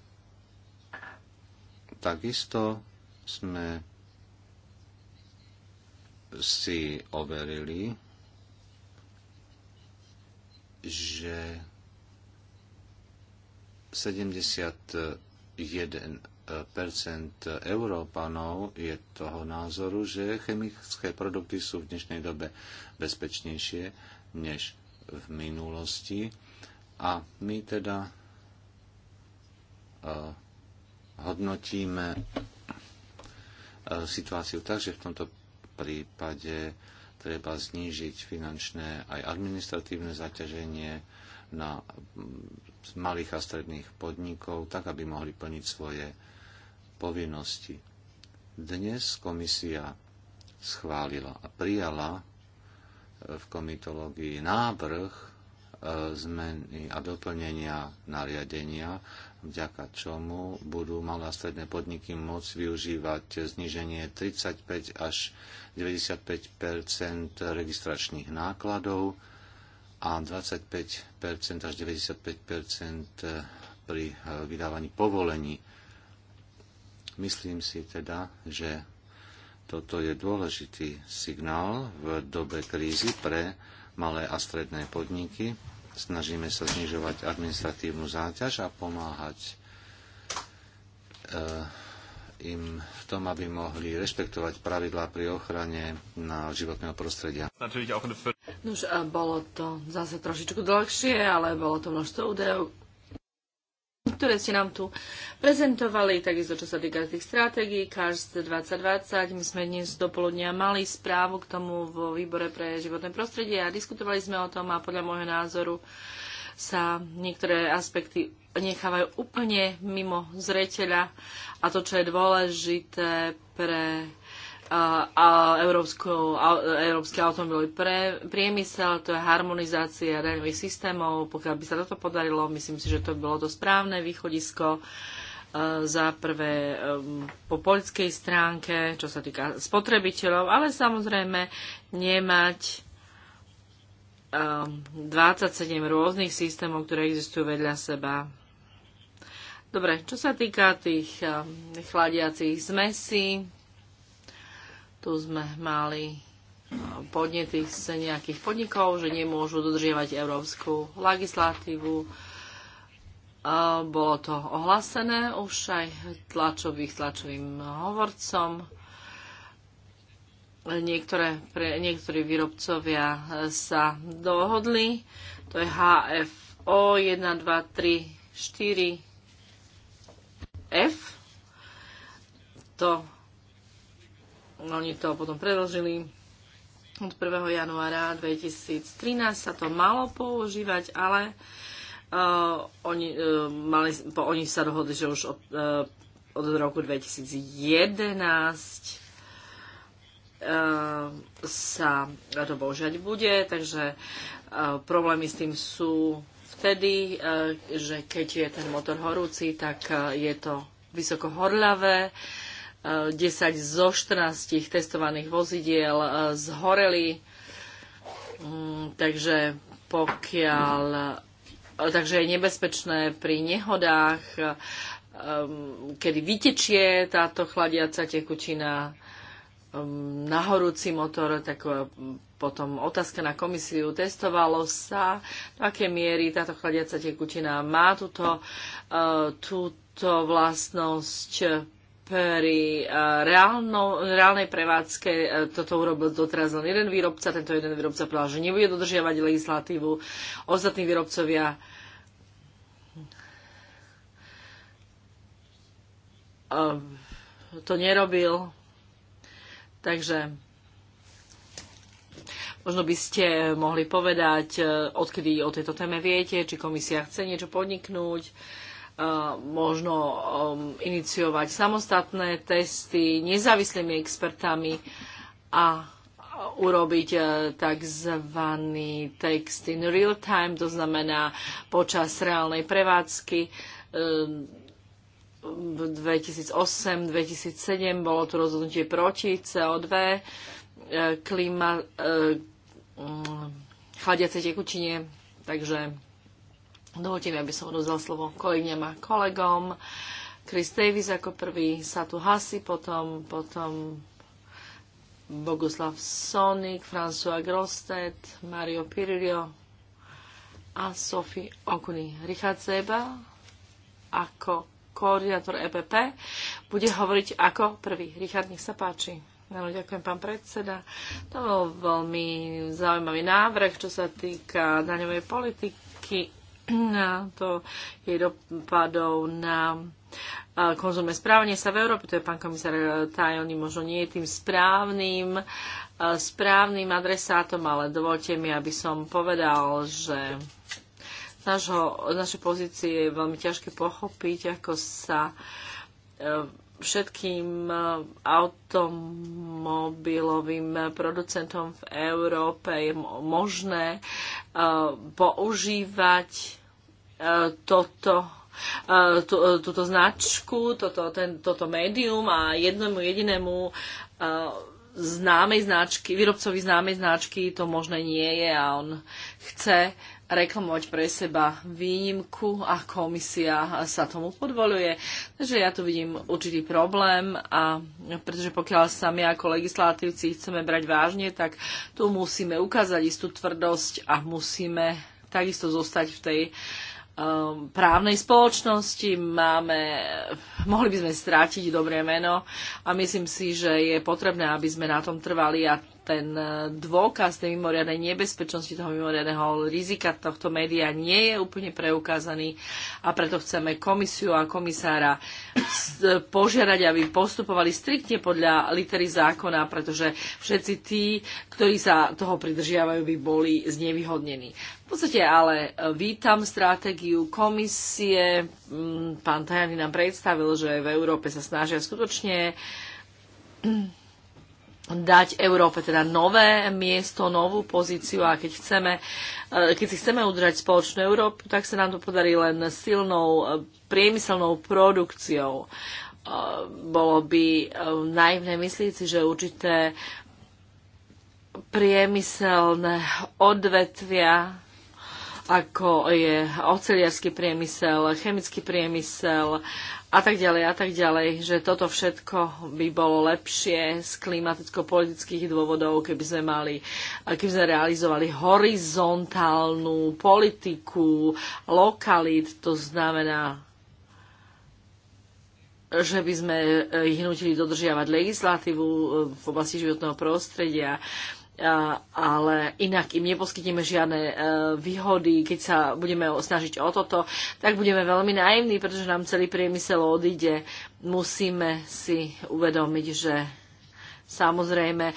Takisto sme si overili, že 71 Európanov je toho názoru, že chemické produkty sú v dnešnej dobe bezpečnejšie než v minulosti. A my teda eh, hodnotíme e, situáciu tak, že v tomto prípade treba znížiť finančné aj administratívne zaťaženie na malých a stredných podnikov, tak aby mohli plniť svoje povinnosti. Dnes komisia schválila a prijala e, v komitológii návrh e, zmeny a doplnenia nariadenia vďaka čomu budú malé a stredné podniky môcť využívať zníženie 35 až 95 registračných nákladov a 25 až 95 pri eh, vydávaní povolení. Myslím si teda, že toto je dôležitý signál v dobe krízy pre malé a stredné podniky Snažíme sa znižovať administratívnu záťaž a pomáhať eh, im v tom, aby mohli rešpektovať pravidlá pri ochrane na životného prostredia. Nož, eh, bolo to zase trošičku dlhšie, ale bolo to množstvo údajov, ktoré ste nám tu prezentovali, takisto čo sa týka tých stratégií, CARS 2020. My sme dnes do poludnia mali správu k tomu vo výbore pre životné prostredie a diskutovali sme o tom a podľa môjho názoru sa niektoré aspekty nechávajú úplne mimo zreteľa a to, čo je dôležité pre a európsky automobilový pre, priemysel, to je harmonizácia daňových systémov. Pokiaľ by sa toto podarilo, myslím si, že to bolo to správne východisko e, za prvé e, po politickej stránke, čo sa týka spotrebiteľov, ale samozrejme nemať 27 e, rôznych systémov, ktoré existujú vedľa seba. Dobre, čo sa týka tých chladiacich zmesí, tu sme mali e, podnety z nejakých podnikov, že nemôžu dodržiavať európsku legislatívu. E, bolo to ohlásené už aj tlačových, tlačovým hovorcom. Niektoré, pre, niektorí výrobcovia sa dohodli. To je HFO 1, 2, 3, 4, F. To oni to potom preložili od 1. januára 2013 sa to malo používať, ale uh, oni, uh, mali, po, oni sa dohodli, že už od, uh, od roku 2011 uh, sa to používať bude, takže uh, problémy s tým sú vtedy, uh, že keď je ten motor horúci, tak uh, je to vysoko horľavé. Uh, 10 zo 14 testovaných vozidiel e, zhoreli. Mm, takže pokiaľ e, takže je nebezpečné pri nehodách, e, kedy vytečie táto chladiaca tekutina na horúci motor, tak potom otázka na komisiu, testovalo sa, do aké miery táto chladiaca tekutina má túto, túto vlastnosť pri reálno, reálnej prevádzke e, toto urobil doteraz len jeden výrobca. Tento jeden výrobca povedal, že nebude dodržiavať legislatívu. Ostatní výrobcovia e, to nerobil. Takže možno by ste mohli povedať, e, odkedy o tejto téme viete, či komisia chce niečo podniknúť možno um, iniciovať samostatné testy nezávislými expertami a urobiť e, tzv. text in real time, to znamená počas reálnej prevádzky. Ehm, v 2008-2007 bolo to rozhodnutie proti CO2, e, klima, e, chladiacej tekutine, takže Dovolte mi, aby som rozdal slovo kolegyňam a kolegom. Chris Davis ako prvý, Satu Hasi potom, potom Boguslav Sonik, François Grosted, Mario Pirilio a Sophie Okuny. Richard Zeba ako koordinátor EPP bude hovoriť ako prvý. Richard, nech sa páči. No, ďakujem, pán predseda. To bol veľmi zaujímavý návrh, čo sa týka daňovej politiky na to jej dopadov na konzumné správanie sa v Európe. To je pán komisár Tajony, možno nie je tým správnym, správnym adresátom, ale dovolte mi, aby som povedal, že našho, naše pozície je veľmi ťažké pochopiť, ako sa e, všetkým e, automobilovým producentom v Európe je možné e, používať toto e, e, túto značku, toto, ten, toto médium a jednomu jedinému e, známej značky, výrobcovi známej značky to možné nie je a on chce reklamovať pre seba výnimku a komisia sa tomu podvoluje. Takže ja tu vidím určitý problém a pretože pokiaľ sa my ako legislatívci chceme brať vážne, tak tu musíme ukázať istú tvrdosť a musíme takisto zostať v tej uh, um, právnej spoločnosti, máme, mohli by sme strátiť dobré meno a myslím si, že je potrebné, aby sme na tom trvali a ten e, dôkaz tej mimoriadnej nebezpečnosti toho mimoriadného rizika tohto média nie je úplne preukázaný a preto chceme komisiu a komisára e, požiadať, aby postupovali striktne podľa litery zákona, pretože všetci tí, ktorí sa toho pridržiavajú, by boli znevýhodnení. V podstate ale e, vítam stratégiu komisie. Mm, pán Tajani nám predstavil, že v Európe sa snažia skutočne dať Európe teda nové miesto, novú pozíciu a keď, chceme, e, keď si chceme udržať spoločnú Európu, tak sa nám to podarí len silnou e, priemyselnou produkciou. E, bolo by naivné myslieť si, že určité priemyselné odvetvia ako je oceliarský priemysel, chemický priemysel a tak ďalej a tak ďalej, že toto všetko by bolo lepšie z klimaticko-politických dôvodov, keby sme, mali, keby sme realizovali horizontálnu politiku lokalít, to znamená že by sme ich nutili dodržiavať legislatívu eh, v oblasti životného prostredia, ale inak im neposkytíme žiadne e, výhody, keď sa budeme snažiť o toto, tak budeme veľmi naivní, pretože nám celý priemysel odíde. Musíme si uvedomiť, že Samozrejme,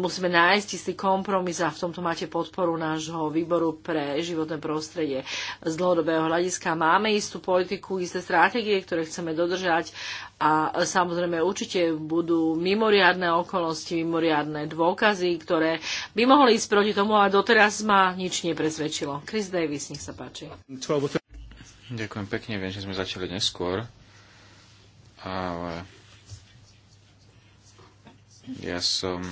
musíme nájsť istý kompromis a v tomto máte podporu nášho výboru pre životné prostredie. Z dlhodobého hľadiska máme istú politiku, isté stratégie, ktoré chceme dodržať a samozrejme určite budú mimoriadne okolnosti, mimoriadne dôkazy, ktoré by mohli ísť proti tomu a doteraz ma nič nepresvedčilo. Chris Davis, nech sa páči. Ďakujem pekne, viem, že sme začali neskôr, ale ja som...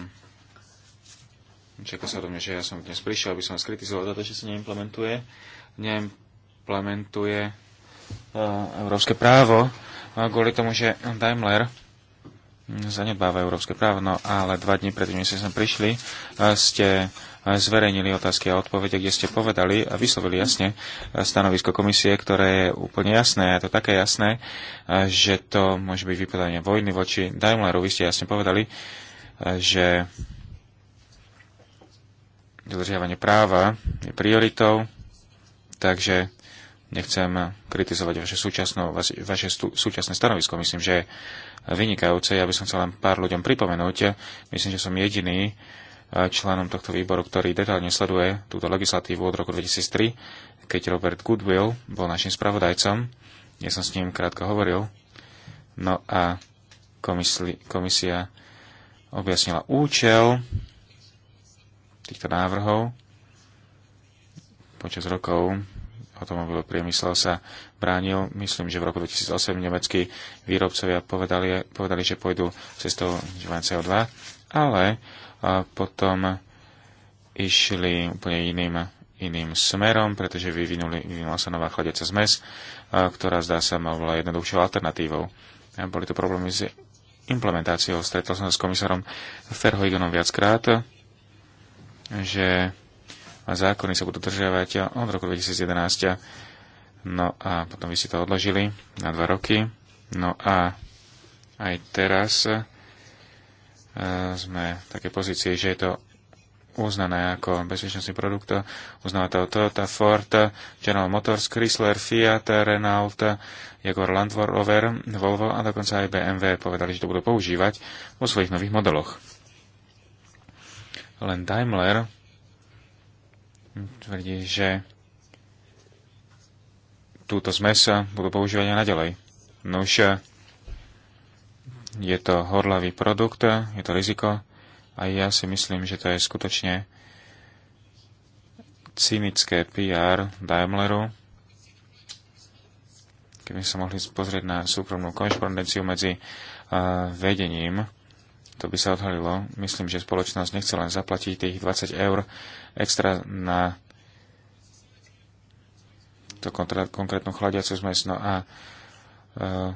Čekal sa do mňa, že ja som dnes prišiel, aby som skritizoval za to, že sa neimplementuje. Neimplementuje e, európske právo e, kvôli tomu, že Daimler zanedbáva európske právo, no ale dva dní predtým, než ste sem prišli, e, ste zverejnili otázky a odpovede, kde ste povedali a vyslovili jasne stanovisko komisie, ktoré je úplne jasné. Je to také jasné, že to môže byť vypadanie vojny voči Daimleru. Vy ste jasne povedali, že dodržiavanie práva je prioritou, takže nechcem kritizovať vaše, súčasno, vaše stu, súčasné stanovisko. Myslím, že je vynikajúce. Ja by som chcel len pár ľuďom pripomenúť. Myslím, že som jediný eh, členom tohto výboru, ktorý detálne sleduje túto legislatívu od roku 2003, keď Robert Goodwill bol našim spravodajcom. Ja som s ním krátko hovoril. No a komisli, komisia objasnila účel týchto návrhov. Počas rokov automobilový priemysel sa bránil. Myslím, že v roku 2008 nemeckí výrobcovia povedali, povedali že pôjdu cestou CO2, ale potom išli úplne iným, iným smerom, pretože vyvinuli, vyvinula sa nová chladiaca zmes, ktorá zdá sa ma bola jednoduchšou alternatívou. Boli to problémy s implementáciou. Stretol som sa s komisárom Ferhojgenom viackrát, že zákony sa budú držiavať od roku 2011. No a potom vy si to odložili na dva roky. No a aj teraz eh, sme v takej pozícii, že je to uznané ako bezpečnostný produkt. Uznáva to Toyota, Ford, General Motors, Chrysler, Fiat, Renault, Jaguar Land Rover, Volvo a dokonca aj BMW povedali, že to budú používať vo svojich nových modeloch. Len Daimler tvrdí, že túto zmes budú používať aj naďalej. už je to horlavý produkt, je to riziko, a ja si myslím, že to je skutočne cynické PR Daimleru. Keby sa mohli pozrieť na súkromnú konšpondenciu medzi uh, vedením, to by sa odhalilo. Myslím, že spoločnosť nechce len zaplatiť tých 20 eur extra na to konkrétnu chladiacu zmes. No a uh,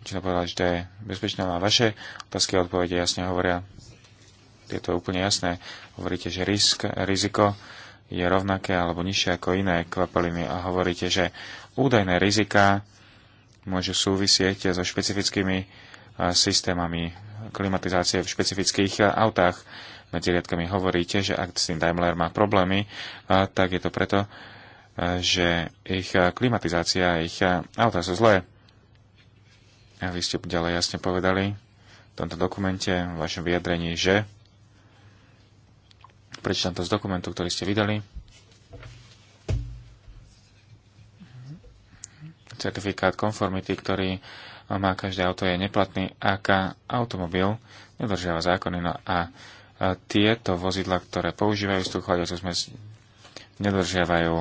či to povedala, že to je bezpečné. No a vaše otázky a odpovede jasne hovoria je to úplne jasné. Hovoríte, že risk, riziko je rovnaké alebo nižšie ako iné kvapaliny a hovoríte, že údajné rizika môžu súvisieť so špecifickými systémami klimatizácie v špecifických autách. Medzi riadkami hovoríte, že ak s tým Daimler má problémy, tak je to preto, že ich klimatizácia, ich auta sú zlé. A vy ste ďalej jasne povedali v tomto dokumente, v vašom vyjadrení, že Prečítam to z dokumentu, ktorý ste vydali. Certifikát konformity, ktorý má každé auto, je neplatný, ak automobil nedržiava zákony. No a tieto vozidla, ktoré používajú stúchladiacu smes, nedržiavajú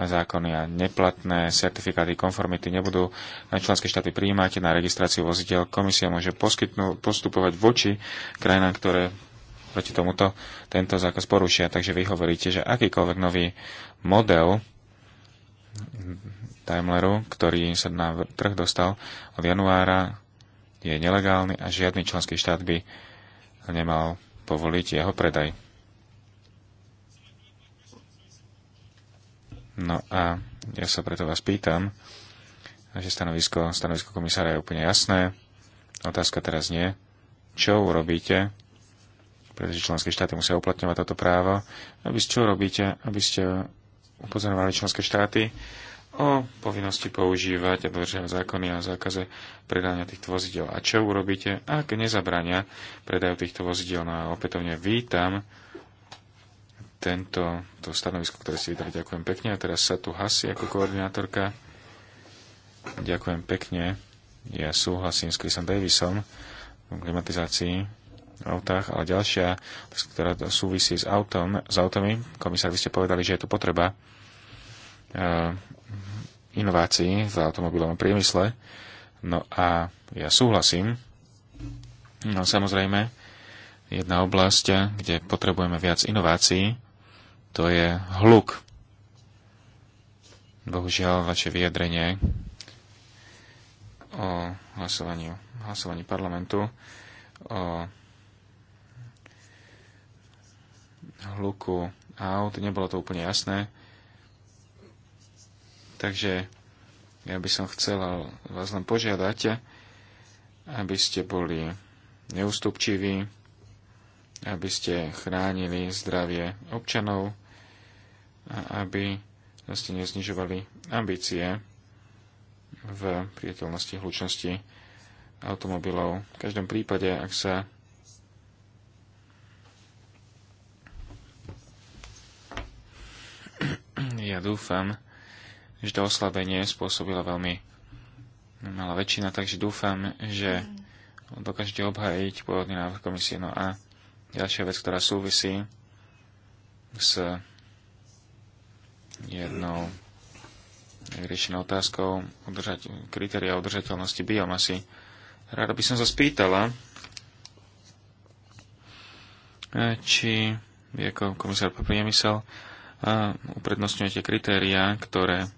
zákony a neplatné certifikáty konformity nebudú členské štáty prijímať na registráciu vozidel. Komisia môže poskytnú, postupovať voči krajinám, ktoré proti tomuto tento zákaz porušia. Takže vy hovoríte, že akýkoľvek nový model Daimleru, ktorý sa na trh dostal od januára, je nelegálny a žiadny členský štát by nemal povoliť jeho predaj. No a ja sa preto vás pýtam, že stanovisko, stanovisko komisára je úplne jasné. Otázka teraz nie, čo urobíte pretože členské štáty musia uplatňovať toto právo. Aby ste čo robíte, aby ste upozorovali členské štáty o povinnosti používať a dodržiavať zákony a zákaze predania týchto vozidel. A čo urobíte, ak nezabrania predajú týchto vozidel? No a opätovne vítam tento to stanovisko, ktoré si vydali. Ďakujem pekne. A teraz sa tu hasi ako koordinátorka. Ďakujem pekne. Ja súhlasím s Chrisom Davisom v klimatizácii autách, ale ďalšia, ktorá súvisí s, autom, s autami, komisár, vy ste povedali, že je tu potreba e, inovácií v automobilovom priemysle. No a ja súhlasím. No samozrejme, jedna oblasť, kde potrebujeme viac inovácií, to je hluk. Bohužiaľ, vaše vyjadrenie o hlasovaní, hlasovaní parlamentu o hluku aut, nebolo to úplne jasné. Takže ja by som chcel vás len požiadať, aby ste boli neústupčiví, aby ste chránili zdravie občanov a aby ste neznižovali ambície v priateľnosti hlučnosti automobilov. V každom prípade, ak sa Ja dúfam, že to oslabenie spôsobila veľmi malá väčšina, takže dúfam, že dokážete obhajiť pôvodný návrh komisie. No a ďalšia vec, ktorá súvisí s jednou riešenou otázkou udržať, kritéria udržateľnosti biomasy. Rada by som sa spýtala, či, ako komisár pre priemysel, a uprednostňujete kritériá, ktoré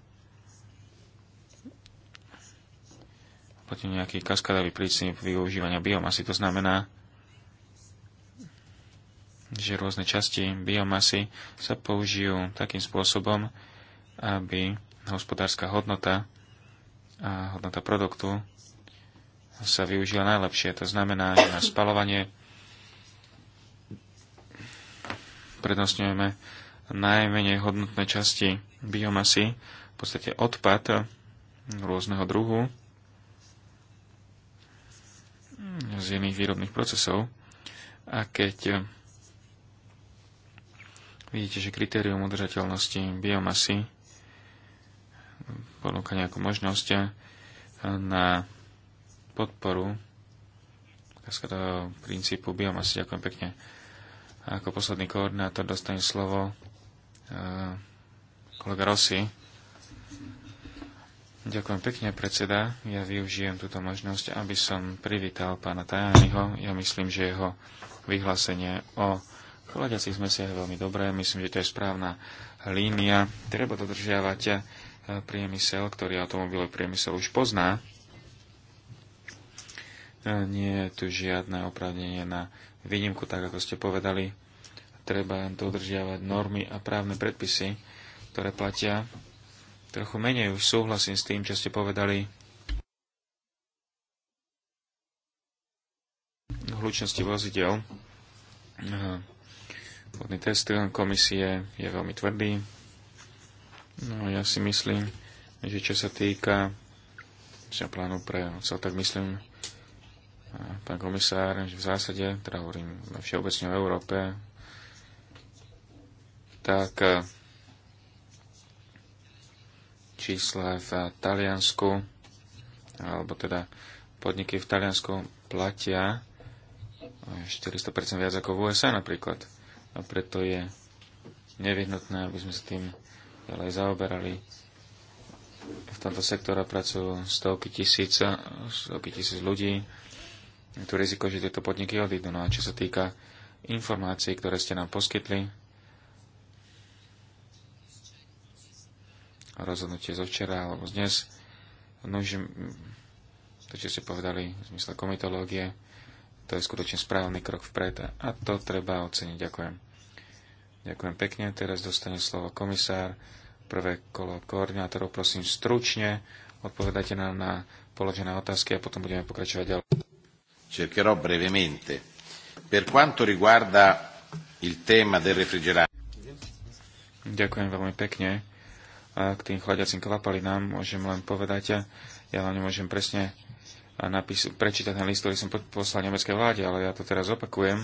platí nejaký kaskadový princíp využívania biomasy. To znamená, že rôzne časti biomasy sa použijú takým spôsobom, aby hospodárska hodnota a hodnota produktu sa využila najlepšie. To znamená, že na spalovanie prednostňujeme najmenej hodnotné časti biomasy, v podstate odpad rôzneho druhu z iných výrobných procesov. A keď vidíte, že kritérium udržateľnosti biomasy ponúka nejakú možnosť na podporu princípu biomasy. Ďakujem pekne. A ako posledný koordinátor dostane slovo Eh, kolega Rossi. Ďakujem pekne, predseda. Ja využijem túto možnosť, aby som privítal pána Tajaniho. Ja myslím, že jeho vyhlásenie o chladiacich zmesiach je veľmi dobré. Myslím, že to je správna línia. Treba dodržiavať eh, priemysel, ktorý automobilový priemysel už pozná. Eh, nie je tu žiadne opravnenie na výnimku, tak ako ste povedali treba dodržiavať normy a právne predpisy, ktoré platia. Trochu menej už súhlasím s tým, čo ste povedali hlučnosti vozidel. Vodný test komisie je veľmi tvrdý. No ja si myslím, že čo sa týka čo plánu pre cel, tak myslím, pán komisár, že v zásade, teda hovorím všeobecne o Európe, tak eh, čísla v Taliansku, alebo teda podniky v Taliansku platia 400% viac ako v USA napríklad. A preto je nevyhnutné, aby sme sa tým ďalej zaoberali. V tomto sektore pracujú stovky tisíc, stovky tisíc ľudí. Je tu riziko, že tieto podniky odídu. No a čo sa týka informácií, ktoré ste nám poskytli, rozhodnutie zo včera alebo z dnes. No, že to, čo ste povedali v zmysle komitológie, to je skutočne správny krok vpred a to treba oceniť. Ďakujem. Ďakujem pekne. Teraz dostane slovo komisár. Prvé kolo koordinátorov. Prosím, stručne odpovedajte nám na položené otázky a potom budeme pokračovať ďalej. Cercherò brevemente. Per quanto riguarda il tema del refrigerante. Ďakujem veľmi pekne k tým chladiacim kvapalinám môžem len povedať, ja vám nemôžem presne napis- prečítať ten list, ktorý som poslal nemeckej vláde, ale ja to teraz opakujem.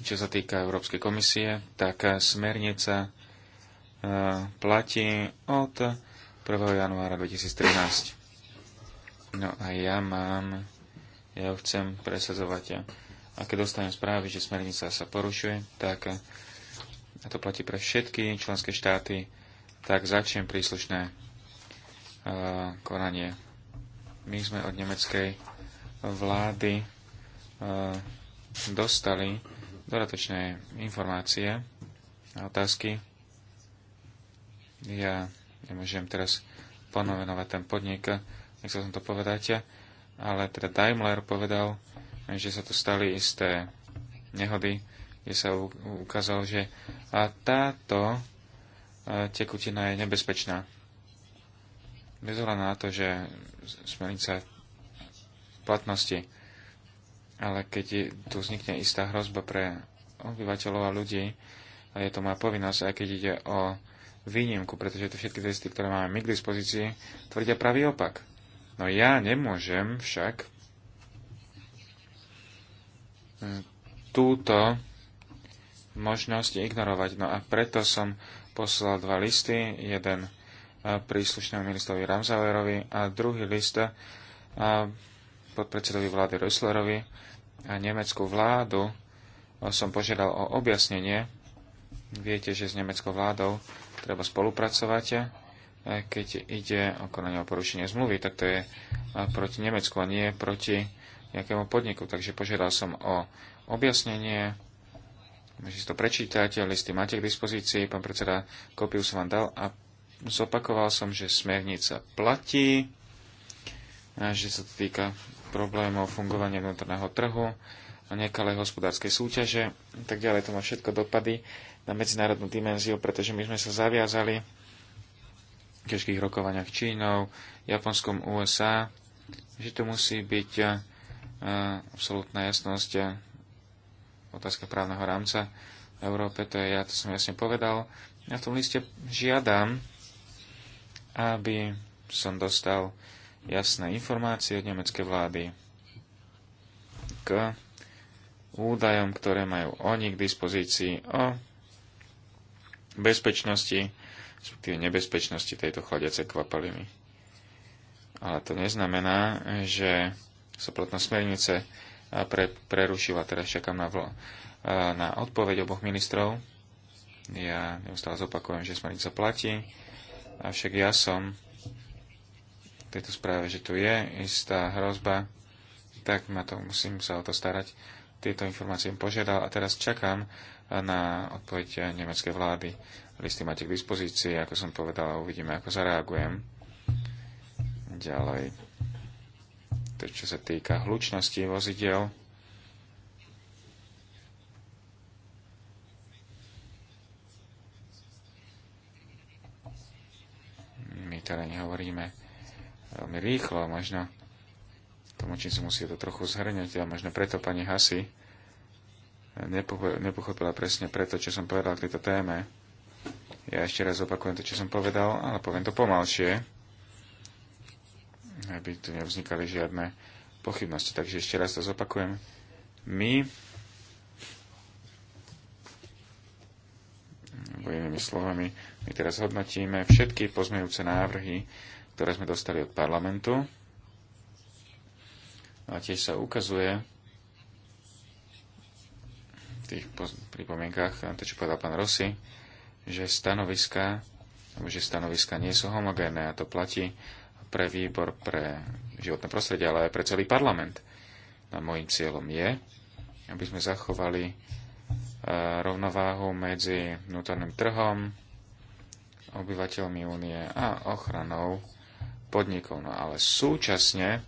Čo sa týka Európskej komisie, tak smernica e, platí od 1. januára 2013. No a ja mám, ja ju chcem presadzovať. A keď dostanem správy, že smernica sa porušuje, tak a to platí pre všetky členské štáty, tak začnem príslušné uh, konanie. My sme od nemeckej vlády uh, dostali dodatočné informácie a otázky. Ja nemôžem teraz ponovenovať ten podnik, nechcel som to povedať, ale teda Daimler povedal, že sa tu stali isté nehody, kde sa ukázalo, že a táto tekutina je nebezpečná. Bez na to, že smernica platnosti, ale keď tu vznikne istá hrozba pre obyvateľov a ľudí, a je to moja povinnosť, aj keď ide o výnimku, pretože to všetky testy, ktoré máme my k dispozícii, tvrdia pravý opak. No ja nemôžem však hm, túto možnosť ignorovať. No a preto som poslal dva listy, jeden eh, príslušnému ministrovi Ramzauerovi a druhý list eh, podpredsedovi vlády Röslerovi a nemeckú vládu eh, som požiadal o objasnenie. Viete, že s nemeckou vládou treba spolupracovať, keď ide o konanie o porušenie zmluvy, tak to je proti Nemecku a nie proti nejakému podniku. Takže požiadal som o objasnenie Môžete si to prečítať, listy máte k dispozícii, pán predseda, kopiu som vám dal a zopakoval som, že smernica platí, a že sa to týka problémov fungovania vnútorného trhu, a nekalej hospodárskej súťaže a tak ďalej. To má všetko dopady na medzinárodnú dimenziu, pretože my sme sa zaviazali v ťažkých rokovaniach Čínou, Japonskom, USA, že tu musí byť absolútna jasnosť otázka právneho rámca v Európe, to je, ja to som jasne povedal. Ja v tom liste žiadam, aby som dostal jasné informácie od nemeckej vlády k údajom, ktoré majú oni k dispozícii o bezpečnosti, respektíve nebezpečnosti tejto chladiacej kvapaliny. Ale to neznamená, že sa platná smernice pre, prerušila. Teraz čakám na, vl- na odpoveď oboch ministrov. Ja neustále zopakujem, že smernica platí, avšak ja som v tejto správe, že tu je istá hrozba, tak ma to, musím sa o to starať. Tieto informácie požiadal a teraz čakám na odpoveď nemeckej vlády. Listy máte k dispozícii, ako som povedal, uvidíme, ako zareagujem ďalej to, čo sa týka hlučnosti vozidel. My teda nehovoríme veľmi rýchlo, možno Tomu tlmočníci musí to trochu zhrňať a možno preto pani Hasi nepochopila presne preto, čo som povedal k tejto téme. Ja ešte raz opakujem to, čo som povedal, ale poviem to pomalšie aby tu nevznikali žiadne pochybnosti. Takže ešte raz to zopakujem. My alebo inými slovami, my teraz hodnotíme všetky pozmejúce návrhy, ktoré sme dostali od parlamentu. No a tiež sa ukazuje v tých pripomienkách, to čo povedal pán Rossi, že stanoviska, že stanoviska nie sú homogénne a to platí pre výbor pre životné prostredie, ale aj pre celý parlament. A môjim cieľom je, aby sme zachovali e, rovnováhu medzi vnútorným trhom, obyvateľmi únie a ochranou podnikov. No ale súčasne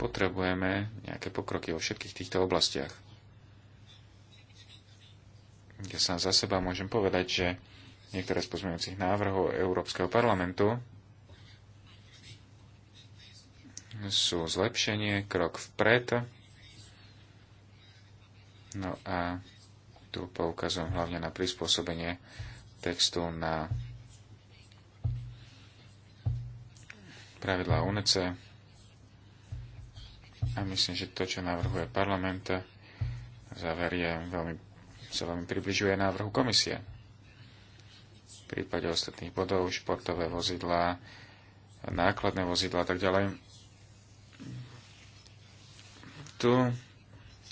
potrebujeme nejaké pokroky vo všetkých týchto oblastiach. Ja sa za seba môžem povedať, že niektoré z pozmeňujúcich návrhov Európskeho parlamentu sú zlepšenie, krok vpred. No a tu poukazujem hlavne na prispôsobenie textu na pravidlá UNECE a myslím, že to, čo navrhuje parlament, záver je veľmi, sa veľmi približuje návrhu komisie. V prípade ostatných bodov, športové vozidlá, nákladné vozidlá a tak ďalej, tu,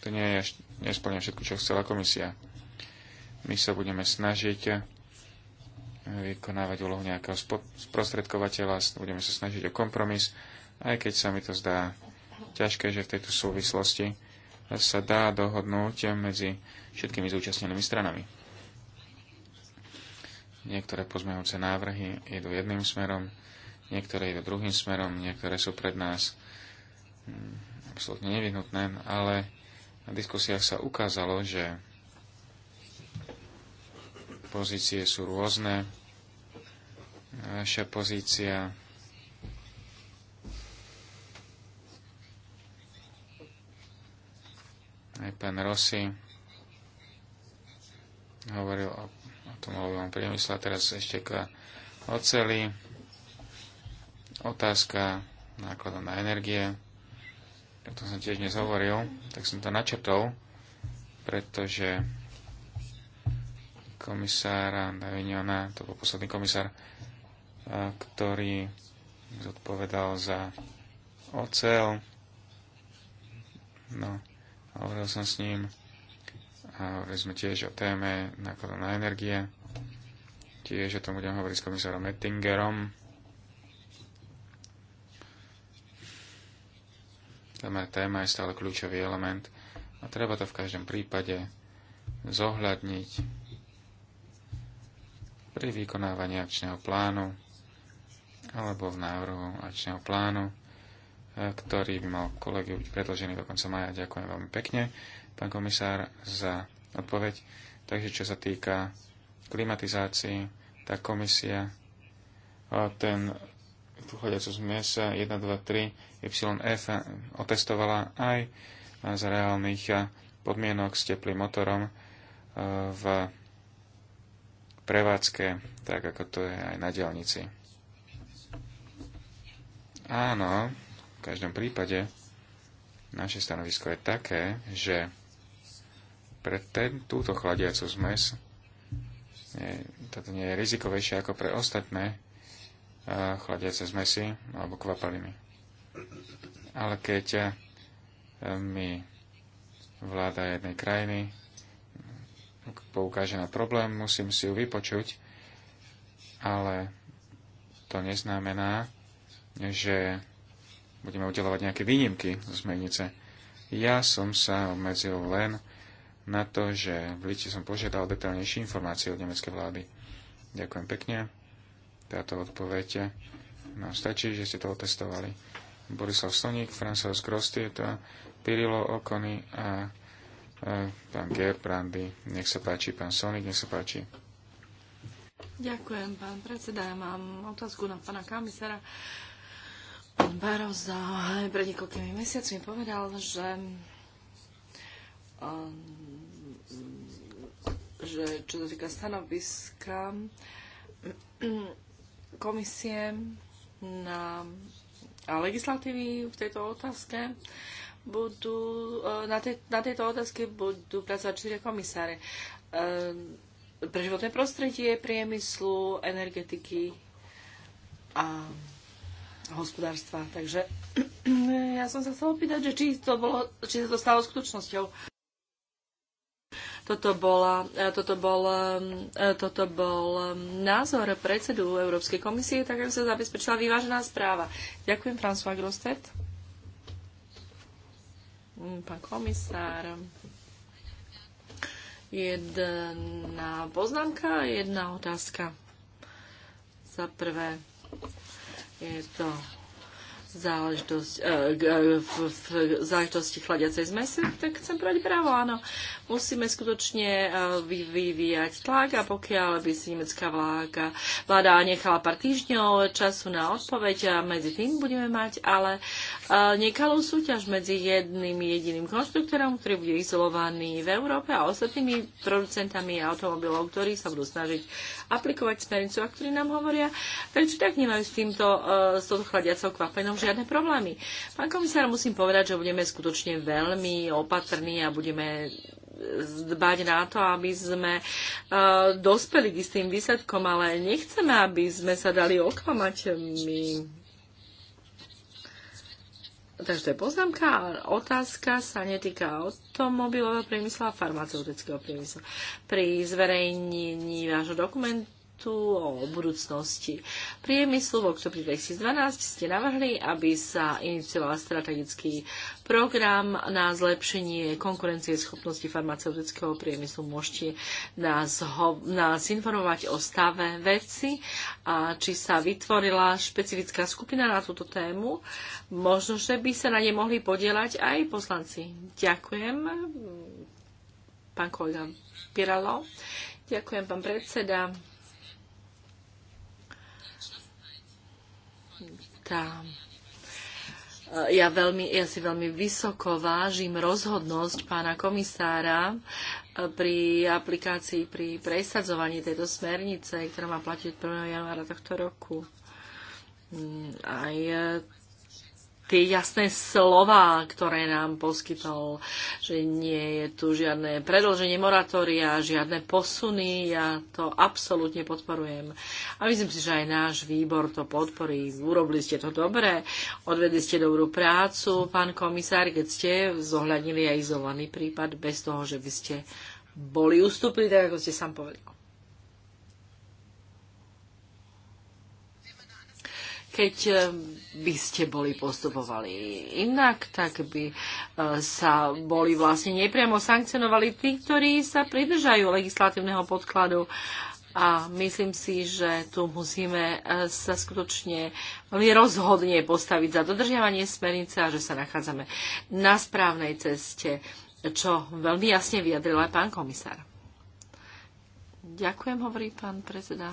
to nie je, nesplňa všetko, čo chcela komisia. My sa budeme snažiť vykonávať úlohu nejakého sprostredkovateľa, budeme sa snažiť o kompromis, aj keď sa mi to zdá ťažké, že v tejto súvislosti sa dá dohodnúť medzi všetkými zúčastnenými stranami. Niektoré pozmehujúce návrhy idú jedným smerom, niektoré idú druhým smerom, niektoré sú pred nás absolútne nevyhnutné, ale na diskusiách sa ukázalo, že pozície sú rôzne. Naša pozícia aj pán Rossi hovoril o, o tom olovom priemysle. Teraz ešte k oceli. Otázka nákladom na energie. To som tiež dnes hovoril, tak som to načrtol, pretože komisár Daviniona, to bol posledný komisár, ktorý zodpovedal za ocel. No, hovoril som s ním a hovorili sme tiež o téme nákladov na energie. Tiež o tom budem hovoriť s komisárom Ettingerom Téma, téma je stále kľúčový element a treba to v každom prípade zohľadniť pri vykonávaní akčného plánu alebo v návrhu akčného plánu, e, ktorý by mal kolegy byť predložený do konca maja. Ďakujem veľmi pekne, pán komisár, za odpoveď. Takže čo sa týka klimatizácii, tá komisia e, ten pochodiacu zmes 1, 2, 3 YF otestovala aj z reálnych podmienok s teplým motorom e, v prevádzke, tak ako to je aj na dielnici. Áno, v každom prípade naše stanovisko je také, že pre ten, túto chladiacu zmes je, toto nie je rizikovejšie ako pre ostatné chladiace zmesi alebo kvapaliny. Ale keď eh, mi vláda jednej krajiny poukáže na problém, musím si ju vypočuť, ale to neznamená, že budeme udelovať nejaké výnimky z zmenice. Ja som sa obmedzil len na to, že v lite som požiadal detaľnejšie informácie od nemeckej vlády. Ďakujem pekne. Táto odpoveď eh, No, stačí, že ste to otestovali. Borislav Slník, Francis to Pirilo Okony a, pán eh, pán Gerbrandy. Nech sa páči, pán Sonik, nech sa páči. Ďakujem, pán predseda. Ja mám otázku na pána Kamisera. Pán Baroza pred niekoľkými mesiacmi povedal, že ehm, že čo sa týka stanoviska, komisie na a legislatívy v tejto otázke budú, e, na, tej, na tejto otázke budú pracovať čtyria komisáre. E, pre životné prostredie, priemyslu, energetiky a hospodárstva. Takže ja som sa chcela opýtať, že či, to bolo, či sa to stalo skutočnosťou. Toto, bola, e, toto, bol, e, e, toto bol názor predsedu Európskej komisie, tak aby sa zabezpečila vyvážená správa. Ďakujem, François Grostet. Mm, pán komisár. Jedna poznámka, jedna otázka. Za prvé, je to záležitosť, e, v, v, v záležitosti chladiacej zmesi, tak chcem brať právo, áno. Musíme skutočne eh, vyvíjať tlak a pokiaľ by si nemecká vláda, vláda nechala pár týždňov času na odpoveď a eh, medzi tým budeme mať, ale eh, nekalú súťaž medzi jedným jediným konštruktorom, ktorý bude izolovaný v Európe a ostatnými producentami automobilov, ktorí sa budú snažiť aplikovať smernicu a ktorí nám hovoria, prečo tak nemajú s týmto, s touto chladiacou kvapenou žiadne problémy. Pán komisár, musím povedať, že budeme skutočne veľmi opatrní a budeme dbať na to, aby sme e, dospeli k istým výsledkom, ale nechceme, aby sme sa dali oklamať e, my. Takže to je poznámka otázka sa netýka automobilového priemyslu a farmaceutického priemyslu. Pri zverejnení vášho dokumentu tu o budúcnosti priemyslu. V oktobri 2012 ste navrhli, aby sa inicioval strategický program na zlepšenie konkurencie schopnosti farmaceutického priemyslu. Môžete nás, ho, nás informovať o stave veci a či sa vytvorila špecifická skupina na túto tému. Možno, že by sa na ne mohli podielať aj poslanci. Ďakujem, pán kolega Piralo. Ďakujem, pán predseda. tá ja, veľmi, ja si veľmi vysoko vážim rozhodnosť pána komisára e, pri aplikácii, pri presadzovaní tejto smernice, ktorá má platiť 1. januára tohto roku. Mm, aj e, tie jasné slova, ktoré nám poskytol, že nie je tu žiadne predlženie moratória, žiadne posuny, ja to absolútne podporujem. A myslím si, že aj náš výbor to podporí. Urobili ste to dobre, odvedli ste dobrú prácu, pán komisár, keď ste zohľadnili aj izolovaný prípad bez toho, že by ste boli ustúpili, tak ako ste sám povedali. Keď by ste boli postupovali inak, tak by e, sa boli vlastne nepriamo sankcionovali tí, ktorí sa pridržajú legislatívneho podkladu. A myslím si, že tu musíme e, sa skutočne veľmi rozhodne postaviť za dodržiavanie smernice a že sa nachádzame na správnej ceste, čo veľmi jasne vyjadril aj pán komisár. Ďakujem, hovorí pán predseda.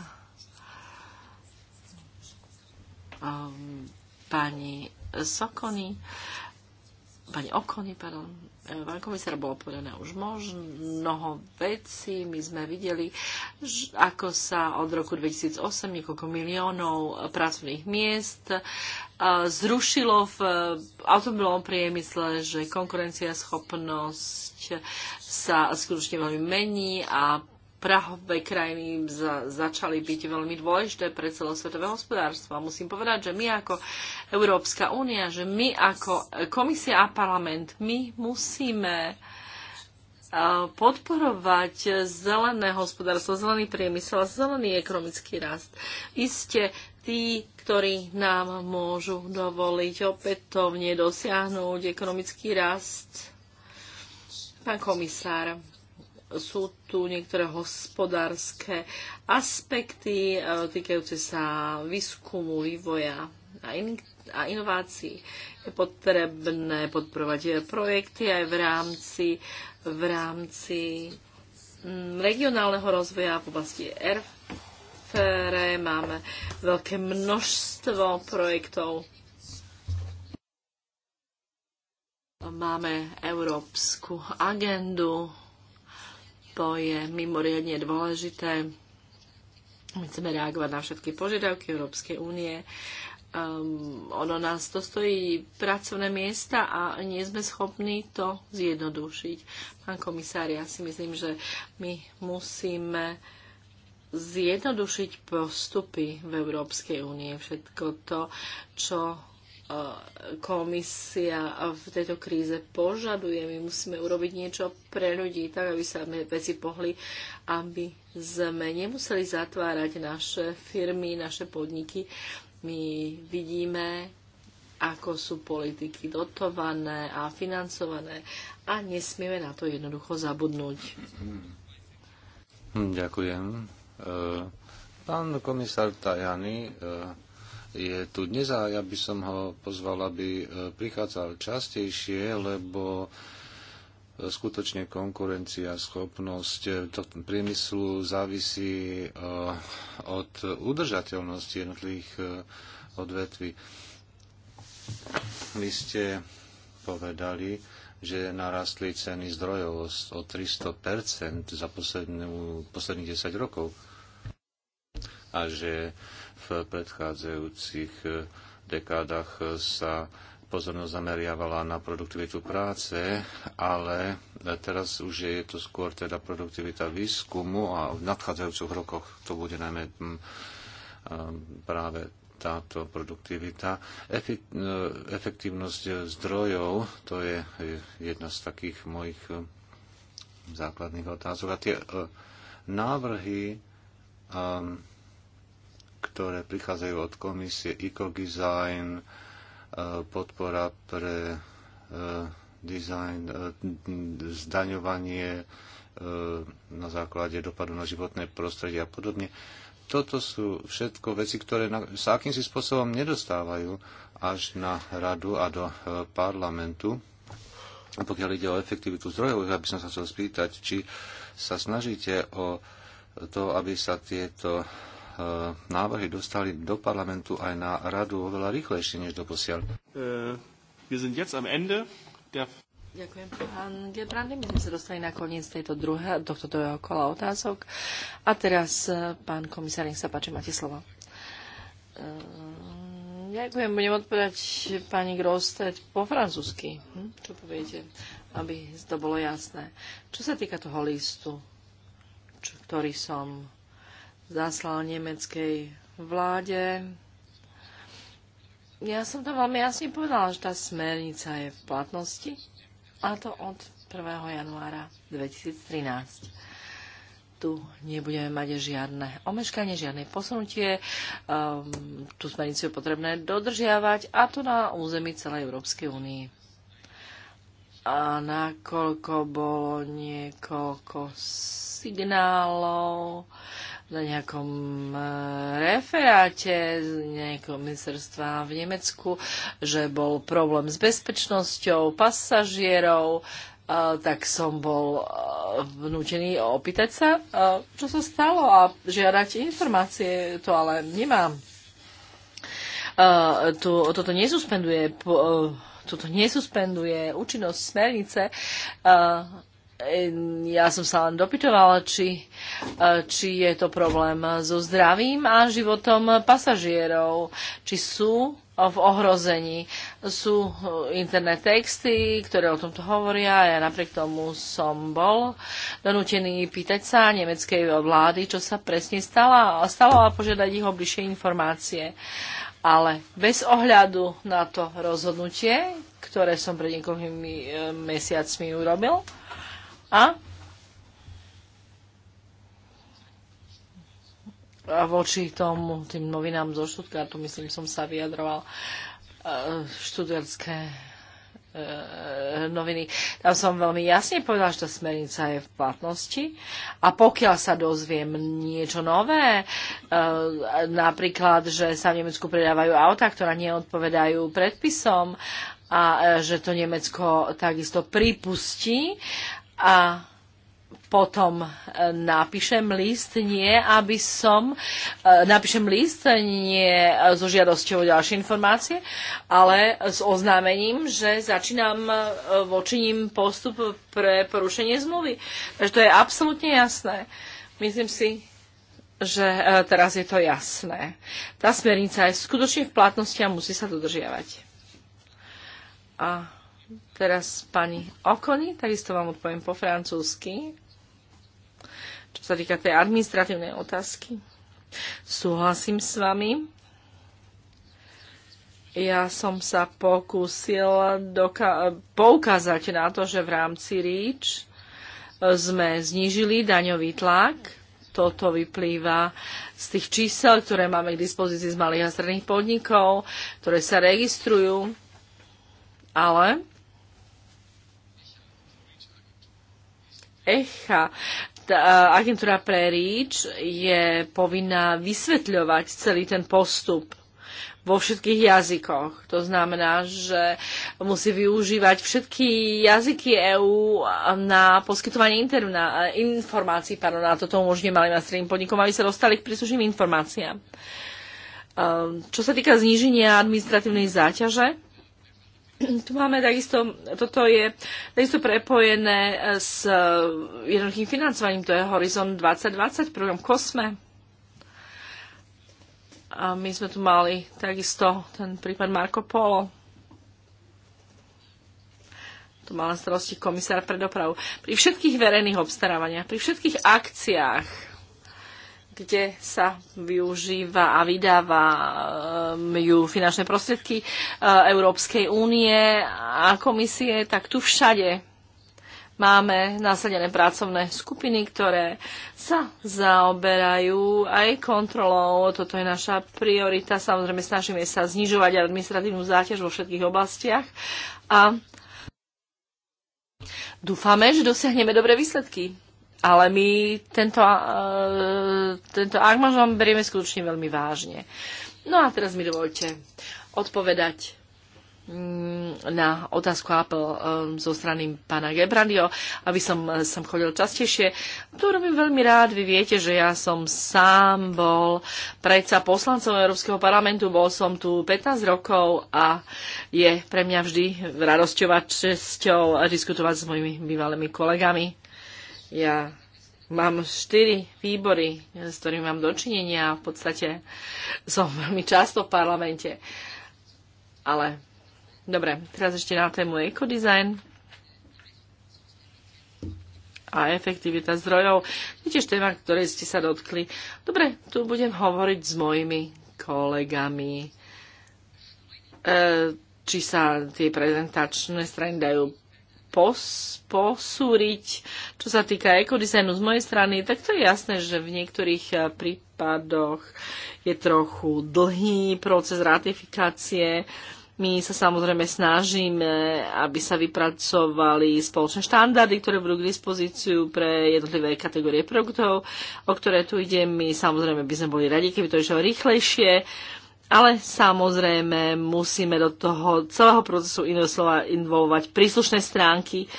Um, pani Sokony, pani Okony, pardon, pán komisár, bolo povedané už mnoho vecí. My sme videli, ako sa od roku 2008 niekoľko miliónov pracovných miest e, zrušilo v automobilovom priemysle, že konkurencia schopnosť sa skutočne veľmi mení a prahové krajiny za, začali byť veľmi dôležité pre celosvetové hospodárstvo. A musím povedať, že my ako Európska únia, že my ako komisia a parlament, my musíme e, podporovať zelené hospodárstvo, zelený priemysel a zelený ekonomický rast. Isté, tí, ktorí nám môžu dovoliť opätovne dosiahnuť ekonomický rast. Pán komisár, sú tu niektoré hospodárske aspekty e, týkajúce sa výskumu, vývoja a, in- a inovácií. Je potrebné podporovať projekty aj v rámci, v rámci mm, regionálneho rozvoja v oblasti RFRE. Máme veľké množstvo projektov. Máme európsku agendu to je mimoriadne dôležité. My chceme reagovať na všetky požiadavky Európskej únie. Um, ono nás to stojí pracovné miesta a nie sme schopní to zjednodušiť. Pán komisár, ja si myslím, že my musíme zjednodušiť postupy v Európskej únie. Všetko to, čo komisia v tejto kríze požaduje. My musíme urobiť niečo pre ľudí, tak aby sa veci pohli, aby sme nemuseli zatvárať naše firmy, naše podniky. My vidíme, ako sú politiky dotované a financované a nesmieme na to jednoducho zabudnúť. Hm, ďakujem. E, pán komisár Tajani e, je tu dnes a ja by som ho pozval, aby e, prichádzal častejšie, lebo e, skutočne konkurencia, schopnosť tohto e, priemyslu závisí od udržateľnosti jednotlivých odvetví. Vy ste povedali, že narastli ceny zdrojov o 300% za posledných 10 rokov a že v predchádzajúcich eh, dekádach eh, sa pozornosť zameriavala na produktivitu práce, ale eh, teraz už je to skôr teda produktivita výskumu a v nadchádzajúcich rokoch to bude najmä hm, práve táto produktivita. Efektívnosť zdrojov, to je jedna z takých mojich základných otázok. A tie návrhy ktoré prichádzajú od komisie EcoDesign, e, podpora pre e, design, e, zdaňovanie na základe dopadu na životné prostredie a podobne. Toto sú všetko veci, ktoré sa akýmsi spôsobom nedostávajú až na radu a do parlamentu. A pokiaľ ide o efektivitu zdrojov, ja by som sa chcel spýtať, či sa snažíte o to, aby sa tieto E, návrhy dostali do parlamentu aj na radu oveľa rýchlejšie než do posiaľ. E, ďakujem, pán Gebrandy. My sme sa dostali na koniec tejto druhé, tohto druhého kola otázok. A teraz, e, pán komisár, nech sa páči, máte slovo. Ďakujem, budem odpovedať pani Grostet po francúzsky. Hm? Čo poviete, aby to bolo jasné. Čo sa týka toho listu, čo, ktorý som zaslal nemeckej vláde. Ja som to veľmi jasne povedala, že tá smernica je v platnosti a to od 1. januára 2013. Tu nebudeme mať žiadne omeškanie, žiadne posunutie. Um, tú smernicu je potrebné dodržiavať a to na území celej Európskej únii. A nakoľko bolo niekoľko signálov, na nejakom e, referáte z nejakého ministerstva v Nemecku, že bol problém s bezpečnosťou pasažierov, e, tak som bol e, vnútený opýtať sa, čo sa stalo a žiadať informácie, to ale nemám. Tu, toto nesuspenduje, toto nesuspenduje účinnosť smernice, ja som sa len dopytovala, či, e, či je to problém so zdravím a životom pasažierov, či sú v ohrození. Sú e, internet texty, ktoré o tomto hovoria. Ja napriek tomu som bol donútený pýtať sa nemeckej vlády, čo sa presne stalo, stalo a požiadať ich o bližšie informácie. Ale bez ohľadu na to rozhodnutie, ktoré som pred niekoľkými e, mesiacmi urobil, a a voči tomu, tým novinám zo Štutgartu, myslím, som sa vyjadroval e, študentské e, noviny. Tam som veľmi jasne povedala, že tá smernica je v platnosti a pokiaľ sa dozviem niečo nové, e, napríklad, že sa v Nemecku predávajú auta, ktoré neodpovedajú predpisom a že to Nemecko takisto pripustí a potom e, napíšem list, nie, aby som, e, napíšem list, nie e, so žiadosťou o ďalšie informácie, ale s oznámením, že začínam vočiním postup pre porušenie zmluvy. Takže to je absolútne jasné. Myslím si, že teraz je to jasné. Tá smernica je skutočne v platnosti a musí sa dodržiavať. A teraz pani Okony, takisto vám odpoviem po francúzsky, čo sa týka tej administratívnej otázky. Súhlasím s vami. Ja som sa pokúsil poukázať na to, že v rámci REACH sme znížili daňový tlak. Toto vyplýva z tých čísel, ktoré máme k dispozícii z malých a stredných podnikov, ktoré sa registrujú. Ale ECHA, tá e, agentúra pre REACH je povinná vysvetľovať celý ten postup vo všetkých jazykoch. To znamená, že musí využívať všetky jazyky EÚ na poskytovanie interna, e, informácií. Pardon, na toto umožňuje malým a stredným podnikom, aby sa dostali k príslušným informáciám. Ehm, čo sa týka zníženia administratívnej záťaže, tu máme takisto, toto je takisto prepojené s eh, jednoduchým financovaním, to je Horizon 2020, program COSME. A my sme tu mali takisto ten prípad Marco Polo. Tu mal na starosti komisár pre dopravu. Pri všetkých verejných obstarávaniach, pri všetkých akciách, kde sa využíva a vydáva um, ju finančné prostriedky uh, Európskej únie a komisie, tak tu všade máme nasadené pracovné skupiny, ktoré sa zaoberajú aj kontrolou. Toto je naša priorita. Samozrejme, snažíme sa znižovať administratívnu záťaž vo všetkých oblastiach a dúfame, že dosiahneme dobré výsledky ale my tento, e, tento angažman berieme skutočne veľmi vážne. No a teraz mi dovolte odpovedať mm, na otázku Apple zo strany pána Gebrandio, aby som e, sem chodil častejšie. To robím veľmi rád. Vy viete, že ja som sám bol predsa poslancom Európskeho parlamentu. Bol som tu 15 rokov a je pre mňa vždy radosťovať česťou diskutovať s mojimi bývalými kolegami ja mám štyri výbory, s ktorými mám dočinenia a v podstate som veľmi často v parlamente. Ale dobre, teraz ešte na tému ekodizajn a efektivita zdrojov. Je tiež téma, ktoré ste sa dotkli. Dobre, tu budem hovoriť s mojimi kolegami. E, či sa tie prezentačné strany dajú pos, posúriť, čo sa týka ekodizajnu z mojej strany, tak to je jasné, že v niektorých eh, prípadoch je trochu dlhý proces ratifikácie. My sa samozrejme snažíme, aby sa vypracovali spoločné štandardy, ktoré budú k dispozíciu pre jednotlivé kategórie produktov, o ktoré tu ide. My samozrejme by sme boli radi, keby to išlo rýchlejšie. Uh, ale samozrejme musíme do toho celého procesu involovať príslušné stránky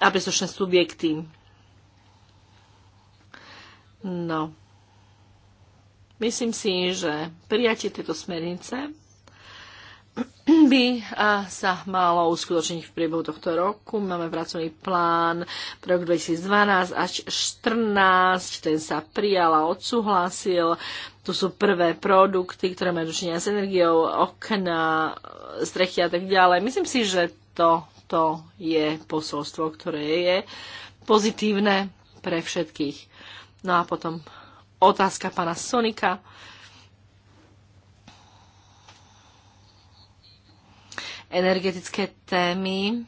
a príslušné subjekty. No. Myslím si, že prijatie tejto smernice by sa malo uskutočniť v priebehu tohto roku. Máme pracovný plán pre rok 2012 až 2014. Ten sa prijal a odsúhlasil. Tu sú prvé produkty, ktoré majú dočinia s energiou, okna, strechy a tak ďalej. Myslím si, že to, to je posolstvo, ktoré je pozitívne pre všetkých. No a potom otázka pána Sonika energetické témy.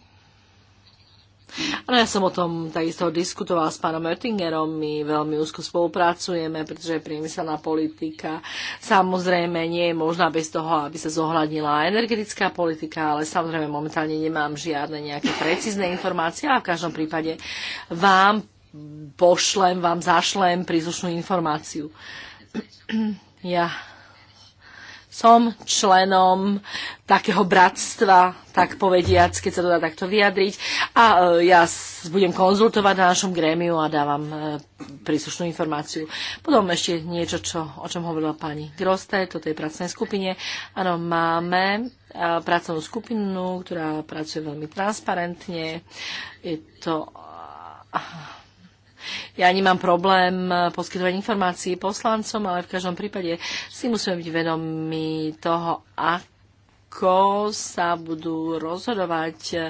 Áno, ja som o tom takisto diskutovala s pánom Oettingerom, my veľmi úzko spolupracujeme, pretože priemyselná politika samozrejme nie je možná bez toho, aby sa zohľadnila energetická politika, ale samozrejme momentálne nemám žiadne nejaké precízne informácie a v každom prípade vám pošlem, vám zašlem príslušnú informáciu. Ja som členom takého bratstva, tak povediac, keď sa to dá takto vyjadriť. A e, ja budem konzultovať na našom grémiu a dávam e, príslušnú informáciu. Potom ešte niečo, čo, o čom hovorila pani Groste, toto je pracovnej skupine. Áno, máme e, pracovnú skupinu, ktorá pracuje veľmi transparentne. Je to ja nemám problém e, poskytovať informácií poslancom, ale v každom prípade si musíme byť vedomí toho, ak ako sa budú rozhodovať,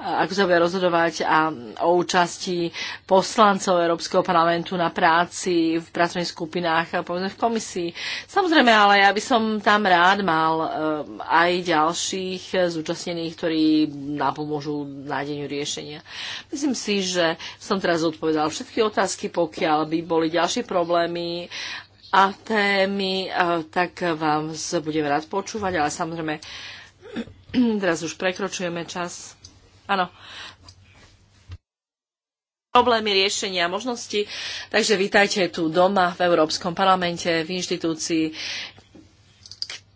ako sa bude rozhodovať a o účasti poslancov Európskeho parlamentu na práci v pracovných skupinách a povedzme v komisii. Samozrejme, ale ja by som tam rád mal e, aj ďalších zúčastnených, ktorí napomôžu nájdeniu riešenia. Myslím si, že som teraz odpovedal všetky otázky, pokiaľ by boli ďalšie problémy, a témy, tak vám budem rád počúvať, ale samozrejme teraz už prekročujeme čas. Áno. Problémy, riešenia, možnosti. Takže vítajte tu doma v Európskom parlamente, v inštitúcii,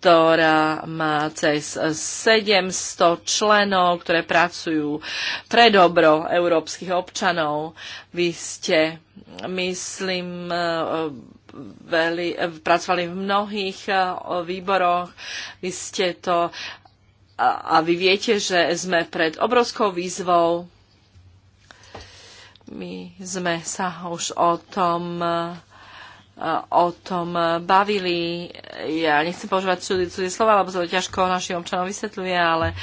ktorá má cez 700 členov, ktoré pracujú pre dobro európskych občanov. Vy ste, myslím, veli, pracovali v mnohých e, výboroch. Vy ste to a, a vy viete, že sme pred obrovskou výzvou. My sme sa už o tom e, o tom bavili. Ja nechcem používať cudzie slova, lebo to ťažko našim občanom vysvetľuje, ale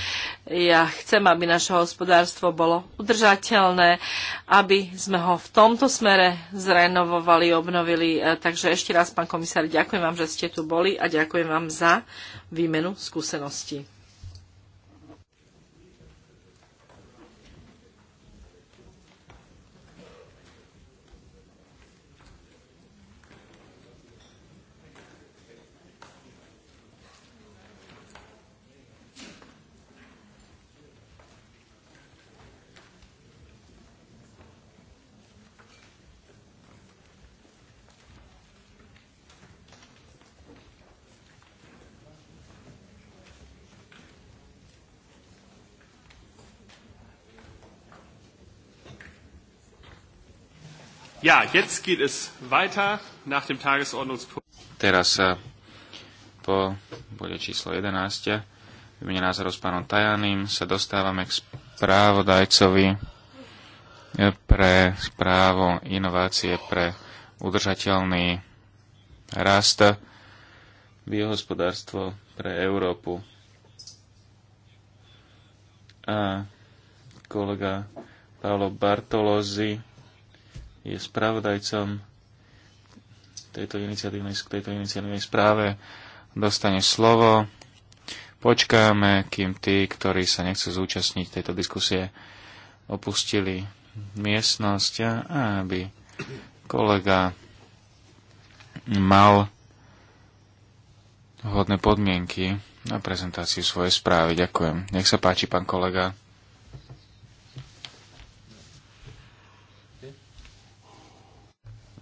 ja chcem, aby naše hospodárstvo bolo udržateľné, aby sme ho v tomto smere zrenovovali, obnovili. E, takže ešte raz, pán komisár, ďakujem vám, že ste tu boli a ďakujem vám za výmenu skúseností. Ja, jetzt geht es weiter nach dem Tagesordnungspunkt. Teraz eh, po bode číslo 11 výmene názorov s pánom Tajaným sa dostávame k správodajcovi eh, pre správo inovácie pre udržateľný rast biohospodárstvo pre Európu. A kolega Paolo Bartolozzi je spravodajcom tejto iniciatívnej, tejto iniciatívnej správe. Dostane slovo. Počkáme, kým tí, ktorí sa nechcú zúčastniť tejto diskusie, opustili miestnosť a aby kolega mal hodné podmienky na prezentáciu svojej správy. Ďakujem. Nech sa páči, pán kolega.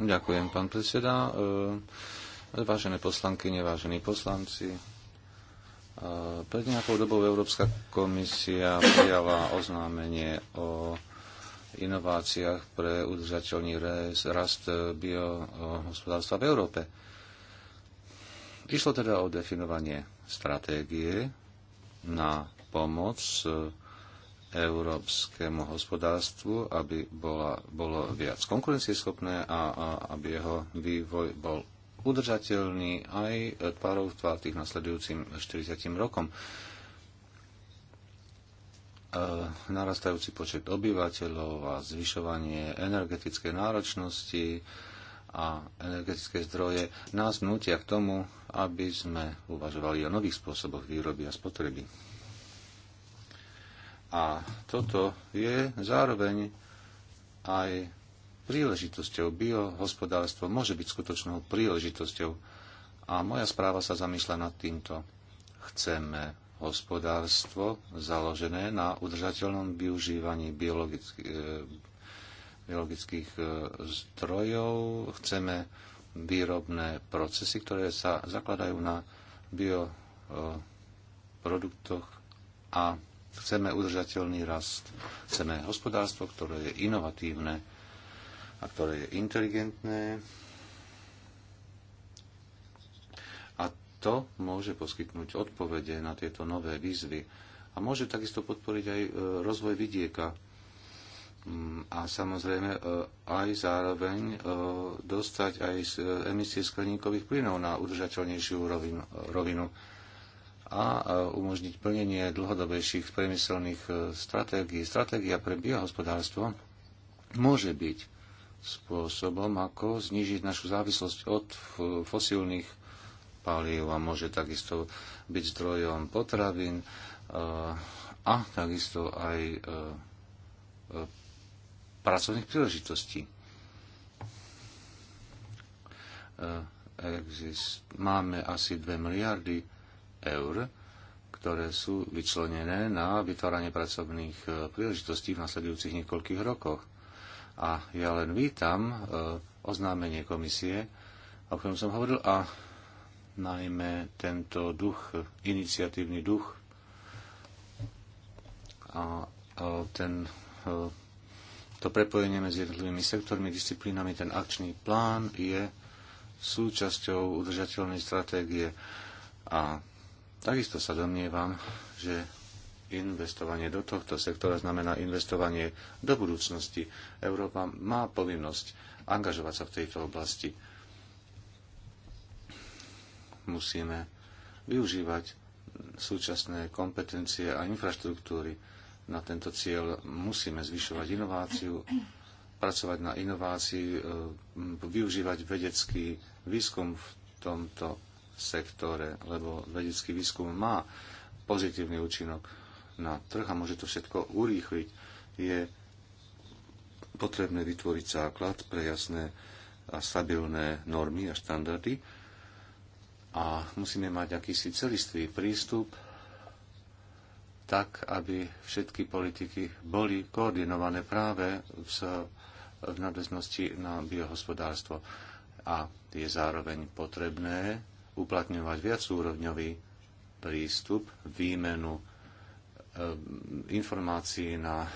Ďakujem, pán predseda. E, vážené poslankyne, vážení poslanci, e, pred nejakou dobou Európska komisia prijala oznámenie o inováciách pre udržateľný rast biohospodárstva v Európe. Išlo teda o definovanie stratégie na pomoc európskemu hospodárstvu, aby bola, bolo viac konkurencieschopné a, a aby jeho vývoj bol udržateľný aj párov v tvár tých nasledujúcim 40 rokom. E, narastajúci počet obyvateľov a zvyšovanie energetickej náročnosti a energetické zdroje nás nutia k tomu, aby sme uvažovali o nových spôsoboch výroby a spotreby. A toto je zároveň aj príležitosťou. Biohospodárstvo môže byť skutočnou príležitosťou. A moja správa sa zamýšľa nad týmto. Chceme hospodárstvo založené na udržateľnom využívaní biologických, e, biologických e, zdrojov. Chceme výrobné procesy, ktoré sa zakladajú na bioproduktoch e, a Chceme udržateľný rast, chceme hospodárstvo, ktoré je inovatívne a ktoré je inteligentné a to môže poskytnúť odpovede na tieto nové výzvy a môže takisto podporiť aj e, rozvoj vidieka mm, a samozrejme e, aj zároveň e, dostať aj z emisie skleníkových plynov na udržateľnejšiu rovinu a umožniť plnenie dlhodobejších priemyselných e, stratégií. Stratégia pre biohospodárstvo môže byť spôsobom, ako znižiť našu závislosť od fosílnych palív a môže takisto byť zdrojom potravín e, a takisto aj e, pracovných príležitostí. Máme asi 2 miliardy eur, ktoré sú vyčlenené na vytváranie pracovných e, príležitostí v nasledujúcich niekoľkých rokoch. A ja len vítam e, oznámenie komisie, o ktorom som hovoril, a najmä tento duch, iniciatívny duch a e, ten, to prepojenie medzi jednotlivými sektormi, disciplínami, ten akčný plán je súčasťou udržateľnej stratégie a Takisto sa domnievam, že investovanie do tohto sektora znamená investovanie do budúcnosti. Európa má povinnosť angažovať sa v tejto oblasti. Musíme využívať súčasné kompetencie a infraštruktúry na tento cieľ. Musíme zvyšovať inováciu, pracovať na inovácii, e, využívať vedecký výskum v tomto sektore, lebo vedecký výskum má pozitívny účinok na trh a môže to všetko urýchliť. Je potrebné vytvoriť základ pre jasné a stabilné normy a štandardy a musíme mať akýsi celistvý prístup tak, aby všetky politiky boli koordinované práve v v nadväznosti na biohospodárstvo. A je zároveň potrebné uplatňovať viacúrovňový prístup, výmenu eh, informácií na eh,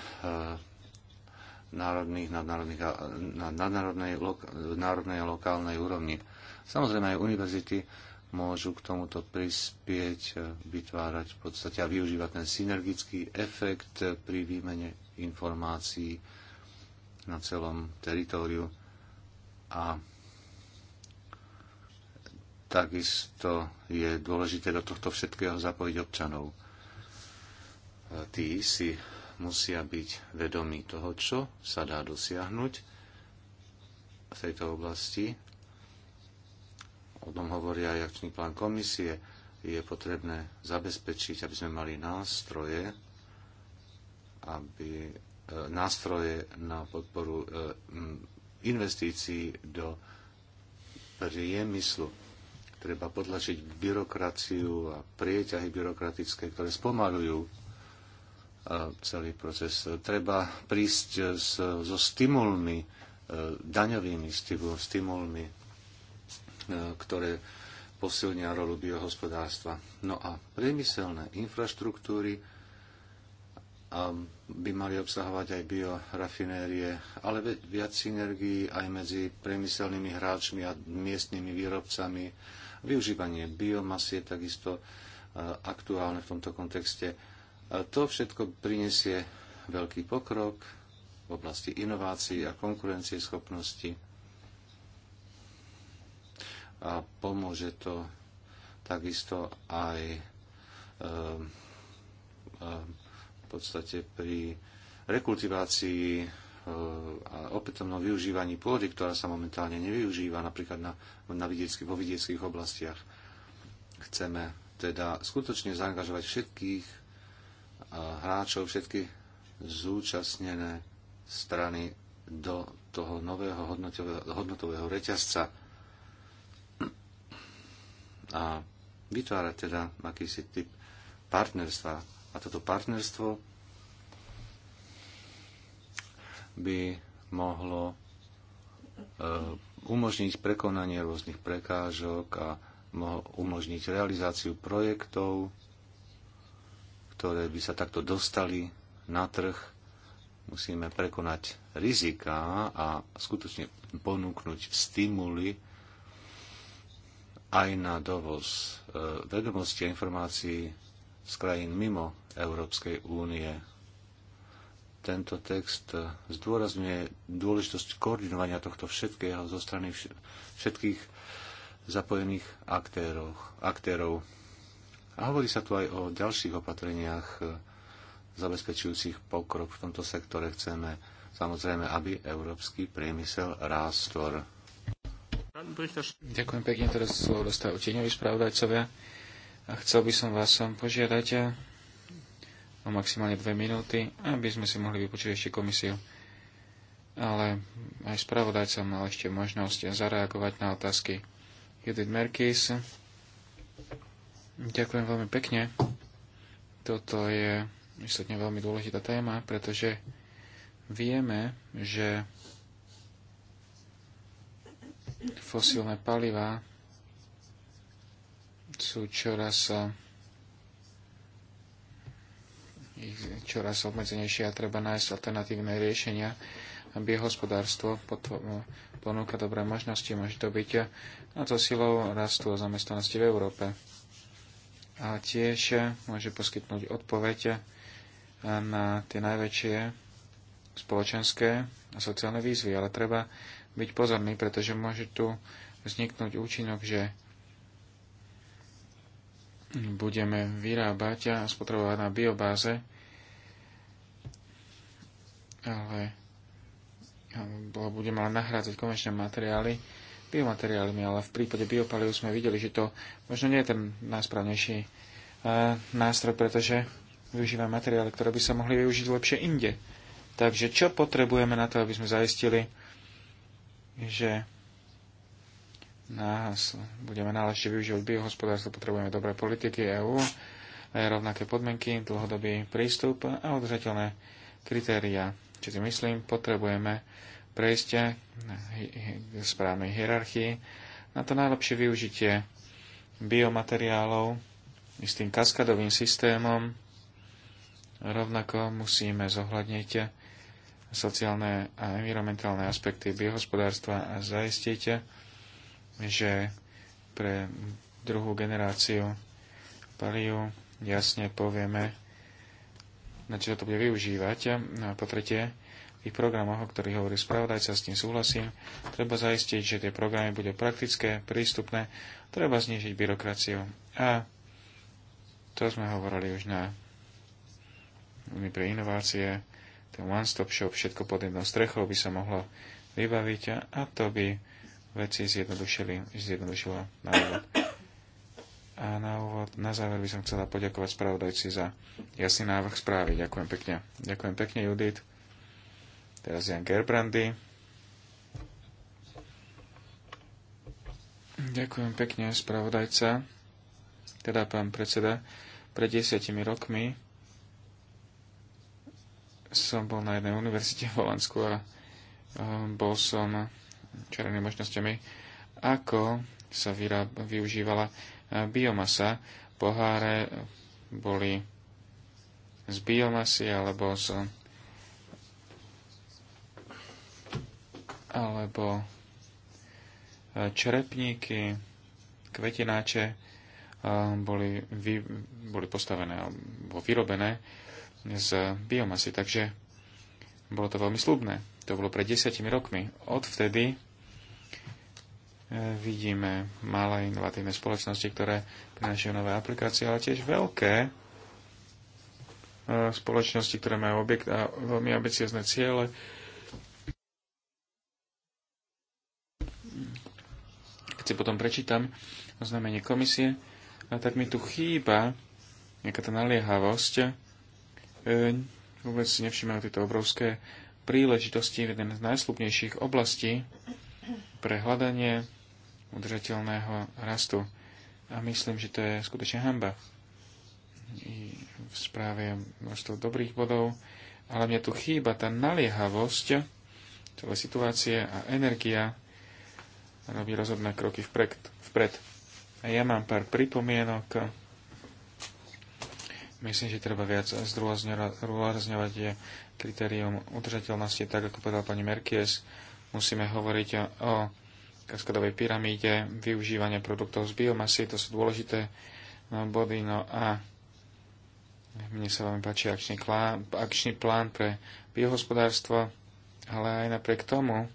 národných, nadnárodných, na nadnárodnej, lok, národnej a lokálnej úrovni. Samozrejme aj univerzity môžu k tomuto prispieť, eh, vytvárať v podstate a využívať ten synergický efekt pri výmene informácií na celom teritóriu a takisto je dôležité do tohto všetkého zapojiť občanov. Tí si musia byť vedomí toho, čo sa dá dosiahnuť v tejto oblasti. O tom hovorí aj akčný plán komisie. Je potrebné zabezpečiť, aby sme mali nástroje, aby e, nástroje na podporu e, investícií do priemyslu treba potlačiť byrokraciu a prieťahy byrokratické, ktoré spomalujú e, celý proces. Treba prísť so stimulmi, e, daňovými stimulmi, e, ktoré posilnia rolu biohospodárstva. No a priemyselné infraštruktúry by mali obsahovať aj biorafinérie, ale viac synergií aj medzi priemyselnými hráčmi a miestnymi výrobcami, Využívanie biomasy je takisto e, aktuálne v tomto kontexte. To všetko prinesie veľký pokrok v oblasti inovácií a konkurencieschopnosti a pomôže to takisto aj e, e, v podstate pri rekultivácii Eh, a opätovnom využívaní pôdy, ktorá sa momentálne nevyužíva napríklad na, na vidiecky, vo vidieckých oblastiach. Chceme teda skutočne zaangažovať všetkých eh, hráčov, všetky zúčastnené strany do toho nového hodnotového, reťazca a vytvárať teda akýsi typ partnerstva. A toto partnerstvo by mohlo eh, umožniť prekonanie rôznych prekážok a umožniť realizáciu projektov, ktoré by sa takto dostali na trh. Musíme prekonať riziká a skutočne ponúknuť stimuly aj na dovoz eh, vedomosti a informácií z krajín mimo Európskej únie tento text eh, zdôrazňuje dôležitosť koordinovania tohto všetkého zo strany všetkých zapojených aktérov. aktérov. A hovorí sa tu aj o ďalších opatreniach eh, zabezpečujúcich pokrok v tomto sektore. Chceme samozrejme, aby európsky priemysel rástol. Ďakujem pekne, teraz slovo dostávajú tieňoví spravodajcovia. A chcel by som vás požiadať eh, o maximálne dve minúty, aby sme si mohli vypočuť ešte komisiu. Ale aj spravodajca mal ešte možnosť zareagovať na otázky. Judith Merkis, ďakujem veľmi pekne. Toto je myslím veľmi dôležitá téma, pretože vieme, že fosílne paliva sú čoraz ich čoraz obmedzenejšie a treba nájsť alternatívne riešenia, aby hospodárstvo ponúka dobré možnosti, môže to byť na to silou rastu a zamestnanosti v Európe. A tiež môže poskytnúť odpoveď na tie najväčšie spoločenské a sociálne výzvy, ale treba byť pozorný, pretože môže tu vzniknúť účinok, že budeme vyrábať a spotrebovať na biobáze, ale budeme len nahrádzať konečné materiály biomateriálmi, ale v prípade biopaliu sme videli, že to možno nie je ten najsprávnejší e, nástroj, pretože využívame materiály, ktoré by sa mohli využiť lepšie inde. Takže čo potrebujeme na to, aby sme zaistili, že nás budeme náležite využívať biohospodárstvo, potrebujeme dobré politiky EÚ, e, rovnaké podmienky, dlhodobý prístup a udržateľné kritéria. Čiže myslím, potrebujeme prejsť k správnej hierarchii na to najlepšie využitie biomateriálov istým kaskadovým systémom. Rovnako musíme zohľadniť sociálne a environmentálne aspekty biohospodárstva a zaistiť, že pre druhú generáciu paliu jasne povieme, na čo to bude využívať. No a po tretie, v tých programoch, o ktorých hovorí spravodajca, s tým súhlasím, treba zaistiť, že tie programy budú praktické, prístupné, treba znižiť byrokraciu. A to sme hovorili už na Unii pre inovácie, ten one-stop shop, všetko pod jednou strechou by sa mohlo vybaviť a to by veci zjednodušili, zjednodušila. na úvod. A na úvod, na záver by som chcela poďakovať spravodajci za jasný návrh správy. Ďakujem pekne. Ďakujem pekne, Judith. Teraz Jan Gerbrandy. Ďakujem pekne, spravodajca. Teda pán predseda, pred desiatimi rokmi som bol na jednej univerzite v Holandsku a eh, bol som čarovnými možnosťami, ako sa využívala eh, biomasa. Poháre boli z biomasy alebo z alebo eh, črepníky, kvetináče eh, boli, vy, boli postavené alebo vyrobené z biomasy. Takže bolo to veľmi slubné. To bolo pred desiatimi rokmi. Odvtedy E, vidíme malé inovatívne spoločnosti, ktoré prinášajú nové aplikácie, ale tiež veľké e, spoločnosti, ktoré majú objekt a veľmi ambiciozne ciele. Keď si potom prečítam oznámenie komisie, a tak mi tu chýba nejaká tá naliehavosť. E, vôbec si nevšimajú tieto obrovské príležitosti v jeden z najslupnejších oblastí pre hľadanie udržateľného rastu. A myslím, že to je skutočne hamba. V správe množstvo dobrých bodov, ale mne tu chýba tá naliehavosť celé situácie a energia robí rozhodné kroky vpred. A ja mám pár pripomienok. Myslím, že treba viac zdôrazňovať je kritérium udržateľnosti, tak ako povedal pani Merkies. Musíme hovoriť o kaskadovej pyramíde, využívanie produktov z biomasy, to sú dôležité no, body. No a mne sa veľmi páči akčný, plán, akčný plán pre biohospodárstvo, ale aj napriek tomu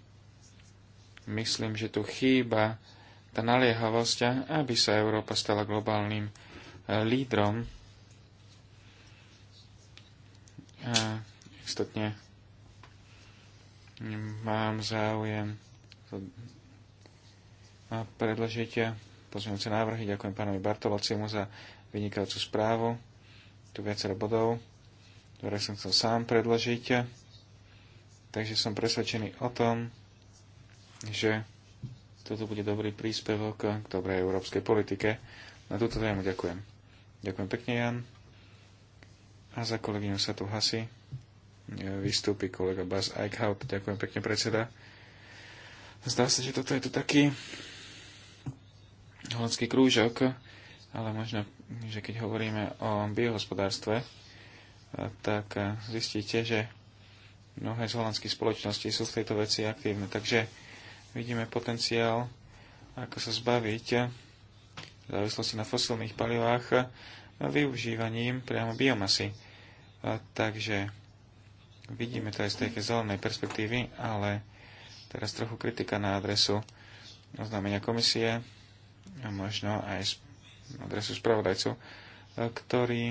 myslím, že tu chýba tá naliehavosť, aby sa Európa stala globálnym e, lídrom. A istotne mám záujem predložiť pozmeňujúce návrhy. Ďakujem pánovi Bartolaciemu za vynikajúcu správu. Tu viacero bodov, ktoré som chcel sám predložiť. Takže som presvedčený o tom, že toto bude dobrý príspevok k dobrej európskej politike. Na túto tému ďakujem. Ďakujem pekne, Jan. A za kolegyňu sa tu hasi. Vystúpi kolega Bas Eichhout. Ďakujem pekne, predseda. Zdá sa, že toto je tu taký holandský krúžok, ale možno, že keď hovoríme o biohospodárstve, eh, tak eh, zistíte, že mnohé z holandských spoločností sú v tejto veci aktívne. Takže vidíme potenciál, ako sa zbaviť eh, v závislosti na fosilných palivách využívaním priamo biomasy. Takže vidíme to aj z tej zelenej perspektívy, ale teraz trochu kritika na adresu oznámenia komisie a možno aj adresu spravodajcov, e, ktorý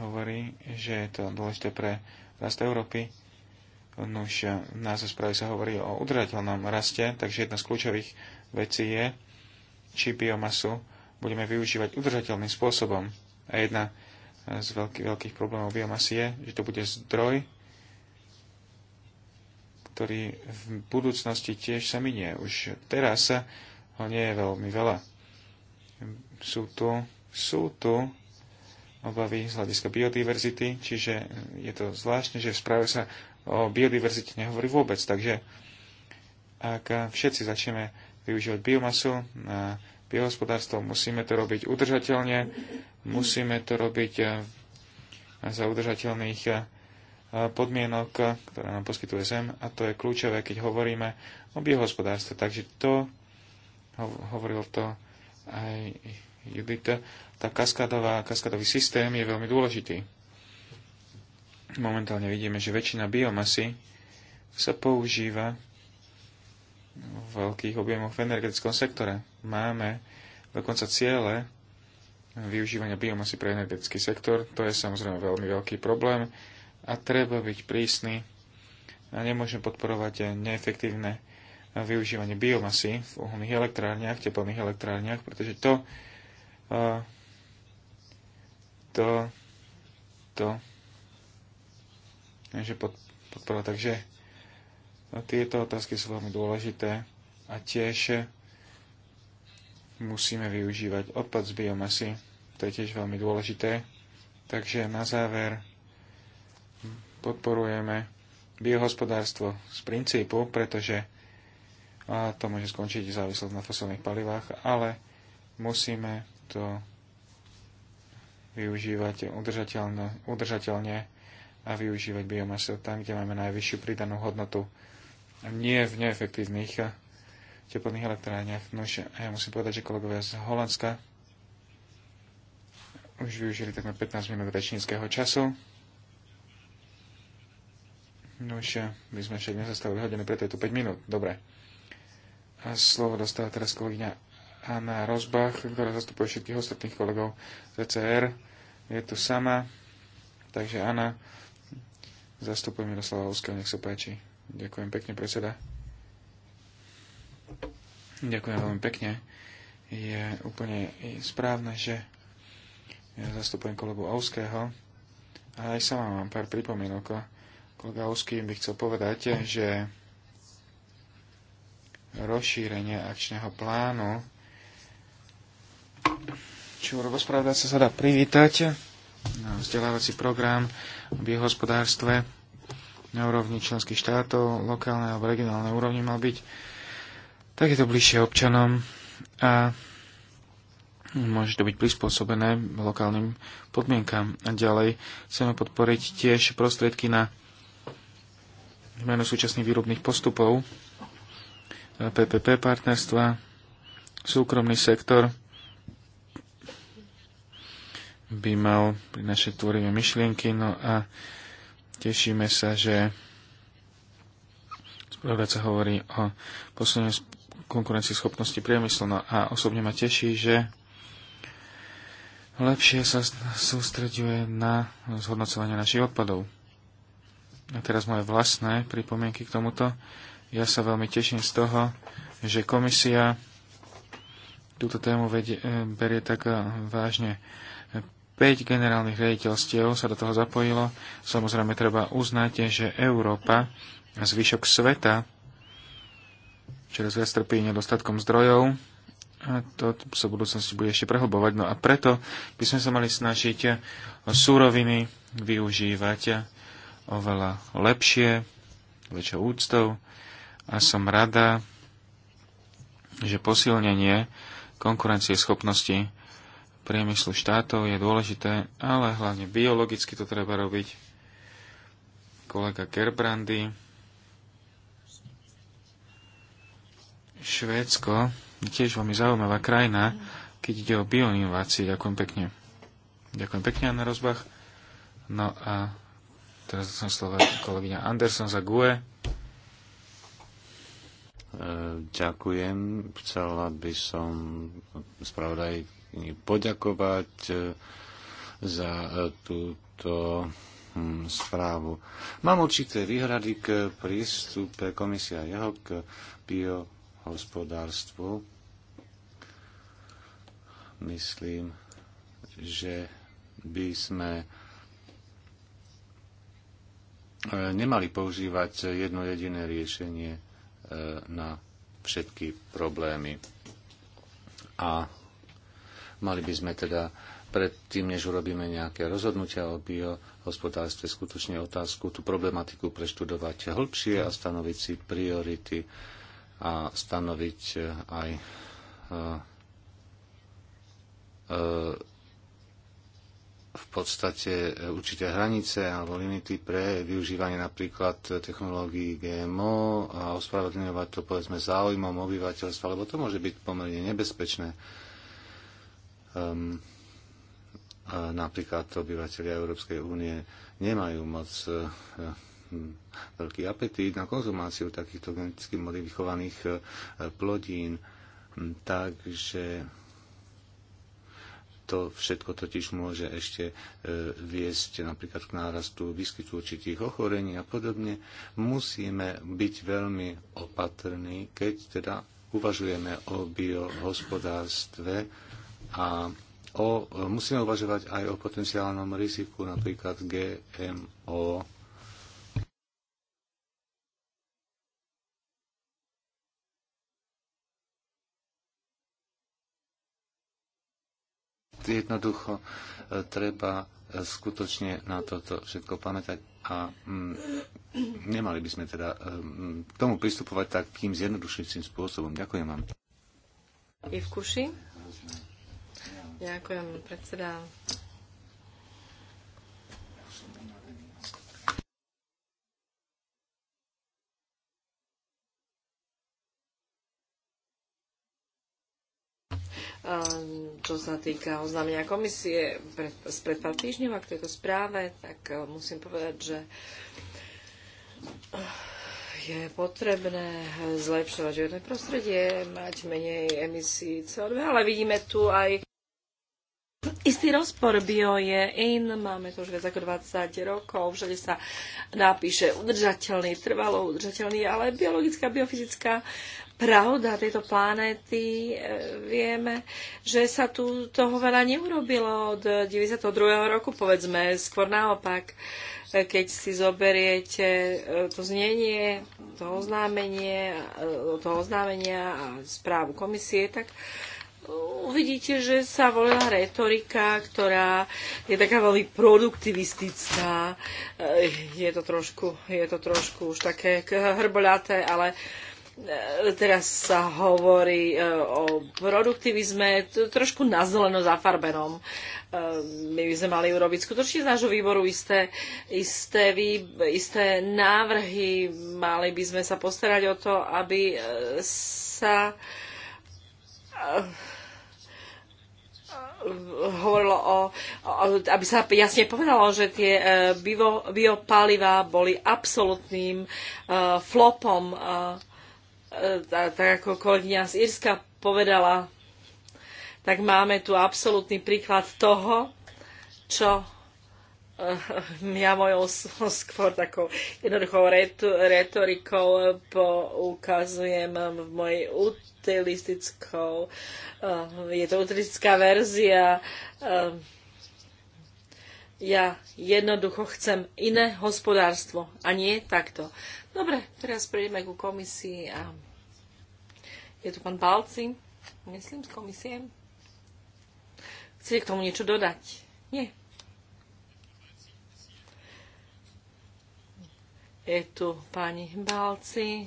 hovorí, že je to dôležité pre rast Európy. Nuž e, v názve správy sa hovorí o udržateľnom raste, takže jedna z kľúčových vecí je, či biomasu budeme využívať udržateľným spôsobom. A jedna z veľkých, veľkých problémov biomasy je, že to bude zdroj, ktorý v budúcnosti tiež sa minie. Už teraz sa ho nie je veľmi veľa. Sú tu, sú tu obavy z hľadiska biodiverzity, čiže je to zvláštne, že v správe sa o biodiverzite nehovorí vôbec. Takže ak všetci začneme využívať biomasu na biohospodárstvo, musíme to robiť udržateľne, musíme to robiť eh, za udržateľných eh, podmienok, ktoré nám poskytuje zem a to je kľúčové, keď hovoríme o biohospodárstve. Takže to hovoril to aj Judita, tá kaskádová, kaskadový systém je veľmi dôležitý. Momentálne vidíme, že väčšina biomasy sa používa v veľkých objemoch v energetickom sektore. Máme dokonca ciele využívania biomasy pre energetický sektor. To je samozrejme veľmi veľký problém a treba byť prísny a nemôžeme podporovať neefektívne využívanie biomasy v uholných elektrárniach, teplných elektrárniach, pretože to, to, to, že pod, podpora. Takže tieto otázky sú veľmi dôležité a tiež musíme využívať odpad z biomasy. To je tiež veľmi dôležité. Takže na záver podporujeme biohospodárstvo z princípu, pretože a to môže skončiť závislosť na fosilných palivách, ale musíme to využívať udržateľne, udržateľne a využívať biomasu tam, kde máme najvyššiu pridanú hodnotu. Nie v neefektívnych teplných elektrárniach. No a ja musím povedať, že kolegovia z Holandska už využili takmer 15 minút rečníckého času. No už by sme však nezastavili hodinu, preto je tu 5 minút. Dobre. A slovo dostáva teraz kolegyňa Anna Rozbach, ktorá zastupuje všetkých ostatných kolegov z ECR. Je tu sama, takže Anna zastupuje Miroslava Úzkeho, nech sa páči. Ďakujem pekne, predseda. Ďakujem veľmi pekne. Je úplne správne, že ja zastupujem kolegu Auského a aj sama mám pár pripomienok. Kolega Auský by chcel povedať, že rozšírenie akčného plánu. Čo rozprávať sa, sa dá privítať na vzdelávací program jeho biohospodárstve na úrovni členských štátov, lokálnej alebo regionálnej úrovni mal byť takéto bližšie občanom a Môže to byť prispôsobené lokálnym podmienkam. A ďalej chceme podporiť tiež prostriedky na zmenu súčasných výrobných postupov PPP partnerstva, súkromný sektor by mal prinašať tvorivé myšlienky, no a tešíme sa, že sa hovorí o posilnení schopnosti priemyslu. No a osobne ma teší, že lepšie sa sústreďuje na zhodnocovanie našich odpadov. A teraz moje vlastné pripomienky k tomuto. Ja sa veľmi teším z toho, že komisia túto tému vedie, e, berie tak e, vážne. 5 generálnych riaditeľstiev sa do toho zapojilo. Samozrejme, treba uznať, že Európa a zvyšok sveta čoraz viac trpí nedostatkom zdrojov. A to sa v budúcnosti bude ešte prehlbovať. No a preto by sme sa mali snažiť súroviny využívať oveľa lepšie, väčšou úctou a som rada, že posilnenie konkurencie schopnosti priemyslu štátov je dôležité, ale hlavne biologicky to treba robiť. Kolega Gerbrandy, Švédsko je tiež veľmi zaujímavá krajina, keď ide o bioinovácie. Ďakujem pekne. Ďakujem pekne, Anna Rozbach. No a teraz som slova kolegyňa Anderson za GUE. E, ďakujem. Chcela by som spravodaj poďakovať e, za e, túto hm, správu. Mám určité výhrady k prístupe komisia jeho k biohospodárstvu. Myslím, že by sme nemali používať jedno jediné riešenie E, na všetky problémy. A mali by sme teda predtým, než urobíme nejaké rozhodnutia o biohospodárstve, skutočne otázku, tú problematiku preštudovať hĺbšie a stanoviť si priority a stanoviť aj e, e, v podstate e, určité hranice alebo limity pre využívanie napríklad technológií GMO a ospravedlňovať to povedzme záujmom obyvateľstva, lebo to môže byť pomerne nebezpečné. Um, napríklad obyvateľia Európskej únie nemajú moc uh, veľký apetít na konzumáciu takýchto geneticky modifikovaných uh, plodín. Hm, takže to všetko totiž môže ešte e, viesť napríklad k nárastu výskytu určitých ochorení a podobne. Musíme byť veľmi opatrní, keď teda uvažujeme o biohospodárstve a o, musíme uvažovať aj o potenciálnom riziku napríklad GMO jednoducho e, treba e, skutočne na toto všetko pamätať a mm, nemali by sme teda e, mm, tomu pristupovať takým zjednodušujúcim spôsobom. Ďakujem vám. Ivkuši. Ďakujem, predseda. Ehm, čo sa týka oznámenia komisie pred, spred pár týždňov a k tejto správe, tak eh, musím povedať, že eh, je potrebné zlepšovať životné prostredie, mať menej emisí CO2, ale vidíme tu aj istý rozpor bio je in, máme to už viac ako 20 rokov, všade sa napíše udržateľný, trvalo udržateľný, ale biologická, biofyzická pravda tejto planéty. E, vieme, že sa tu toho veľa neurobilo od 92. roku, povedzme, skôr naopak e, keď si zoberiete e, to znenie, to oznámenie, to oznámenia a správu komisie, tak uvidíte, že sa volila retorika, ktorá je taká veľmi produktivistická. Je to trošku, je to trošku už také hrboľaté, ale uh, E, teraz sa hovorí e, o produktivizme, trošku zeleno zafarbenom. E, my by sme mali urobiť skutočne z nášho výboru isté, isté, vý, isté návrhy. Mali by sme sa postarať o to, aby sa hovorilo o, aby sa jasne povedalo, že tie biopalivá boli absolútnym flopom tak e, tak ako kolegyňa z Irska povedala, tak máme tu absolútny príklad toho, čo e, ja mojou skôr takou jednoduchou retorikou poukazujem v mojej utilistickou, e, je to utilistická verzia ja jednoducho chcem iné hospodárstvo a nie takto. Dobre, teraz prejdeme ku komisii a je tu pán Balci, myslím, s komisie. Chcete k tomu niečo dodať? Nie. Je tu pani Balci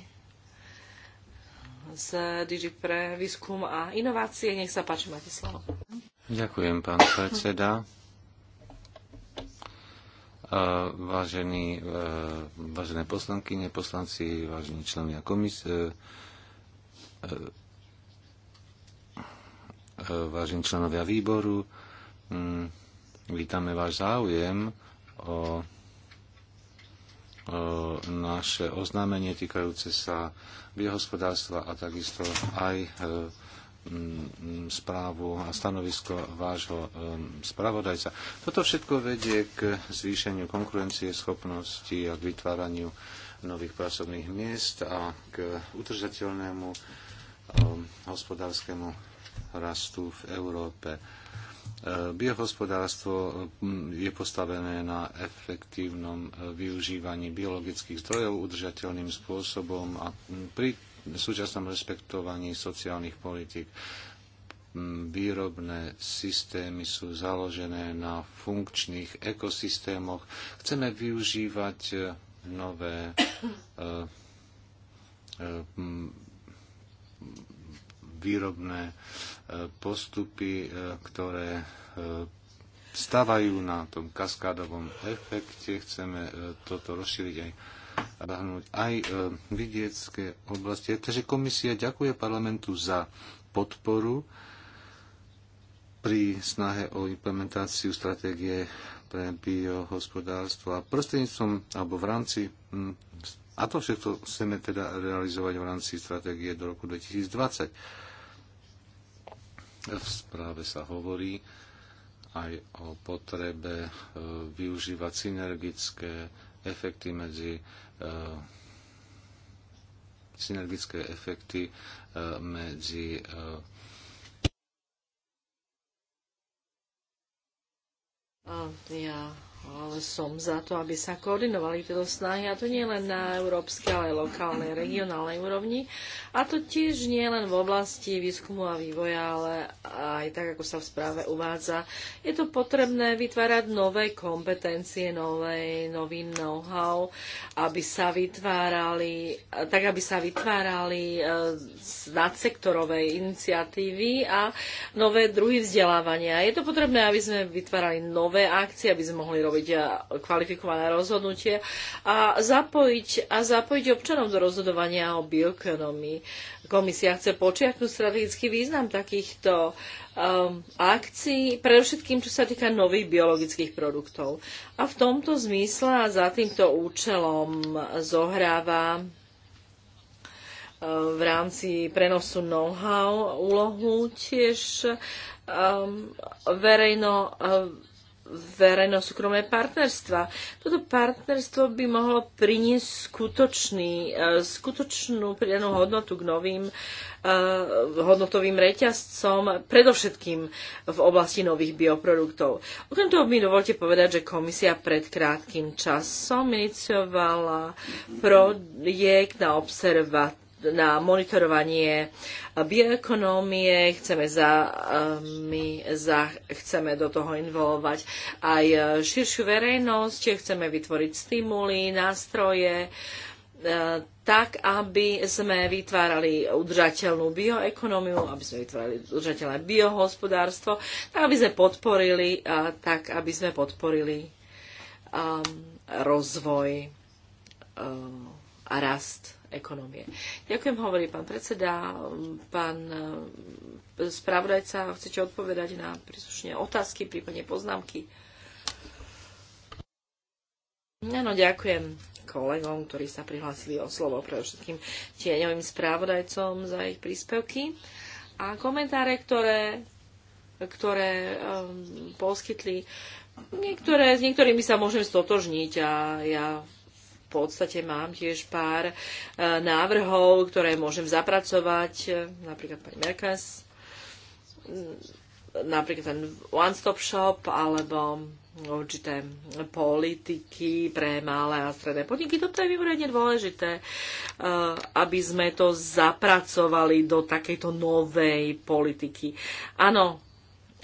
z Digi pre výskum a inovácie. Nech sa páči, máte slovo. Ďakujem, pán predseda vážení, e, vážené poslanky, neposlanci, vážení členovia komisie, e, e, vážení členovia výboru, mm, vítame váš záujem o naše oznámenie týkajúce sa biohospodárstva a takisto aj Mm, správu a stanovisko vášho ehm, spravodajca. Toto všetko vedie k zvýšeniu konkurencie schopnosti a k vytváraniu nových pracovných miest a k udržateľnému ehm, hospodárskému rastu v Európe. Ehm, biohospodárstvo je postavené na efektívnom využívaní biologických zdrojov udržateľným spôsobom a pri v súčasnom respektovaní sociálnych politik. Výrobné systémy sú založené na funkčných ekosystémoch. Chceme využívať e, nové e, e, výrobné postupy, ktoré stavajú na tom kaskádovom efekte. Chceme toto rozšíriť aj rahnúť aj e, vidiecké oblasti. Takže komisia ďakuje parlamentu za podporu pri snahe o implementáciu stratégie pre biohospodárstvo a prostredníctvom alebo v rámci a to všetko chceme teda realizovať v rámci stratégie do roku 2020. V správe sa hovorí aj o potrebe e, využívať synergické efekty medzi E, synergické efekty e, medzi e, ja som za to, aby sa koordinovali tieto snahy, a to nie len na európskej, ale aj lokálnej, regionálnej úrovni. A to tiež nie len v oblasti výskumu a vývoja, ale aj tak, ako sa v správe uvádza. Je to potrebné vytvárať nové kompetencie, nové, nový know-how, aby sa vytvárali, tak aby sa vytvárali e, nadsektorové iniciatívy a nové druhy vzdelávania. Je to potrebné, aby sme vytvárali nové akcie, aby sme mohli robiť spraviť kvalifikované rozhodnutie a zapojiť, a zapojiť občanov do rozhodovania o bioekonomii. Komisia chce počiaknúť strategický význam takýchto um, akcií, predovšetkým čo sa týka nových biologických produktov. A v tomto zmysle a za týmto účelom zohráva uh, v rámci prenosu know-how úlohu tiež um, verejno uh, verejno-súkromné partnerstva. Toto partnerstvo by mohlo priniesť skutočný, e, skutočnú pridanú hodnotu k novým e, hodnotovým reťazcom, predovšetkým v oblasti nových bioproduktov. Okrem toho mi dovolte povedať, že komisia pred krátkým časom iniciovala projekt na observat na monitorovanie bioekonómie, chceme, za, my za, chceme do toho involovať aj širšiu verejnosť, chceme vytvoriť stimuly, nástroje, e, tak, aby sme vytvárali udržateľnú bioekonómiu, aby sme vytvárali udržateľné biohospodárstvo, tak aby sme podporili, tak aby sme podporili um, rozvoj um, a rast ekonomie. Ďakujem, hovorí pán predseda. Pán eh, spravodajca, chcete odpovedať na príslušné otázky, prípadne poznámky? Áno, ďakujem kolegom, ktorí sa prihlásili o slovo, pre všetkým tieňovým správodajcom za ich príspevky a komentáre, ktoré, ktoré um, poskytli. Niektoré, s niektorými sa môžem stotožniť a ja podstate mám tiež pár e, návrhov, ktoré môžem zapracovať, e, napríklad pani Merkes, mm, napríklad ten one-stop shop alebo určité politiky pre malé a stredné podniky. Toto je mimoriadne dôležité, e, aby sme to zapracovali do takejto novej politiky. Áno,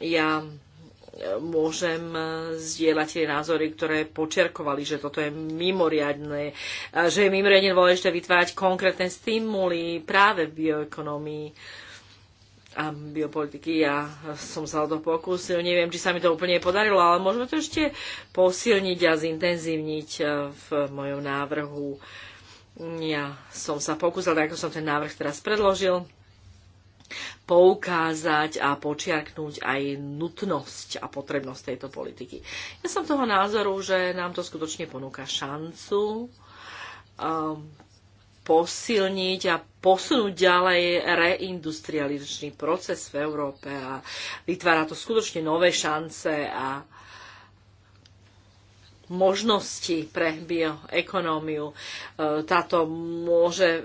ja môžem zdieľať tie názory, ktoré počerkovali, že toto je mimoriadne, že je mimoriadne dôležité vytvárať konkrétne stimuly práve v bioekonomii a biopolitiky. Ja som sa o to pokúsil, neviem, či sa mi to úplne podarilo, ale môžeme to ešte posilniť a zintenzívniť e, v mojom návrhu. Ja som sa pokúsil, tak ako som ten návrh teraz predložil, poukázať a počiarknúť aj nutnosť a potrebnosť tejto politiky. Ja som toho názoru, že nám to skutočne ponúka šancu um, posilniť a posunúť ďalej reindustrializačný proces v Európe a vytvára to skutočne nové šance a možnosti pre bioekonómiu. E, táto môže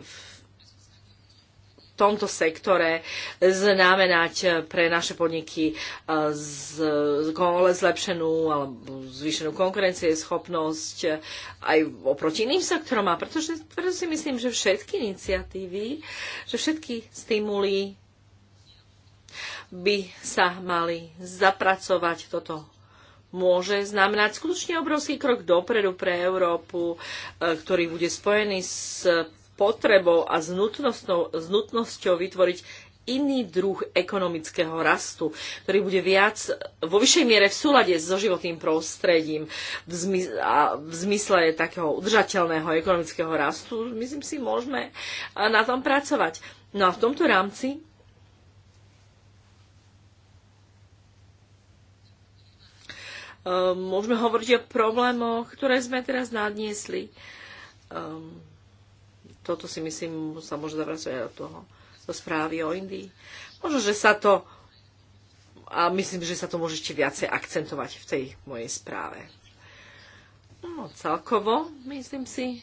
tomto sektore znamenať pre naše podniky e, z, zlepšenú alebo zvýšenú schopnosť e, aj oproti iným sektorom. A pretože, preto si myslím, že všetky iniciatívy, že všetky stimuly by sa mali zapracovať toto môže znamenať skutočne obrovský krok dopredu pre Európu, e, ktorý bude spojený s potrebou a s nutnosťou, s nutnosťou vytvoriť iný druh ekonomického rastu, ktorý bude viac vo vyššej miere v súlade so životným prostredím v, zmysle, a v zmysle takého udržateľného ekonomického rastu, myslím si, môžeme na tom pracovať. No a v tomto rámci ehm, môžeme hovoriť o problémoch, ktoré sme teraz nadniesli. Um, toto si myslím sa môže zavracať aj do toho, do správy o Indii. Možno, že sa to a myslím, že sa to môže ešte viacej akcentovať v tej mojej správe. No, celkovo myslím si,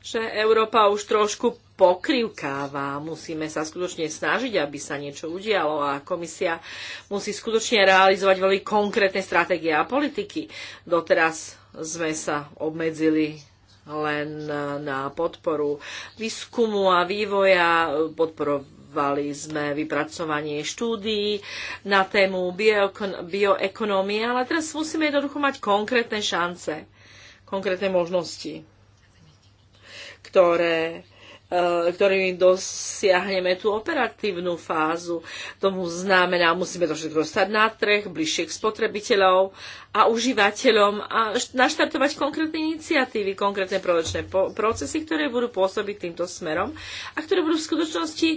že Európa už trošku pokrivkáva. Musíme sa skutočne snažiť, aby sa niečo udialo a komisia musí skutočne realizovať veľmi konkrétne stratégie a politiky. Doteraz sme sa obmedzili len na podporu výskumu a vývoja, podporovali sme vypracovanie štúdií na tému bioekonomie, bio ale teraz musíme jednoducho mať konkrétne šance, konkrétne možnosti, ktoré E, ktorými dosiahneme tú operatívnu fázu. Tomu znamená, musíme to všetko dostať na trh, bližšie k spotrebiteľov a užívateľom a naštartovať konkrétne iniciatívy, konkrétne proločné procesy, ktoré budú pôsobiť týmto smerom a ktoré budú v skutočnosti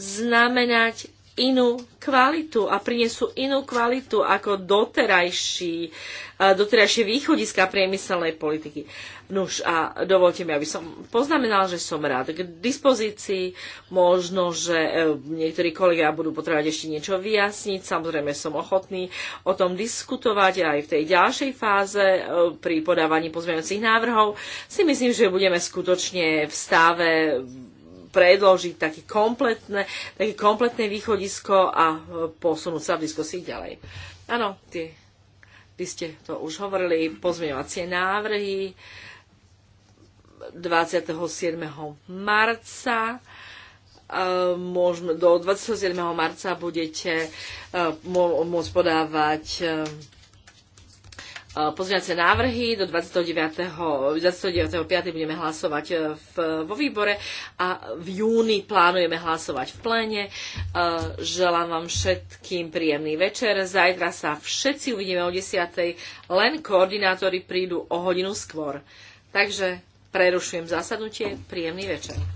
znamenať inú kvalitu a prinesú inú kvalitu ako doterajší, eh, doterajšie východiska priemyselnej politiky. Nuž a dovolte mi, aby som poznamenal, že som rád k dispozícii. Možno, že eh, niektorí kolegia budú potrebovať ešte niečo vyjasniť. Samozrejme som ochotný o tom diskutovať aj v tej ďalšej fáze eh, pri podávaní pozmeňujúcich návrhov. Si myslím, že budeme skutočne v stave predložiť také kompletné, také kompletné východisko a e, posunúť sa v diskusii ďalej. Áno, tie, vy ste to už hovorili, pozmeňovacie návrhy 27. marca môžeme, do 27. marca budete e, môcť podávať e, pozriace návrhy. Do 29.5. 29. budeme hlasovať e, v, vo výbore a v júni plánujeme hlasovať v pléne. E, želám vám všetkým príjemný večer. Zajtra sa všetci uvidíme o 10.00, len koordinátori prídu o hodinu skôr. Takže prerušujem zasadnutie. Príjemný večer.